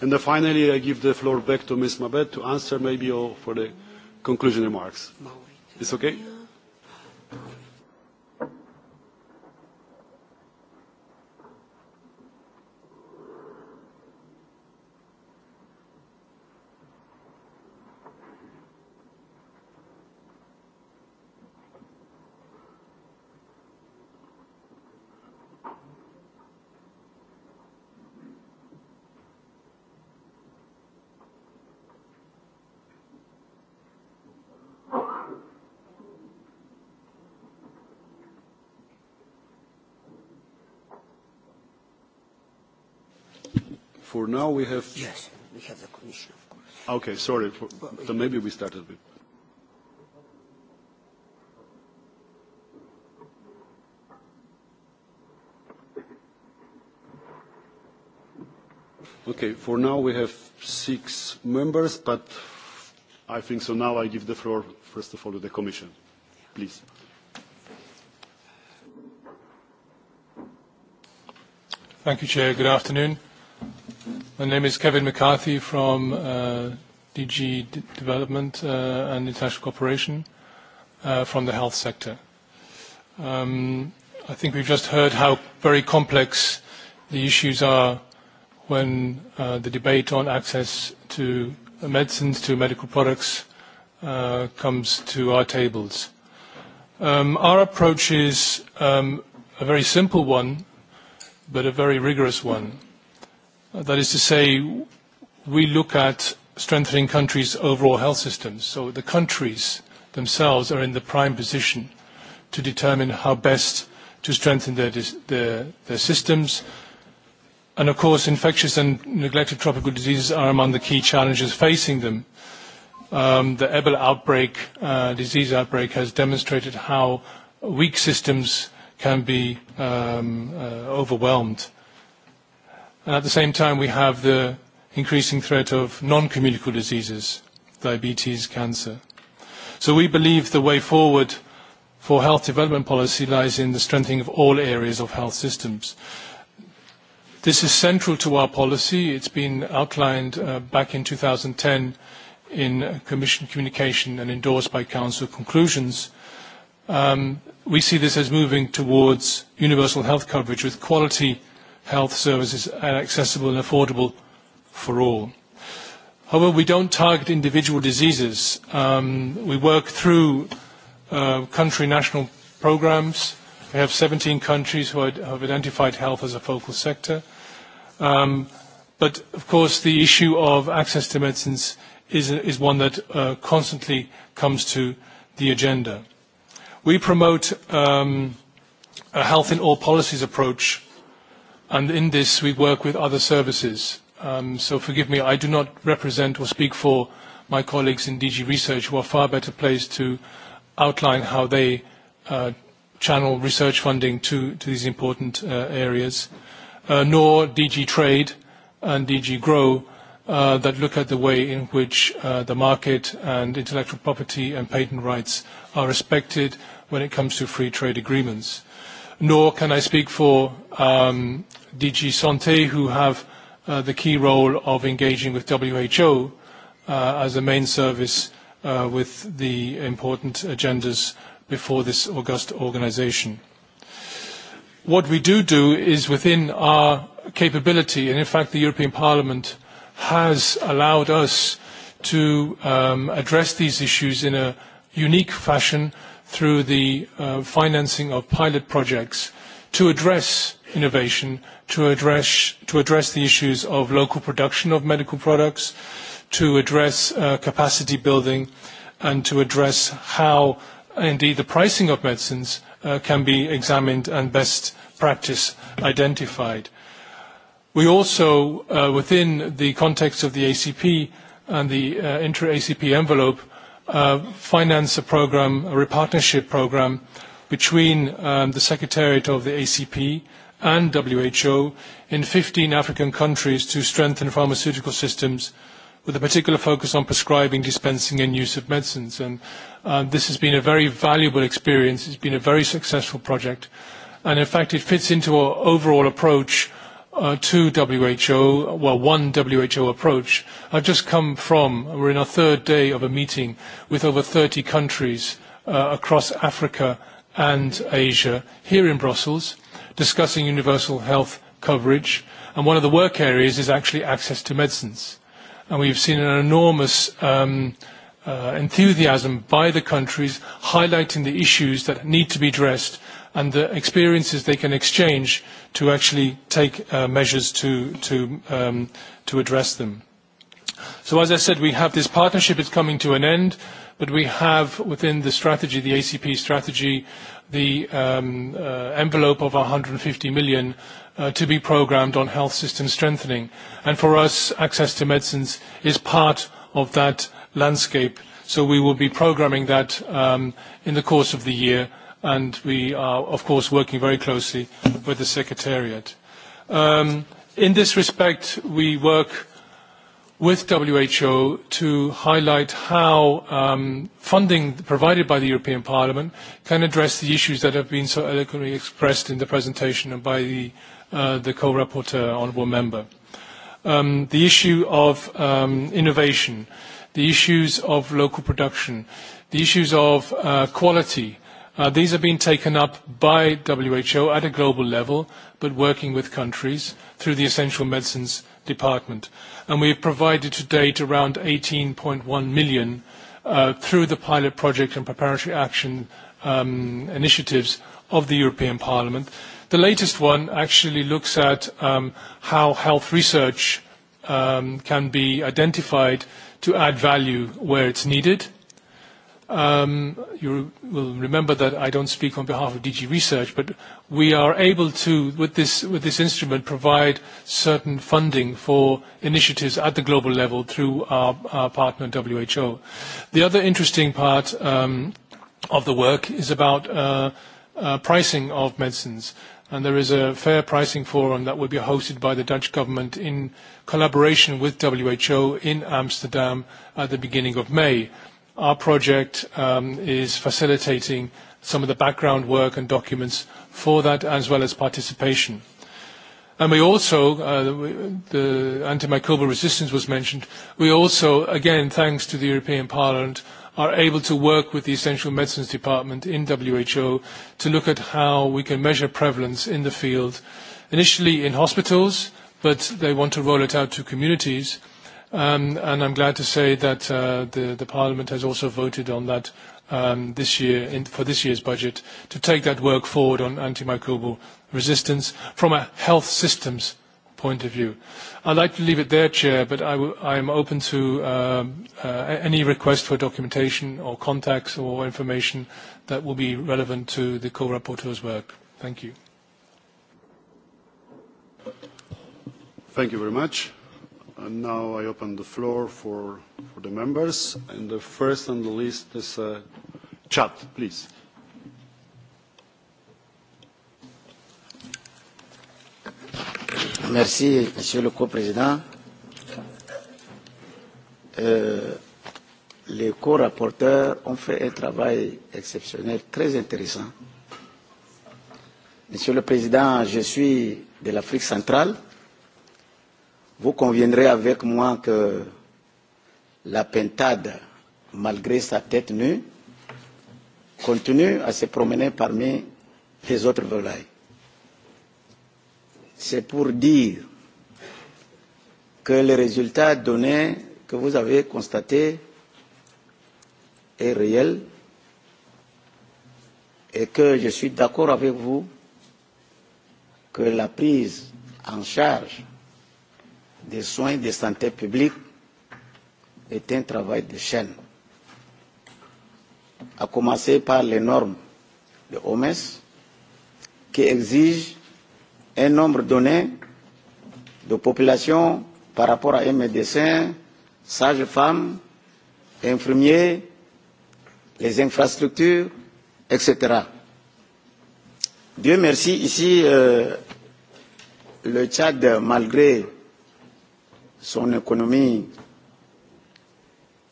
And then finally, I give the floor back to Ms. Mabet to answer maybe for the conclusion remarks. It's okay? For now we have. Yes, we have the Commission, of course. Okay, sorry. maybe we started with. Okay, for now we have six members, but I think so now I give the floor, first of all, to the Commission. Please. Thank you, Chair. Good afternoon. My name is Kevin McCarthy from DG Development and International Cooperation from the health sector. I think we've just heard how very complex the issues are when the debate on access to medicines, to medical products, comes to our tables. Our approach is a very simple one, but a very rigorous one. That is to say, we look at strengthening countries' overall health systems. So the countries themselves are in the prime position to determine how best to strengthen their systems. And of course, infectious and neglected tropical diseases are among the key challenges facing them. The Ebola outbreak, disease outbreak, has demonstrated how weak systems can be overwhelmed at the same time, we have the increasing threat of non-communicable diseases, diabetes, cancer. So we believe the way forward for health development policy lies in the strengthening of all areas of health systems. This is central to our policy. It's been outlined back in 2010 in Commission communication and endorsed by Council conclusions. We see this as moving towards universal health coverage with quality health services are accessible and affordable for all. However, we don't target individual diseases. We work through country national programs. We have 17 countries who have identified health as a focal sector. But, of course, the issue of access to medicines is one that constantly comes to the agenda. We promote a health in all policies approach and in this we work with other services. So forgive me, I do not represent or speak for my colleagues in DG Research, who are far better placed to outline how they channel research funding to these important areas, nor DG Trade and DG Grow that look at the way in which the market and intellectual property and patent rights are respected when it comes to free trade agreements. Nor can I speak for DG Santé, who have the key role of engaging with WHO as a main service with the important agendas before this august organization. What we do do is within our capability, and in fact the European Parliament has allowed us to address these issues in a unique fashion through the financing of pilot projects to address innovation to address the issues of local production of medical products, to address capacity building, and to address how, indeed, the pricing of medicines can be examined and best practice identified. We also, within the context of the ACP and the intra-ACP envelope, finance a program, a partnership program between the Secretariat of the ACP and WHO in 15 African countries to strengthen pharmaceutical systems with a particular focus on prescribing, dispensing and use of medicines. And this has been a very valuable experience. It's been a very successful project. And in fact, it fits into our overall approach to WHO, well, one WHO approach. I've just come from, we're in our third day of a meeting with over 30 countries across Africa and Asia here in Brussels discussing universal health coverage, and one of the work areas is actually access to medicines. And we've seen an enormous enthusiasm by the countries highlighting the issues that need to be addressed and the experiences they can exchange to actually take measures to address them. So as I said, we have this partnership is coming to an end, but we have within the strategy, the ACP strategy, the envelope of 150 million to be programmed on health system strengthening. And for us, access to medicines is part of that landscape. So we will be programming that in the course of the year, and we are, of course, working very closely with the Secretariat. In this respect, we work with WHO to highlight how funding provided by the European Parliament can address the issues that have been so eloquently expressed in the presentation and by the co-rapporteur, honourable member. The issue of innovation, the issues of local production, the issues of quality, these have been taken up by WHO at a global level, but working with countries through the Essential Medicines Department. And have provided to date around 18.1 million through the pilot project and preparatory action initiatives of the European Parliament. The latest one actually looks at how health research can be identified to add value where it's needed You will remember that I don't speak on behalf of DG Research, but we are able to, with this instrument, provide certain funding for initiatives at the global level through our partner WHO. The other interesting part of the work is about pricing of medicines. And there is a fair pricing forum that will be hosted by the Dutch government in collaboration with WHO in Amsterdam at the beginning of May. Our project is facilitating some of the background work and documents for that, as well as participation. And we also, the antimicrobial resistance was mentioned, we also, again, thanks to the European Parliament, are able to work with the Essential Medicines Department in WHO to look at how we can measure prevalence in the field, initially in hospitals, but they want to roll it out to communities and I'm glad to say that the Parliament has also voted on that this year for this year's budget to take that work forward on antimicrobial resistance from a health systems point of view. I'd like to leave it there, Chair, but I am open to any request for documentation or contacts or information that will be relevant to the co-rapporteur's work. Thank you. Thank you very much. And now I open the floor for for the members. And the first on the list is chat, please. Merci, Monsieur le Co-président. Les co-rapporteurs ont fait un travail exceptionnel, très intéressant. Monsieur le Président, je suis de l'Afrique centrale Vous conviendrez avec moi que la pentade, malgré sa tête nue, continue à se promener parmi les autres volailles. C'est pour dire que le résultat donné que vous avez constaté est réel et que je suis d'accord avec vous que la prise en charge des soins de santé publique est un travail de chaîne, à commencer par les normes de OMS qui exigent un nombre donné de populations par rapport à un médecin, sage-femme, infirmier, les infrastructures, etc. Dieu merci, ici, le Tchad, malgré son économie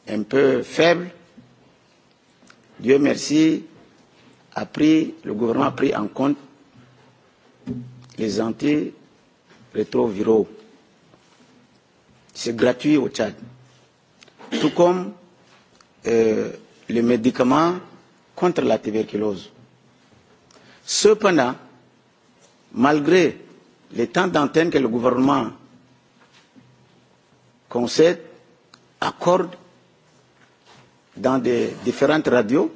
un peu faible, Dieu merci, a le gouvernement a pris en compte les antirétroviraux. C'est gratuit au Tchad. Tout comme euh, les médicaments contre la tuberculose. Cependant, malgré les temps d'antenne que le gouvernement à accorde dans des différentes radios.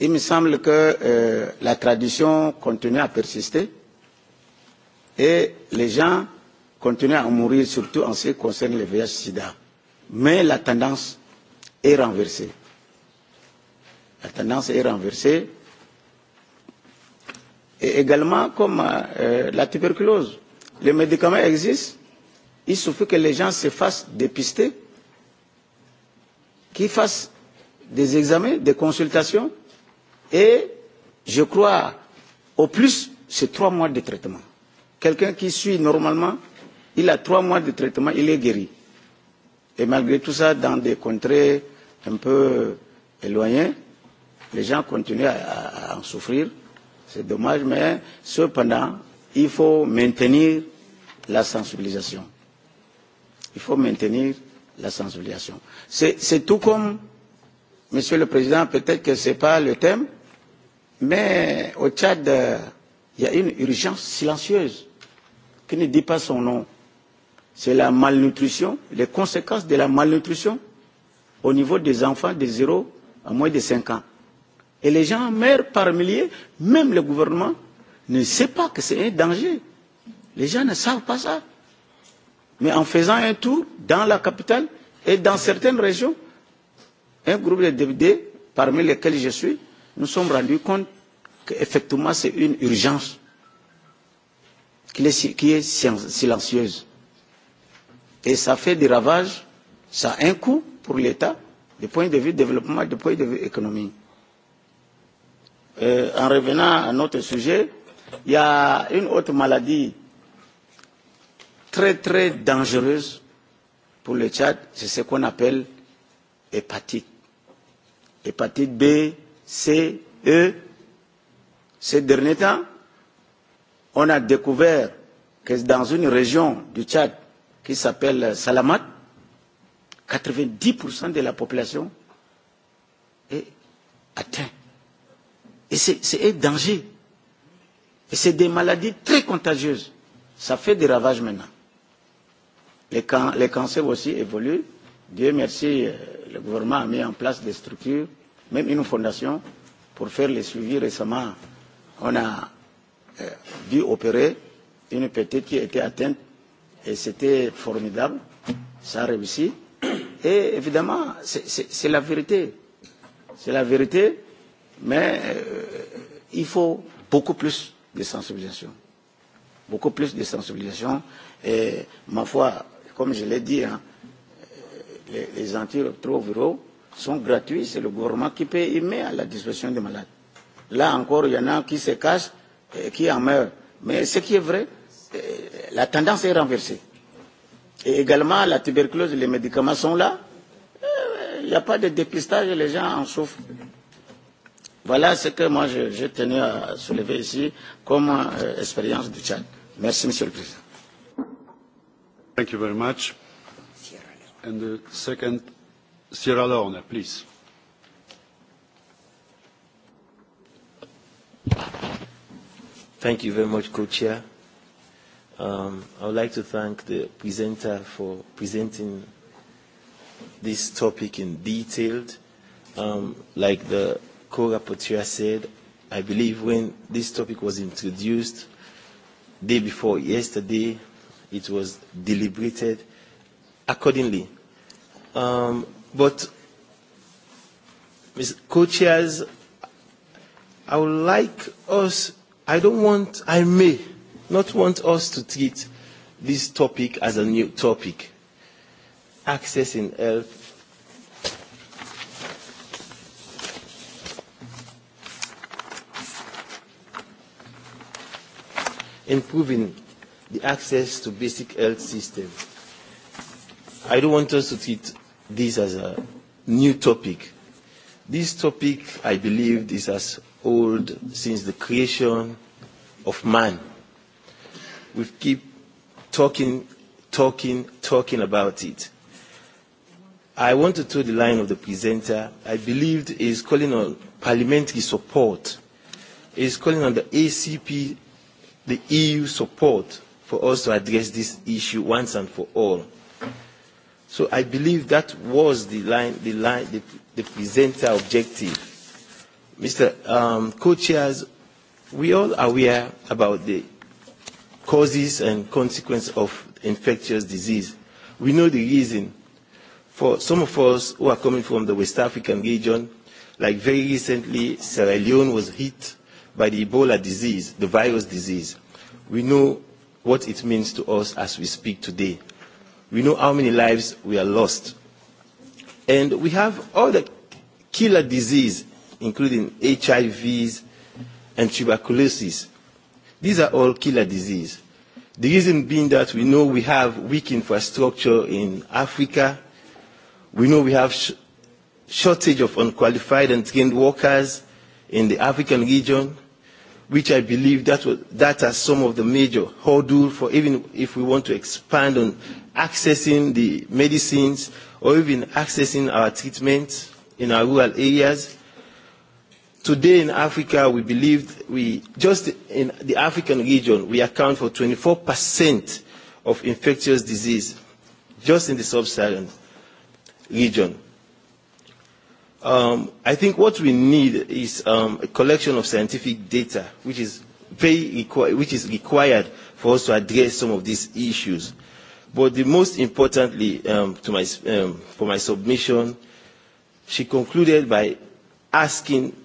Il me semble que la tradition continue à persister et les gens continuent à mourir, surtout en ce qui concerne le VIH-Sida. Mais la tendance est renversée. La tendance est renversée. Et également comme la tuberculose. Les médicaments existent il suffit que les gens se fassent dépister, qu'ils fassent des examens, des consultations, et je crois au plus c'est trois mois de traitement. Quelqu'un qui suit normalement, il a trois mois de traitement, il est guéri. Et malgré tout ça, dans des contrées un peu éloignées, les gens continuent à en souffrir. C'est dommage, mais cependant, il faut maintenir la sensibilisation il faut maintenir la sensibilisation. C'est tout comme, Monsieur le Président, peut-être que ce n'est pas le thème, mais au Tchad, il y a une urgence silencieuse qui ne dit pas son nom. C'est la malnutrition, les conséquences de la malnutrition au niveau des enfants de 0 à moins de 5 ans. Et les gens meurent par milliers, même le gouvernement ne sait pas que c'est un danger. Les gens ne savent pas ça mais en faisant un tour dans la capitale et dans certaines régions, un groupe de députés, parmi lesquels je suis, nous sommes rendus compte qu'effectivement c'est une urgence qui est silencieuse. Et ça fait des ravages, ça a un coût pour l'État, du point de vue développement, du point de vue économie. En revenant à notre sujet, il y a une autre maladie très très dangereuse pour le Tchad, c'est ce qu'on appelle hépatite. Hépatite B, C, E. Ces derniers temps, on a découvert que dans une région du Tchad qui s'appelle Salamat, 90% de la population est atteinte. Et c'est un danger. Et c'est des maladies très contagieuses. Ça fait des ravages maintenant. Les cancers aussi évoluent. Dieu merci, le gouvernement a mis en place des structures, même une fondation, pour faire les suivis récemment. On a vu opérer une petite qui était atteinte et c'était formidable. Ça a réussi. Et évidemment, c'est la vérité. C'est la vérité, mais il faut beaucoup plus de sensibilisation. Beaucoup plus de sensibilisation. Et ma foi, comme je l'ai dit, hein, les, les antirétroviraux sont gratuits, c'est le gouvernement qui paye, il met à la disposition des malades. Là encore, il y en a qui se cachent et qui en meurent. Mais ce qui est vrai, la tendance est renversée. Et également, la tuberculose, les médicaments sont là. Il n'y a pas de dépistage, les gens en souffrent. Voilà ce que moi je, tenu tenais à soulever ici comme expérience du Tchad. Merci, Monsieur le Président. Thank you very much. And the second, Sierra Leone, please. Thank you very much, Co-Chair. I would like to thank the presenter for presenting this topic in detail. like the co-rapporteur said, I believe when this topic was introduced, day before yesterday, it was deliberated accordingly. But, Ms. Co-Chairs, I would like us, I don't want, I may not want us to treat this topic as a new topic. Access in health. Improving the access to basic health system. I don't want us to treat this as a new topic. This topic, I believe, is as old since the creation of man. We keep talking, talking, talking about it. I want to throw the line of the presenter. I believed is calling on parliamentary support. Is calling on the ACP, the EU support for us to address this issue once and for all. So I believe that was the line, the line, the, the presenter objective. Mr. Um, Co-chairs, we all are aware about the causes and consequences of infectious disease. We know the reason. For some of us who are coming from the West African region, like very recently, Sierra Leone was hit by the Ebola disease, the virus disease. We know what it means to us as we speak today. We know how many lives we are lost. And we have all the killer disease, including HIVs and tuberculosis. These are all killer disease. The reason being that we know we have weak infrastructure in Africa. We know we have shortage of unqualified and trained workers in the African region which I believe that was that are some of the major hurdles for even if we want to expand on accessing the medicines or even accessing our treatments in our rural areas. Today in Africa, we believe we, just in the African region, we account for 24% of infectious disease, just in the sub-Saharan region. I think what we need is a collection of scientific data, which is very which is required for us to address some of these issues. But the most importantly, to my for my submission, she concluded by asking,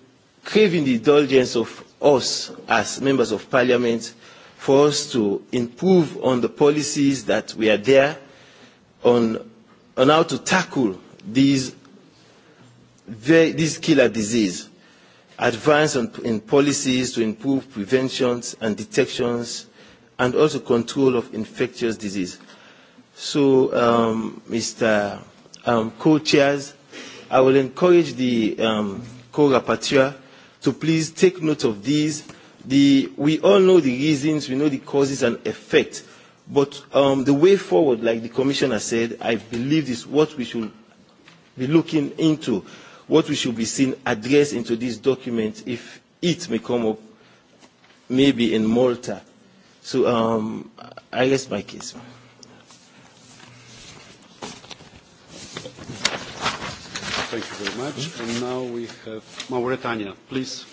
craving the indulgence of us as members of parliament for us to improve on the policies that we are there on on how to tackle these this killer disease, advance in policies to improve preventions and detections, and also control of infectious disease. So, Mr. Co-Chairs, I will encourage the co-rapporteur to please take note of these. We all know the reasons, we know the causes and effects, but the way forward, like the Commissioner said, I believe is what we should be looking into what we should be seeing addressed into this document if it may come up maybe in Malta. So um, I guess, my case. Thank you very much. And now we have Mauritania, please.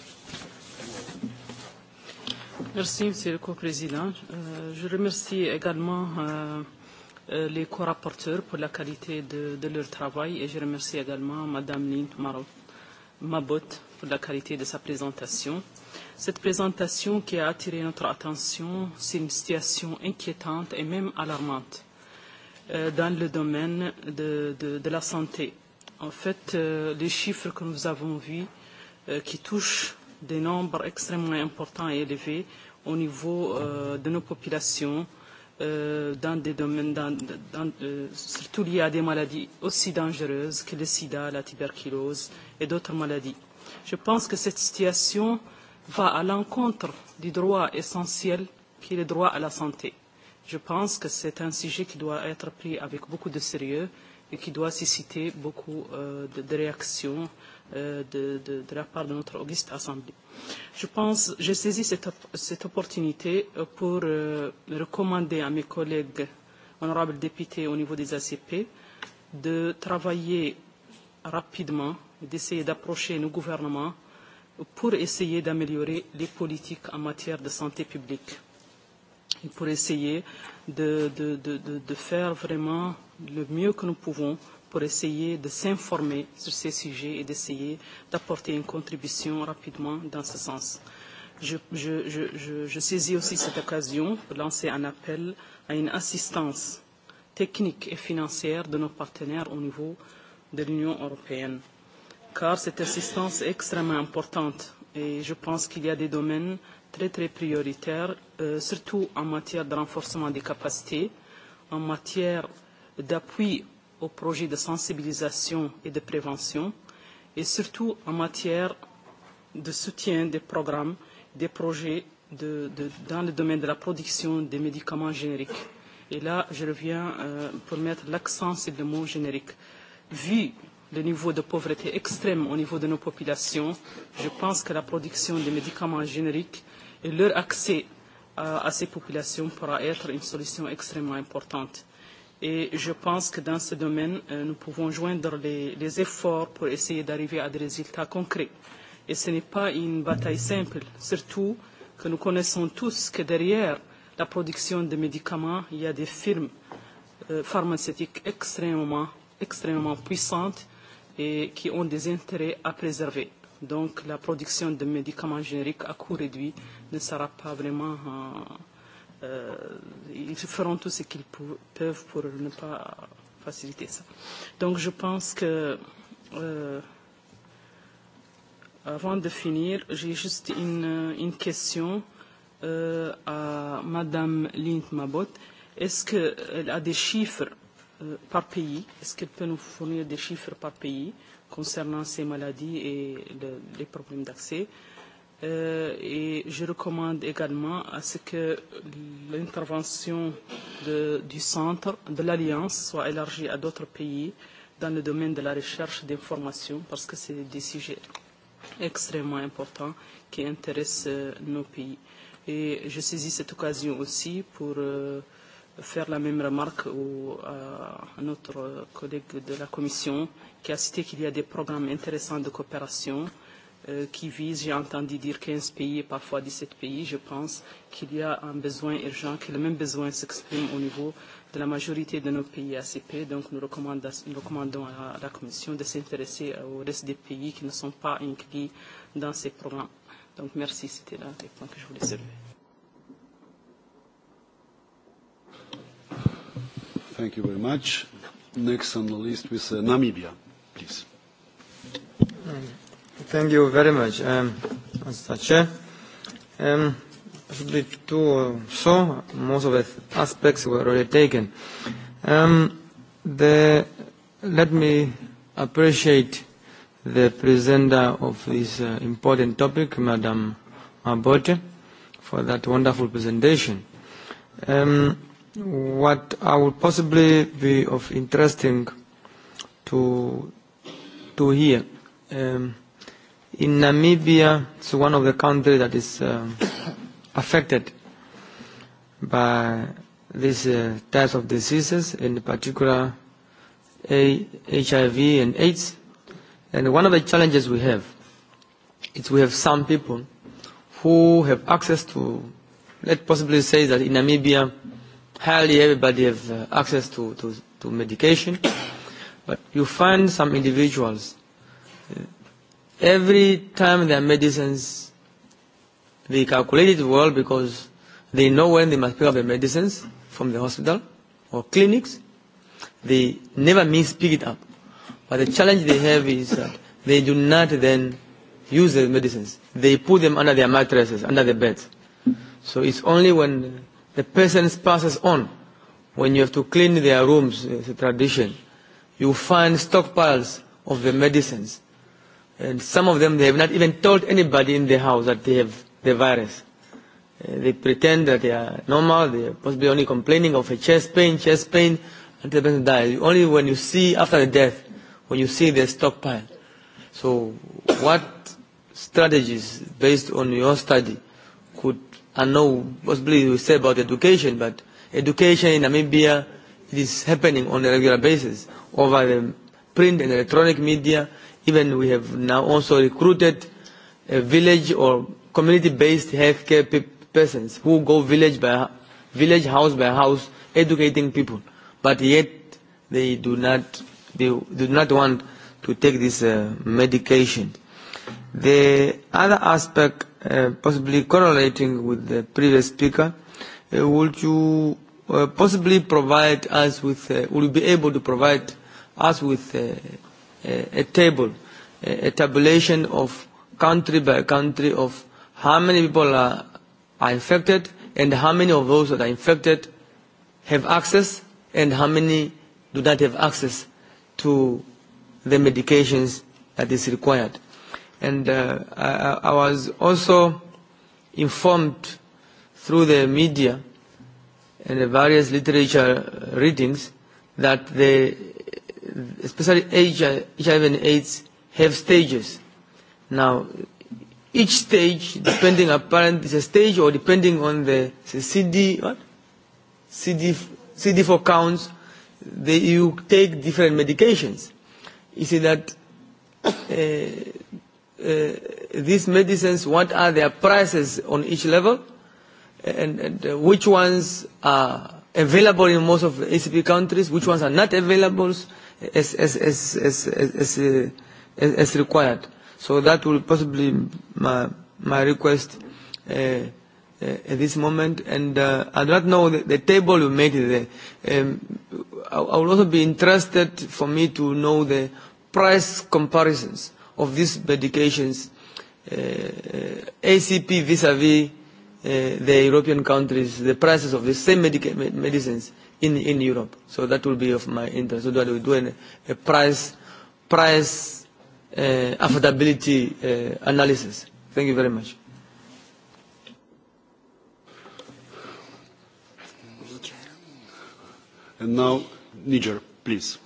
Merci, Monsieur le Co-président. je remercie également les co-rapporteurs pour la qualité de leur travail et je remercie également Madame Lynn Mabot pour la qualité de sa présentation. Cette présentation qui a attiré notre attention, c'est une situation inquiétante et même alarmante dans le domaine de la santé. En fait, les chiffres que nous avons vus qui touchent des nombres extrêmement importants et élevés au niveau de nos populations dans des domaines, surtout liés à des maladies aussi dangereuses que le sida, la tuberculose et d'autres maladies. Je pense que cette situation va à l'encontre du droit essentiel qui est le droit à la santé. Je pense que c'est un sujet qui doit être pris avec beaucoup de sérieux et qui doit susciter beaucoup de réactions de la part de notre auguste Assemblée. Je pense, j'ai saisi cette opportunité pour recommander à mes collègues honorables députés au niveau des ACP de travailler rapidement, d'essayer d'approcher nos gouvernements pour essayer d'améliorer les politiques en matière de santé publique et pour essayer de faire vraiment le mieux que nous pouvons pour essayer de s'informer sur ces sujets et d'essayer d'apporter une contribution rapidement dans ce sens. Je saisis aussi cette occasion pour lancer un appel à une assistance technique et financière de nos partenaires au niveau de l'Union européenne, car cette assistance est extrêmement importante et je pense qu'il y a des domaines très très prioritaires, surtout en matière de renforcement des capacités, en matière d'appui aux projets de sensibilisation et de prévention, et surtout en matière de soutien des programmes, des projets dans le domaine de la production des médicaments génériques. Et là, je reviens pour mettre l'accent sur le mot générique. Vu le niveau de pauvreté extrême au niveau de nos populations, je pense que la production des médicaments génériques et leur accès à ces populations pourra être une solution extrêmement importante. Et je pense que dans ce domaine, nous pouvons joindre les efforts pour essayer d'arriver à des résultats concrets. Et ce n'est pas une bataille simple, surtout que nous connaissons tous que derrière la production de médicaments, il y a des firmes pharmaceutiques extrêmement, extrêmement puissantes et qui ont des intérêts à préserver. Donc la production de médicaments génériques à coût réduit ne sera pas vraiment ils feront tout ce qu'ils peuvent pour ne pas faciliter ça. Donc je pense que avant de finir, j'ai juste une, une question euh, à Madame Lint Mabot. Est-ce qu'elle a des chiffres par pays Est-ce qu'elle peut nous fournir des chiffres par pays concernant ces maladies et les problèmes d'accès et je recommande également à ce que l'intervention du centre, de l'Alliance, soit élargie à d'autres pays dans le domaine de la recherche d'informations, parce que c'est des sujets extrêmement importants qui intéressent nos pays. Et je saisis cette occasion aussi pour faire la même remarque à notre collègue de la Commission qui a cité qu'il y a des programmes intéressants de coopération qui vise, j'ai entendu dire 15 pays et parfois 17 pays, je pense qu'il y a un besoin urgent, que le même besoin s'exprime au niveau de la majorité de nos pays ACP. Donc nous recommandons à la Commission de s'intéresser au reste des pays qui ne sont pas inclus dans ces programmes. Donc merci, c'était là les points que je voulais soulever. Thank you very much. Next on the list uh, Namibia, please. Thank you very much, Mr. Chair. Possibly two or so, most of the aspects were already taken. Let me appreciate the presenter of this important topic, Madam Mabote, for that wonderful presentation. What I would possibly be of interesting to to hear In Namibia, it's one of the countries that is affected by these types of diseases, in particular HIV and AIDS. And one of the challenges we have is we have some people who have access to, let's possibly say that in Namibia, hardly everybody has access to, to, to medication, but you find some individuals Every time their medicines, they calculate it well because they know when they must pick up the medicines from the hospital or clinics. They never miss pick it up. But the challenge they have is that they do not then use the medicines. They put them under their mattresses, under the beds. So it's only when the person passes on, when you have to clean their rooms, it's a tradition, you find stockpiles of the medicines And some of them, they have not even told anybody in the house that they have the virus. They pretend that they are normal. They are possibly only complaining of a chest pain, chest pain, until the person dies. Only when you see after the death, when you see the stockpile. So, what strategies based on your study could I know possibly you say about education, but education in Namibia it is happening on a regular basis over the print and electronic media Even we have now also recruited village or community-based healthcare persons who go village by village, house by house, educating people. But yet they do not they do not want to take this medication. The other aspect, possibly correlating with the previous speaker, would you possibly provide us with, will be able to provide us with a table, a tabulation of country by country of how many people are infected and how many of those that are infected have access and how many do not have access to the medications that is required. And I was also informed through the media and the various literature readings that the especially HIV and AIDS, have stages. Now, each stage, depending upon the stage or depending on the CD, what? CD, CD4 counts, they, you take different medications. You see that these medicines, what are their prices on each level, and which ones are available in most of the ACP countries, which ones are not available, as as as as as as required. So that will possibly my my request at this moment. And I do not know the table you made there. I would also be interested for me to know the price comparisons of these medications, ACP vis-à-vis the European countries, the prices of the same medicines in in Europe. So that will be of my interest. So that we do a price price affordability analysis. Thank you very much. And now Niger, please.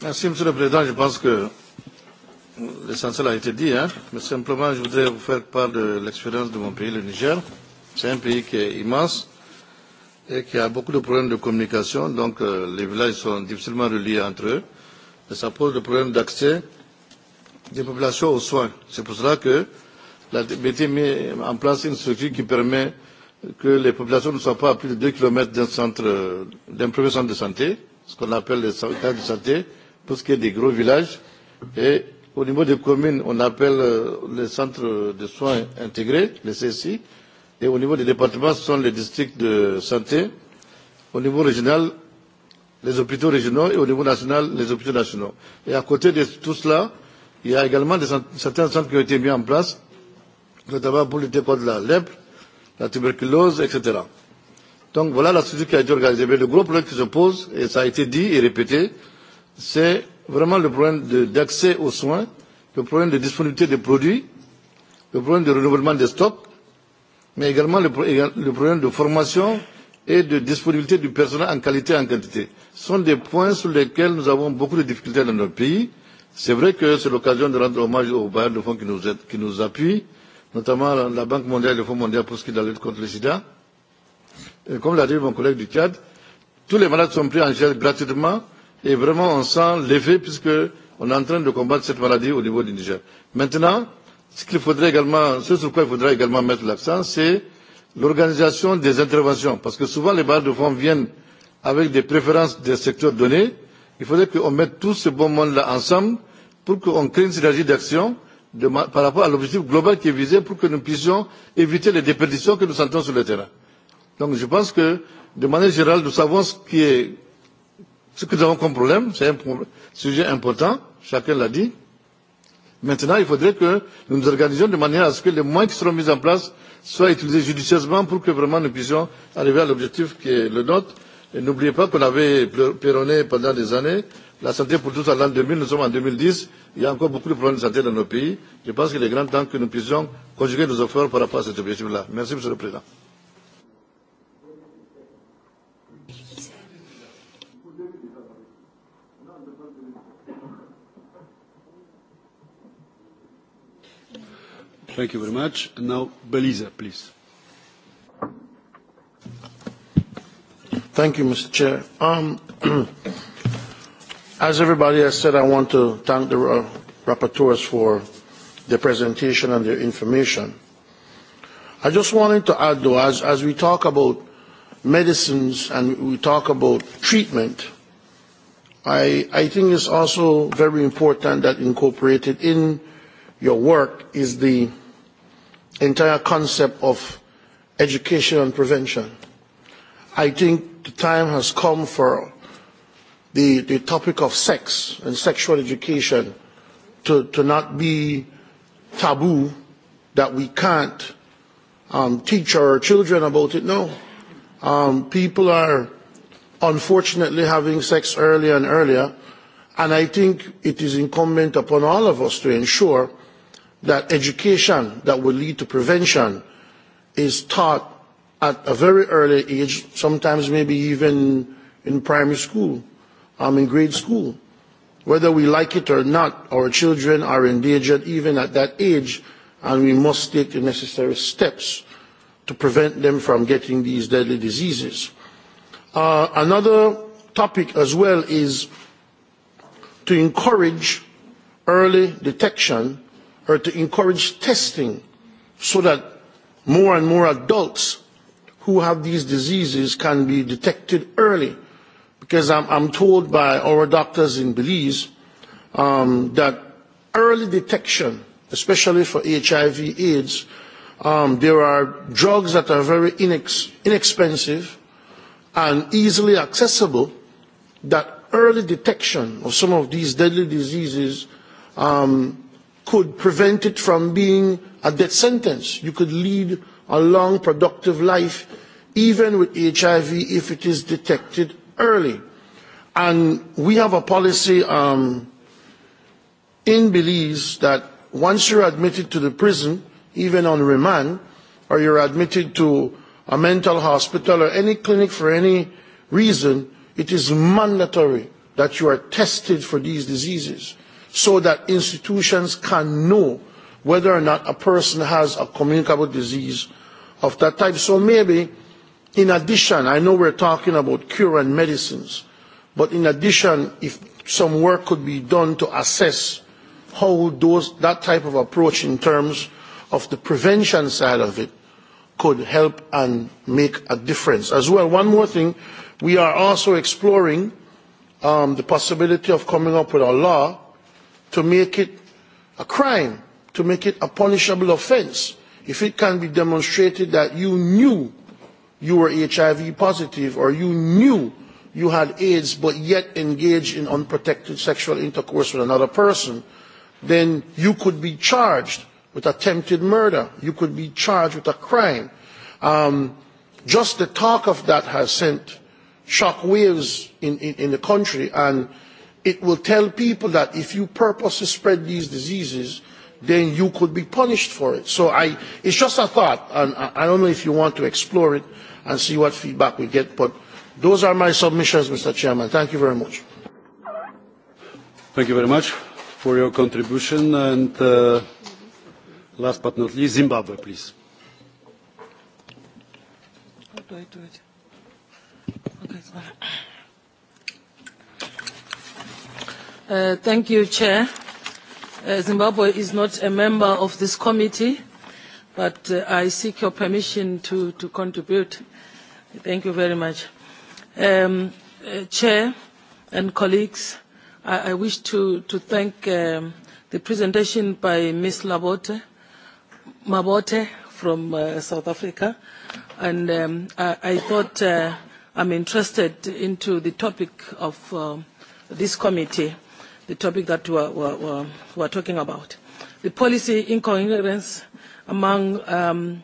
Merci, Monsieur le Président. Je pense que l'essentiel a été dit, hein, mais simplement je voudrais vous faire part de l'expérience de mon pays, le Niger. C'est un pays qui est immense et qui a beaucoup de problèmes de communication, donc les villages sont difficilement reliés entre eux, et ça pose des problèmes d'accès des populations aux soins. C'est pour cela que la DBT met en place une structure qui permet que les populations ne soient pas à plus de 2 km d'un centre, d'un premier centre de santé, ce qu'on appelle les centres de santé, pour ce qui est des gros villages. Et au niveau des communes, on appelle les centres de soins intégrés, les CSI, Et au niveau des départements, ce sont les districts de santé. Au niveau régional, les hôpitaux régionaux et au niveau national, les hôpitaux nationaux. Et à côté de tout cela, il y a également des, certains centres qui ont été mis en place, notamment pour lutter contre la lèpre, la tuberculose, etc. Donc voilà la structure qui a été organisée. Mais le gros problème qui se pose, et ça a été dit et répété, c'est vraiment le problème d'accès aux soins, le problème de disponibilité des produits, le problème de renouvellement des stocks, mais également le problème de formation et de disponibilité du personnel en qualité et en quantité. Ce sont des points sur lesquels nous avons beaucoup de difficultés dans notre pays. C'est vrai que c'est l'occasion de rendre hommage aux bailleurs de fonds qui nous, qui nous appuient, notamment la Banque mondiale et le Fonds mondial pour ce qui est de la lutte contre le sida. comme l'a dit mon collègue du Tchad, tous les malades sont pris en charge gratuitement et vraiment on sent l'effet puisqu'on est en train de combattre cette maladie au niveau du Niger. Maintenant, Ce qu'il faudrait également, ce sur quoi il faudrait également mettre l'accent, c'est l'organisation des interventions. Parce que souvent, les barres de fonds viennent avec des préférences des secteurs donnés. Il faudrait qu'on mette tout ce bon monde-là ensemble pour qu'on crée une synergie d'action par rapport à l'objectif global qui est visé pour que nous puissions éviter les déperditions que nous sentons sur le terrain. Donc je pense que, de manière générale, nous savons ce qui est, ce que nous avons comme problème. C'est un sujet important, chacun l'a dit. Maintenant, il faudrait que nous nous organisions de manière à ce que les moyens qui seront mis en place soient utilisés judicieusement pour que vraiment nous puissions arriver à l'objectif qui est le nôtre. Et n'oubliez pas qu'on avait péronné pendant des années la santé pour tous en l'an 2000, nous sommes en 2010, il y a encore beaucoup de problèmes de santé dans nos pays. Je pense qu'il est grand temps que nous puissions conjuguer nos efforts par rapport à cet objectif-là. Merci, Monsieur le Président. Thank you very much. now, Belisa, please. Thank you, Mr. Chair. as everybody has said, I want to thank the rapporteurs for their presentation and their information. I just wanted to add, though, as, as we talk about medicines and we talk about treatment, I, I think it's also very important that incorporated in your work is the entire concept of education and prevention. I think the time has come for the, the topic of sex and sexual education to, to not be taboo that we can't um, teach our children about it. No. Um, people are unfortunately having sex earlier and earlier, and I think it is incumbent upon all of us to ensure that education that will lead to prevention is taught at a very early age, sometimes maybe even in primary school, in grade school. Whether we like it or not, our children are endangered even at that age, and we must take the necessary steps to prevent them from getting these deadly diseases. Another topic as well is to encourage early detection or to encourage testing so that more and more adults who have these diseases can be detected early. Because I'm told by our doctors in Belize that early detection, especially for HIV AIDS, there are drugs that are very inexpensive and easily accessible that early detection of some of these deadly diseases could prevent it from being a death sentence. You could lead a long, productive life, even with HIV, if it is detected early. And we have a policy in Belize that once you're admitted to the prison, even on remand, or you're admitted to a mental hospital or any clinic for any reason, it is mandatory that you are tested for these diseases so that institutions can know whether or not a person has a communicable disease of that type. So maybe, in addition, I know we're talking about cure and medicines, but in addition, if some work could be done to assess how that type of approach in terms of the prevention side of it could help and make a difference. As well, one more thing, we are also exploring the possibility of coming up with a law to make it a crime, to make it a punishable offense. If it can be demonstrated that you knew you were HIV positive or you knew you had AIDS but yet engaged in unprotected sexual intercourse with another person, then you could be charged with attempted murder. You could be charged with a crime. Just the talk of that has sent shock waves in the country and it will tell people that if you purposely spread these diseases, then you could be punished for it. So I, it's just a thought, and I don't know if you want to explore it and see what feedback we get, but those are my submissions, Mr. Chairman. Thank you very much. Thank you very much for your contribution, and last but not least, Zimbabwe, please. Thank you, Chair. Zimbabwe is not a member of this committee, but I seek your permission to contribute. Thank you very much. Chair and colleagues, I wish to thank the presentation by Ms. Labote Mabote from South Africa, and I thought I'm interested into the topic of this committee the topic that we are talking about. The policy incoherence among and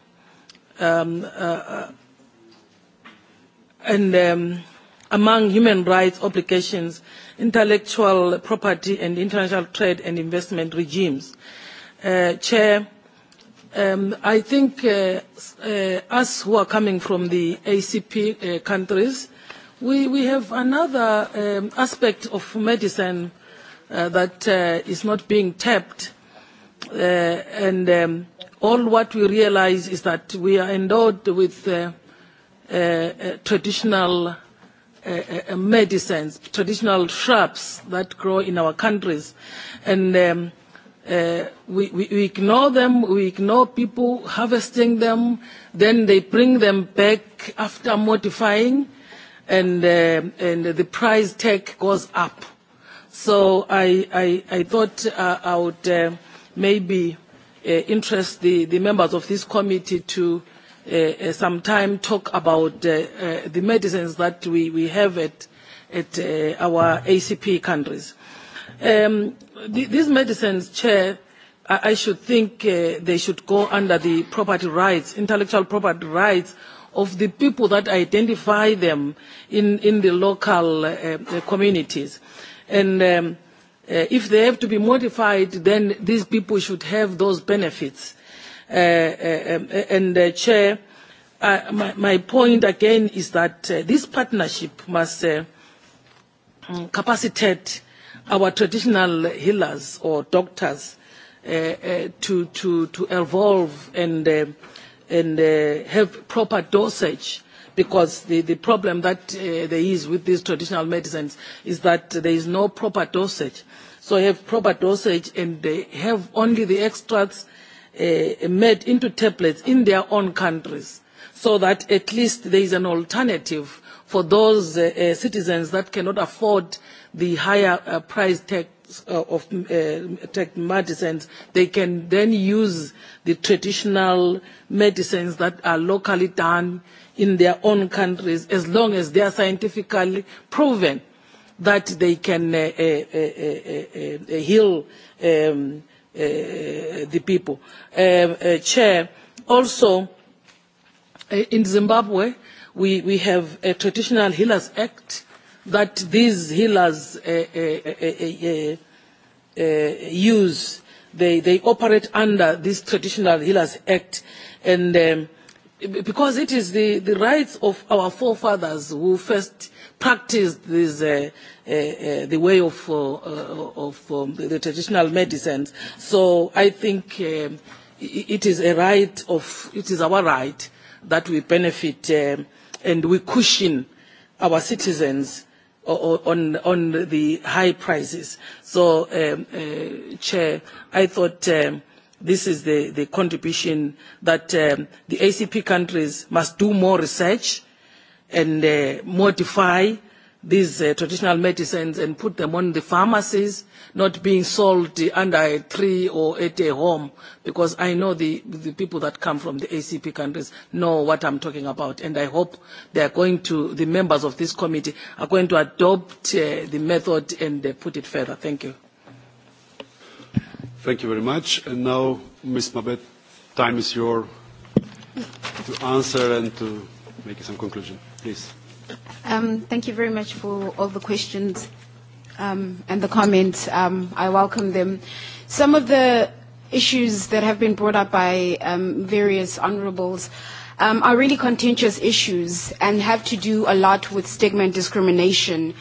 among human rights obligations, intellectual property and international trade and investment regimes. Chair, I think us who are coming from the ACP countries, we have another aspect of medicine that is not being tapped. And all what we realize is that we are endowed with traditional medicines, traditional shrubs that grow in our countries. And we ignore them, we ignore people harvesting them, then they bring them back after modifying, and the price tag goes up. So I I thought I would maybe interest the the members of this committee to some time talk about the medicines that we we have at our ACP countries. These medicines, Chair, I should think they should go under the property rights, intellectual property rights of the people that identify them in in the local communities and if they have to be modified then these people should have those benefits and chair my point again is that this partnership must capacitate our traditional healers or doctors to to to evolve and and have proper dosage because the, problem that there is with these traditional medicines is that there is no proper dosage. So they have proper dosage and they have only the extracts made into tablets in their own countries so that at least there is an alternative for those citizens that cannot afford the higher price of medicines, they can then use the traditional medicines that are locally done in their own countries as long as they are scientifically proven that they can heal the people. Chair, also in Zimbabwe we we have a traditional healers act that these healers use. They operate under this traditional healers act and because it is the, the rights of our forefathers who first practiced this, the way of, of the, traditional medicines. So I think it is a right of, it is our right that we benefit and we cushion our citizens on, on the high prices. So, Chair, I thought This is the contribution that the ACP countries must do more research and modify these traditional medicines and put them on the pharmacies, not being sold under a tree or at a home, because I know the people that come from the ACP countries know what I'm talking about, and I hope they are going to, the members of this committee are going to adopt the method and put it further. Thank you. Thank you very much. And now, Ms. Mabet, time is yours to answer and to make some conclusion. Please. Thank you very much for all the questions and the comments. I welcome them. Some of the issues that have been brought up by various honourables are really contentious issues and have to do a lot with stigma and discrimination.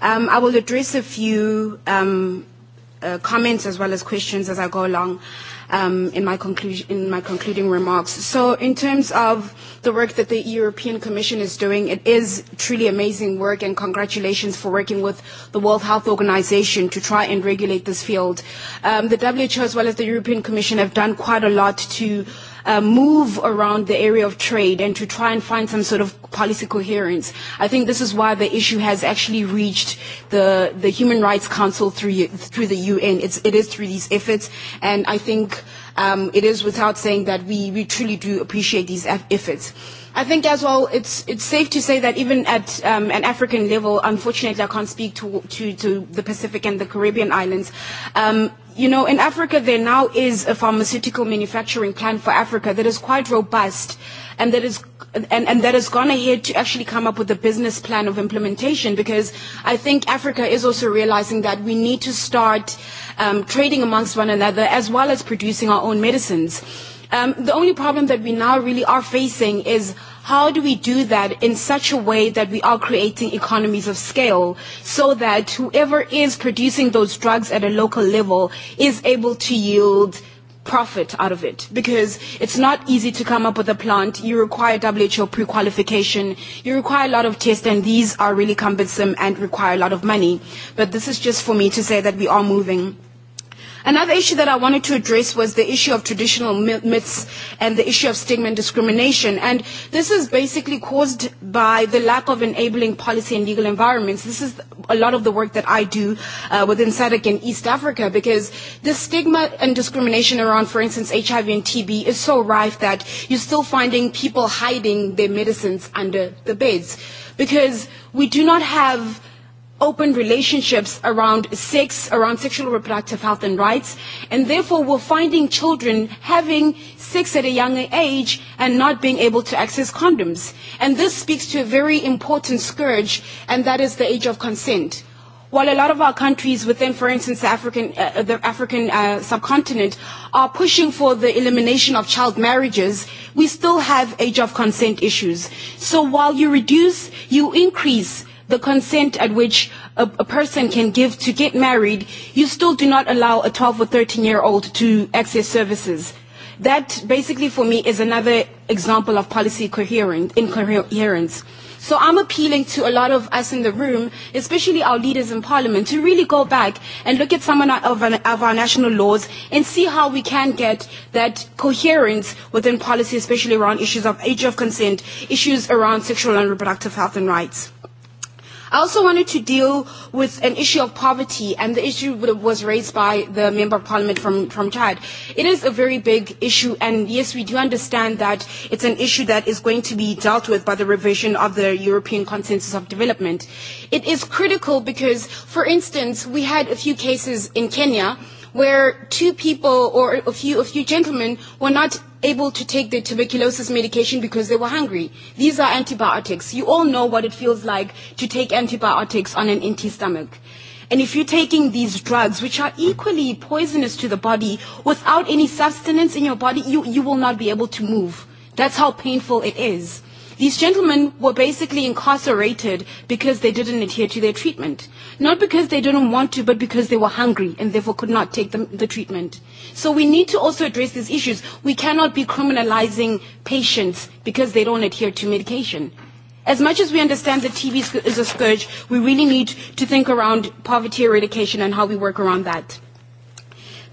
I will address a few um, comments as well as questions as I go along in my in my concluding remarks. So in terms of the work that the European Commission is doing, it is truly amazing work and congratulations for working with the World Health Organization to try and regulate this field. The WHO as well as the European Commission have done quite a lot to move around the area of trade and to try and find some sort of policy coherence. I think this is why the issue has actually reached the the Human Rights Council through through the UN. It is through these efforts, and I think it is without saying that we we truly do appreciate these efforts. I think as well it's it's safe to say that even at an African level, unfortunately I can't speak to to the Pacific and the Caribbean islands you know, in Africa there now is a pharmaceutical manufacturing plan for Africa that is quite robust and that is and that has gone ahead to actually come up with a business plan of implementation because I think Africa is also realizing that we need to start trading amongst one another as well as producing our own medicines. The only problem that we now really are facing is How do we do that in such a way that we are creating economies of scale so that whoever is producing those drugs at a local level is able to yield profit out of it because it's not easy to come up with a plant. You require WHO pre-qualification. You require a lot of tests and these are really cumbersome and require a lot of money. But this is just for me to say that we are moving. Another issue that I wanted to address was the issue of traditional myths and the issue of stigma and discrimination. And this is basically caused by the lack of enabling policy and legal environments. This is a lot of the work that I do within SADC in East Africa because the stigma and discrimination around, for instance, HIV and TB is so rife that you're still finding people hiding their medicines under the beds because we do not have open relationships around sex, around sexual reproductive health and rights, and therefore we're finding children having sex at a younger age and not being able to access condoms. And this speaks to a very important scourge, and that is the age of consent. While a lot of our countries within, for instance, the African subcontinent are pushing for the elimination of child marriages, we still have age of consent issues. So while you reduce, you increase the consent at which a person can give to get married, you still do not allow a 12 or 13 year old to access services. That basically for me is another example of policy incoherence. So I'm appealing to a lot of us in the room, especially our leaders in Parliament, to really go back and look at some of our national laws and see how we can get that coherence within policy, especially around issues of age of consent, issues around sexual and reproductive health and rights. I also wanted to deal with an issue of poverty, and the issue was raised by the Member of Parliament from Chad. It is a very big issue, and yes, we do understand that it's an issue that is going to be dealt with by the revision of the European Consensus of Development. It is critical because, for instance, we had a few cases in Kenya where two people or a few gentlemen were not able to take the tuberculosis medication because they were hungry. These are antibiotics. You all know what it feels like to take antibiotics on an empty stomach. And if you're taking these drugs, which are equally poisonous to the body, without any substance in your body, you you will not be able to move. That's how painful it is. These gentlemen were basically incarcerated because they didn't adhere to their treatment. Not because they didn't want to, but because they were hungry and therefore could not take the treatment. So we need to also address these issues. We cannot be criminalizing patients because they don't adhere to medication. As much as we understand that TB is a scourge, we really need to think around poverty eradication and how we work around that.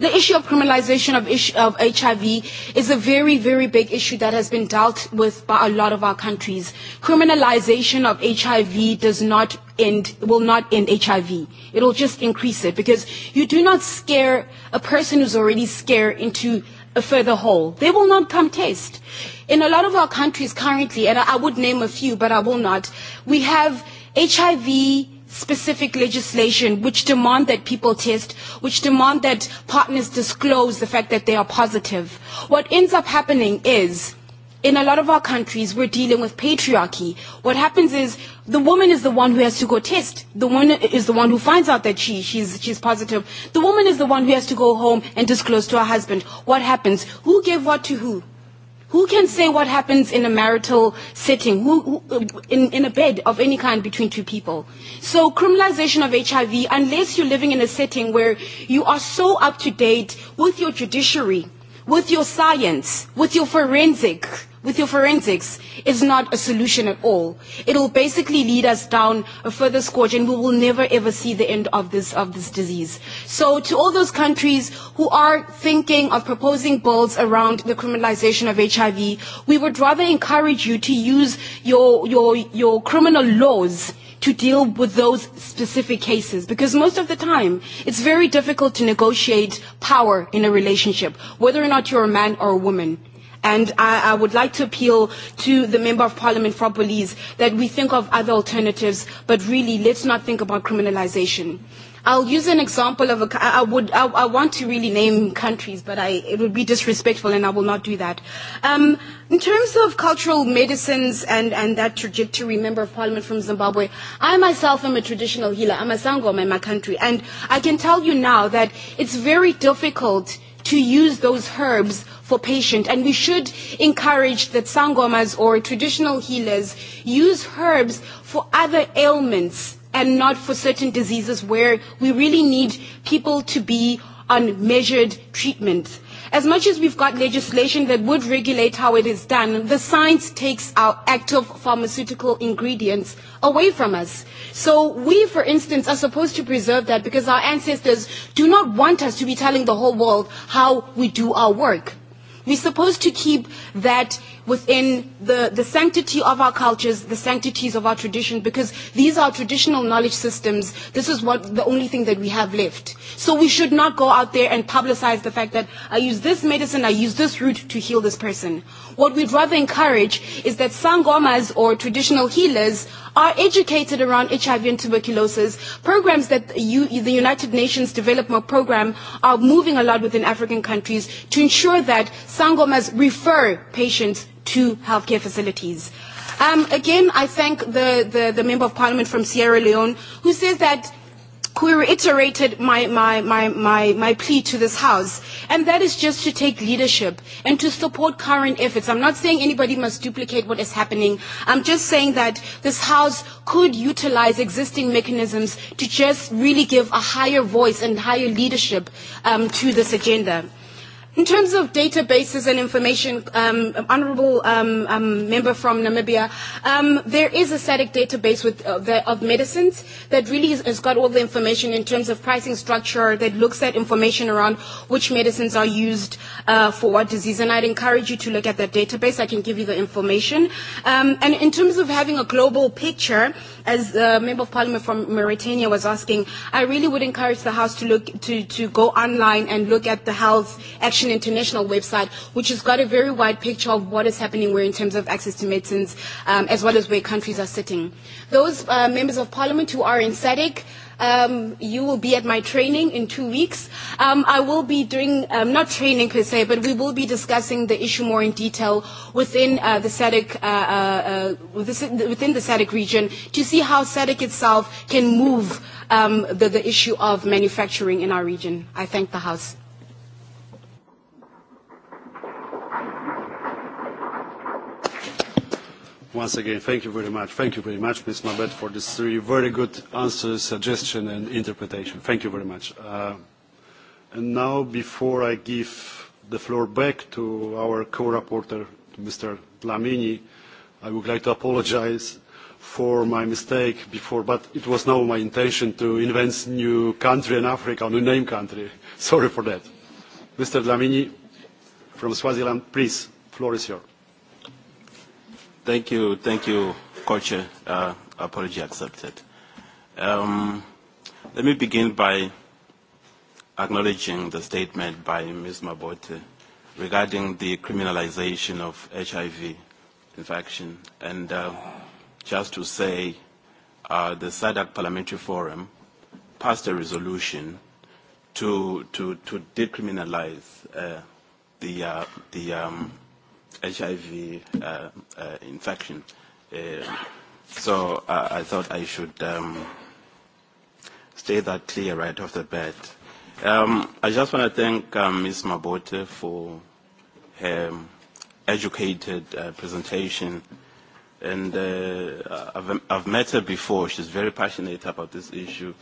The issue of criminalization of HIV is a very, very big issue that has been dealt with by a lot of our countries. Criminalization of HIV does not end, will not end HIV. It will just increase it because you do not scare a person who's already scared into a further hole. They will not come test. In a lot of our countries currently, and I would name a few, but I will not, we have HIV specific legislation which demand that people test, which demand that partners disclose the fact that they are positive. What ends up happening is in a lot of our countries, we're dealing with patriarchy. What happens is the woman is the one who has to go test. The woman is the one who finds out that she, she's, she's positive. The woman is the one who has to go home and disclose to her husband what happens. Who gave what to who? Who can say what happens in a marital setting, who, in, in a bed of any kind between two people? So criminalization of HIV, unless you're living in a setting where you are so up to date with your judiciary, with your science, with your forensic, with your forensics is not a solution at all. It will basically lead us down a further scourge and we will never ever see the end of this of this disease. So to all those countries who are thinking of proposing bills around the criminalization of HIV, we would rather encourage you to use your your your criminal laws to deal with those specific cases because most of the time it's very difficult to negotiate power in a relationship whether or not you're a man or a woman And I would like to appeal to the Member of Parliament for Police that we think of other alternatives, but really let's not think about criminalisation. I'll use an example of a, I would, I, want to really name countries, but I, it would be disrespectful and I will not do that. Um, in terms of cultural medicines and, and that trajectory, member of parliament from Zimbabwe, I myself am a traditional healer. I'm a Sangoma in my country. And I can tell you now that it's very difficult to use those herbs for patients. And we should encourage that sangomas or traditional healers use herbs for other ailments and not for certain diseases where we really need people to be on measured treatment. As much as we've got legislation that would regulate how it is done, the science takes our active pharmaceutical ingredients away from us. So we, for instance, are supposed to preserve that because our ancestors do not want us to be telling the whole world how we do our work. We're supposed to keep that within the the sanctity of our cultures the sanctities of our tradition because these are traditional knowledge systems this is what the only thing that we have left so we should not go out there and publicize the fact that i use this medicine i use this root to heal this person what we'd rather encourage is that sangomas or traditional healers are educated around hiv and tuberculosis programs that the united nations development program are moving a lot within african countries to ensure that sangomas refer patients to healthcare facilities. Again, I thank the the Member of Parliament from Sierra Leone who says that who reiterated my, my, my, my, my plea to this House. And that is just to take leadership and to support current efforts. I'm not saying anybody must duplicate what is happening. I'm just saying that this House could utilize existing mechanisms to just really give a higher voice and higher leadership to this agenda. In terms of databases and information, um, honourable um, um, member from Namibia, um, there is a static database with, uh, of medicines that really has, got all the information in terms of pricing structure that looks at information around which medicines are used uh, for what disease. And I'd encourage you to look at that database. I can give you the information. Um, and in terms of having a global picture, as the Member of Parliament from Mauritania was asking, I really would encourage the House to look to to go online and look at the Health Action International website, which has got a very wide picture of what is happening where in terms of access to medicines, as well as where countries are sitting. Those members of Parliament who are in SADC you will be at my training in two weeks. I will be doing, not training per se, but we will be discussing the issue more in detail within the SADC, within the SADC region to see how SADC itself can move the issue of manufacturing in our region. I thank the House. Once again, thank you very much. Thank you very much, Ms. Mabet, for these three very good answers, suggestion, and interpretation. Thank you very much. And now, before I give the floor back to our co-rapporteur, Mr. Lamini, I would like to apologize for my mistake before, but it was not my intention to invent new country in Africa, new name country. Sorry for that. Mr. Dlamini from Swaziland, please, floor is yours. Thank you. Thank you, Koche. Apology accepted. Let me begin by acknowledging the statement by Ms. Mabote regarding the criminalization of HIV infection. And just to say, the SADC Parliamentary Forum passed a resolution to to to decriminalize the the HIV infection. So I thought I should stay that clear right off the bat. I just want to thank Ms. Mabote for her educated presentation. And I've met her before. She's very passionate about this issue.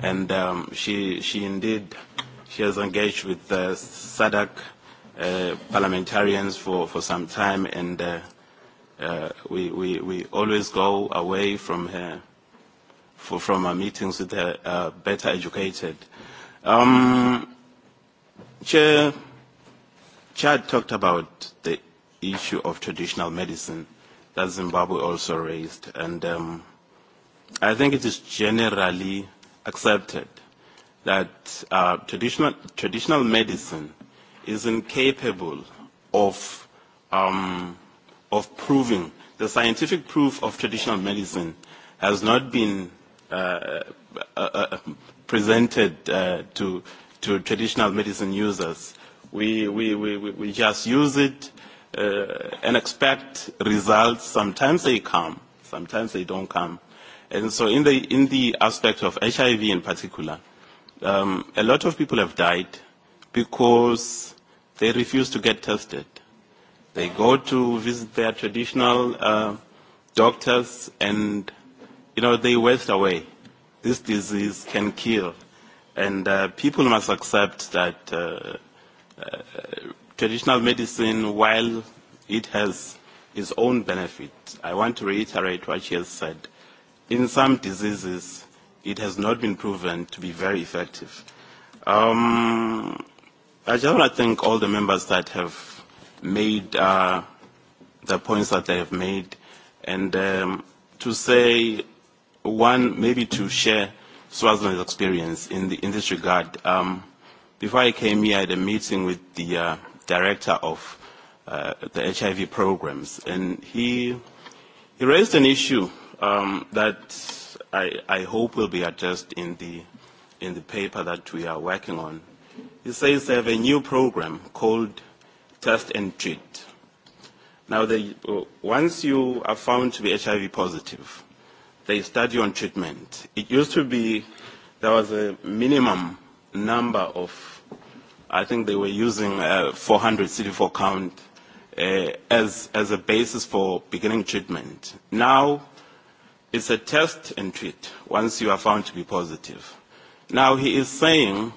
And she she indeed she has engaged with SADC parliamentarians for for some time and we we we always go away from her from our meetings with her better educated. Um Chair Chad talked about the issue of traditional medicine that Zimbabwe also raised and um I think it is generally accepted that traditional traditional medicine is incapable of proving the scientific proof of traditional medicine has not been presented to to traditional medicine users. We just use it and expect results. Sometimes they come, sometimes they don't come. And so in the in the aspect of HIV in particular, a lot of people have died because they refuse to get tested. They go to visit their traditional doctors and, you know, they waste away. This disease can kill. And people must accept that traditional medicine, while it has its own benefit, I want to reiterate what she has said. In some diseases, it has not been proven to be very effective. Um, I just want to thank all the members that have made uh, the points that they have made and um, to say one, maybe to share Swaziland's experience in, the, in this regard. Um, before I came here, I had a meeting with the uh, director of uh, the HIV programs, and he, he raised an issue um, that I, I hope will be addressed in the, in the paper that we are working on He says they have a new program called Test and Treat. Now, they, once you are found to be HIV positive, they study on treatment. It used to be there was a minimum number of, I think they were using 400 CD4 count as as a basis for beginning treatment. Now, it's a test and treat once you are found to be positive. Now, he is saying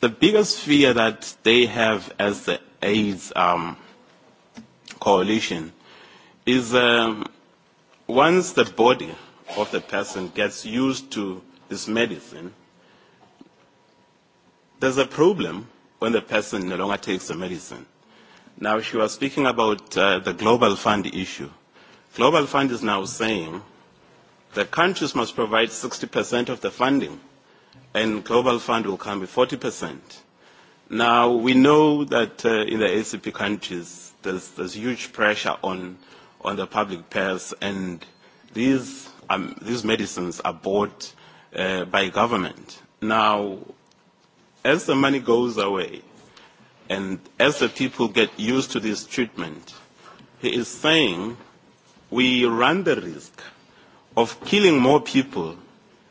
the biggest fear that they have as the AIDS um, coalition is once the body of the person gets used to this medicine, there's a problem when the person no longer takes the medicine. Now, she was speaking about the Global Fund issue. Global Fund is now saying the countries must provide 60% of the funding and Global Fund will come with 40%. Now, we know that in the ACP countries, there's, there's huge pressure on, on the public purse, and these, um, these medicines are bought by government. Now, as the money goes away, and as the people get used to this treatment, he is saying we run the risk of killing more people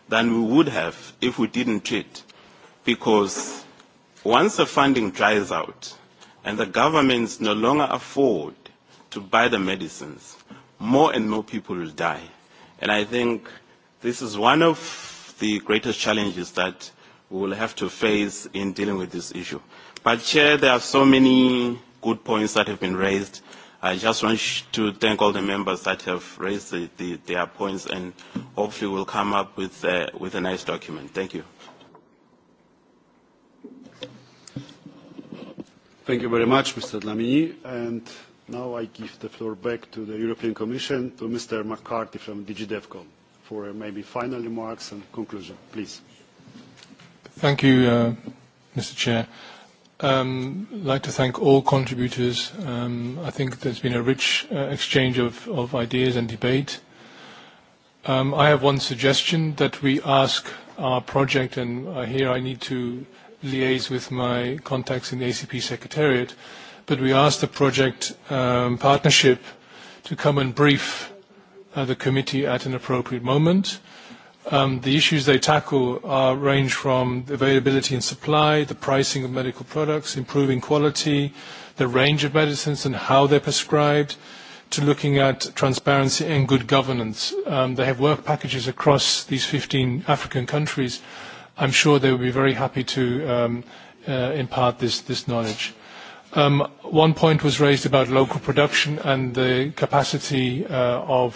than we would have if we didn't treat. Because once the funding dries out and the governments no longer afford to buy the medicines, more and more people will die. And I think this is one of the greatest challenges that we will have to face in dealing with this issue. But, Chair, there are so many good points that have been raised. I just want to thank all the members that have raised their points and hopefully we'll come up with with a nice document. Thank you. Thank you very much, Mr. Dlamini. And now I give the floor back to the European Commission, to Mr. McCarthy from DG for maybe final remarks and conclusion. Please. Thank you, Mr. Chair. I'd like to thank all contributors. I think there's been a rich exchange of ideas and debate. I have one suggestion that we ask our project, and here I need to liaise with my contacts in the ACP Secretariat, but we ask the project partnership to come and brief the committee at an appropriate moment The issues they tackle range from availability and supply, the pricing of medical products, improving quality, the range of medicines and how they're prescribed, to looking at transparency and good governance. They have work packages across these 15 African countries. I'm sure they will be very happy to impart this knowledge. One point was raised about local production and the capacity of,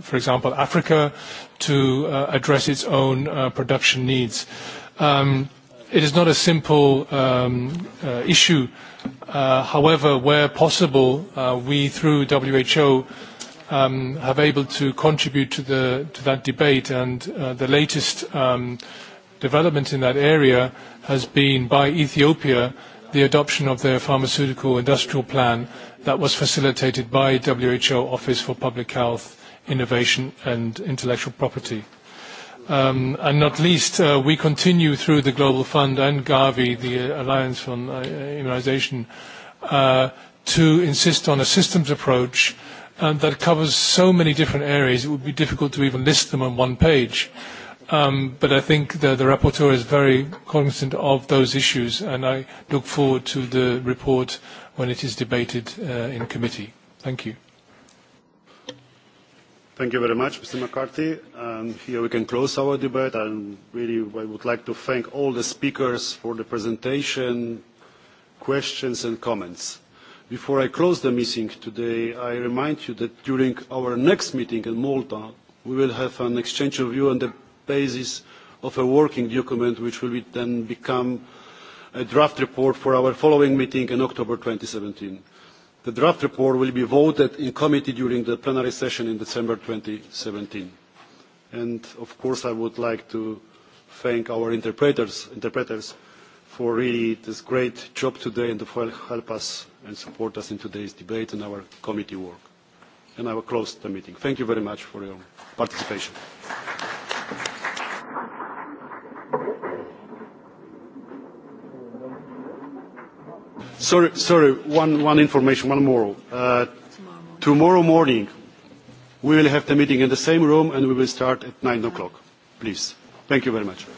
for example, Africa to address its own production needs. It is not a simple issue. However, where possible, we through WHO have able to contribute to that debate and the latest development in that area has been by Ethiopia the adoption of the pharmaceutical industrial plan that was facilitated by WHO Office for Public Health, Innovation and Intellectual Property. And not least, we continue through the Global Fund and Gavi, the Alliance on Immunization, to insist on a systems approach that covers so many different areas it would be difficult to even list them on one page. But I think the rapporteur is very cognizant of those issues, and I look forward to the report when it is debated in committee. Thank you. Thank you very much, Mr. McCarthy. And here we can close our debate. And really, I would like to thank all the speakers for the presentation, questions and comments. Before I close the meeting today, I remind you that during our next meeting in Malta, we will have an exchange of view on the basis of a working document which will then become a draft report for our following meeting in October 2017. The draft report will be voted in committee during the plenary session in December 2017. And of course I would like to thank our interpreters for really this great job today and to help us and support us in today's debate and our committee work. And I will close the meeting. Thank you very much for your participation. Sorry, sorry. One, one information, one more. Tomorrow morning, we will have the meeting in the same room and we will start at nine o'clock. Please. Thank you very much.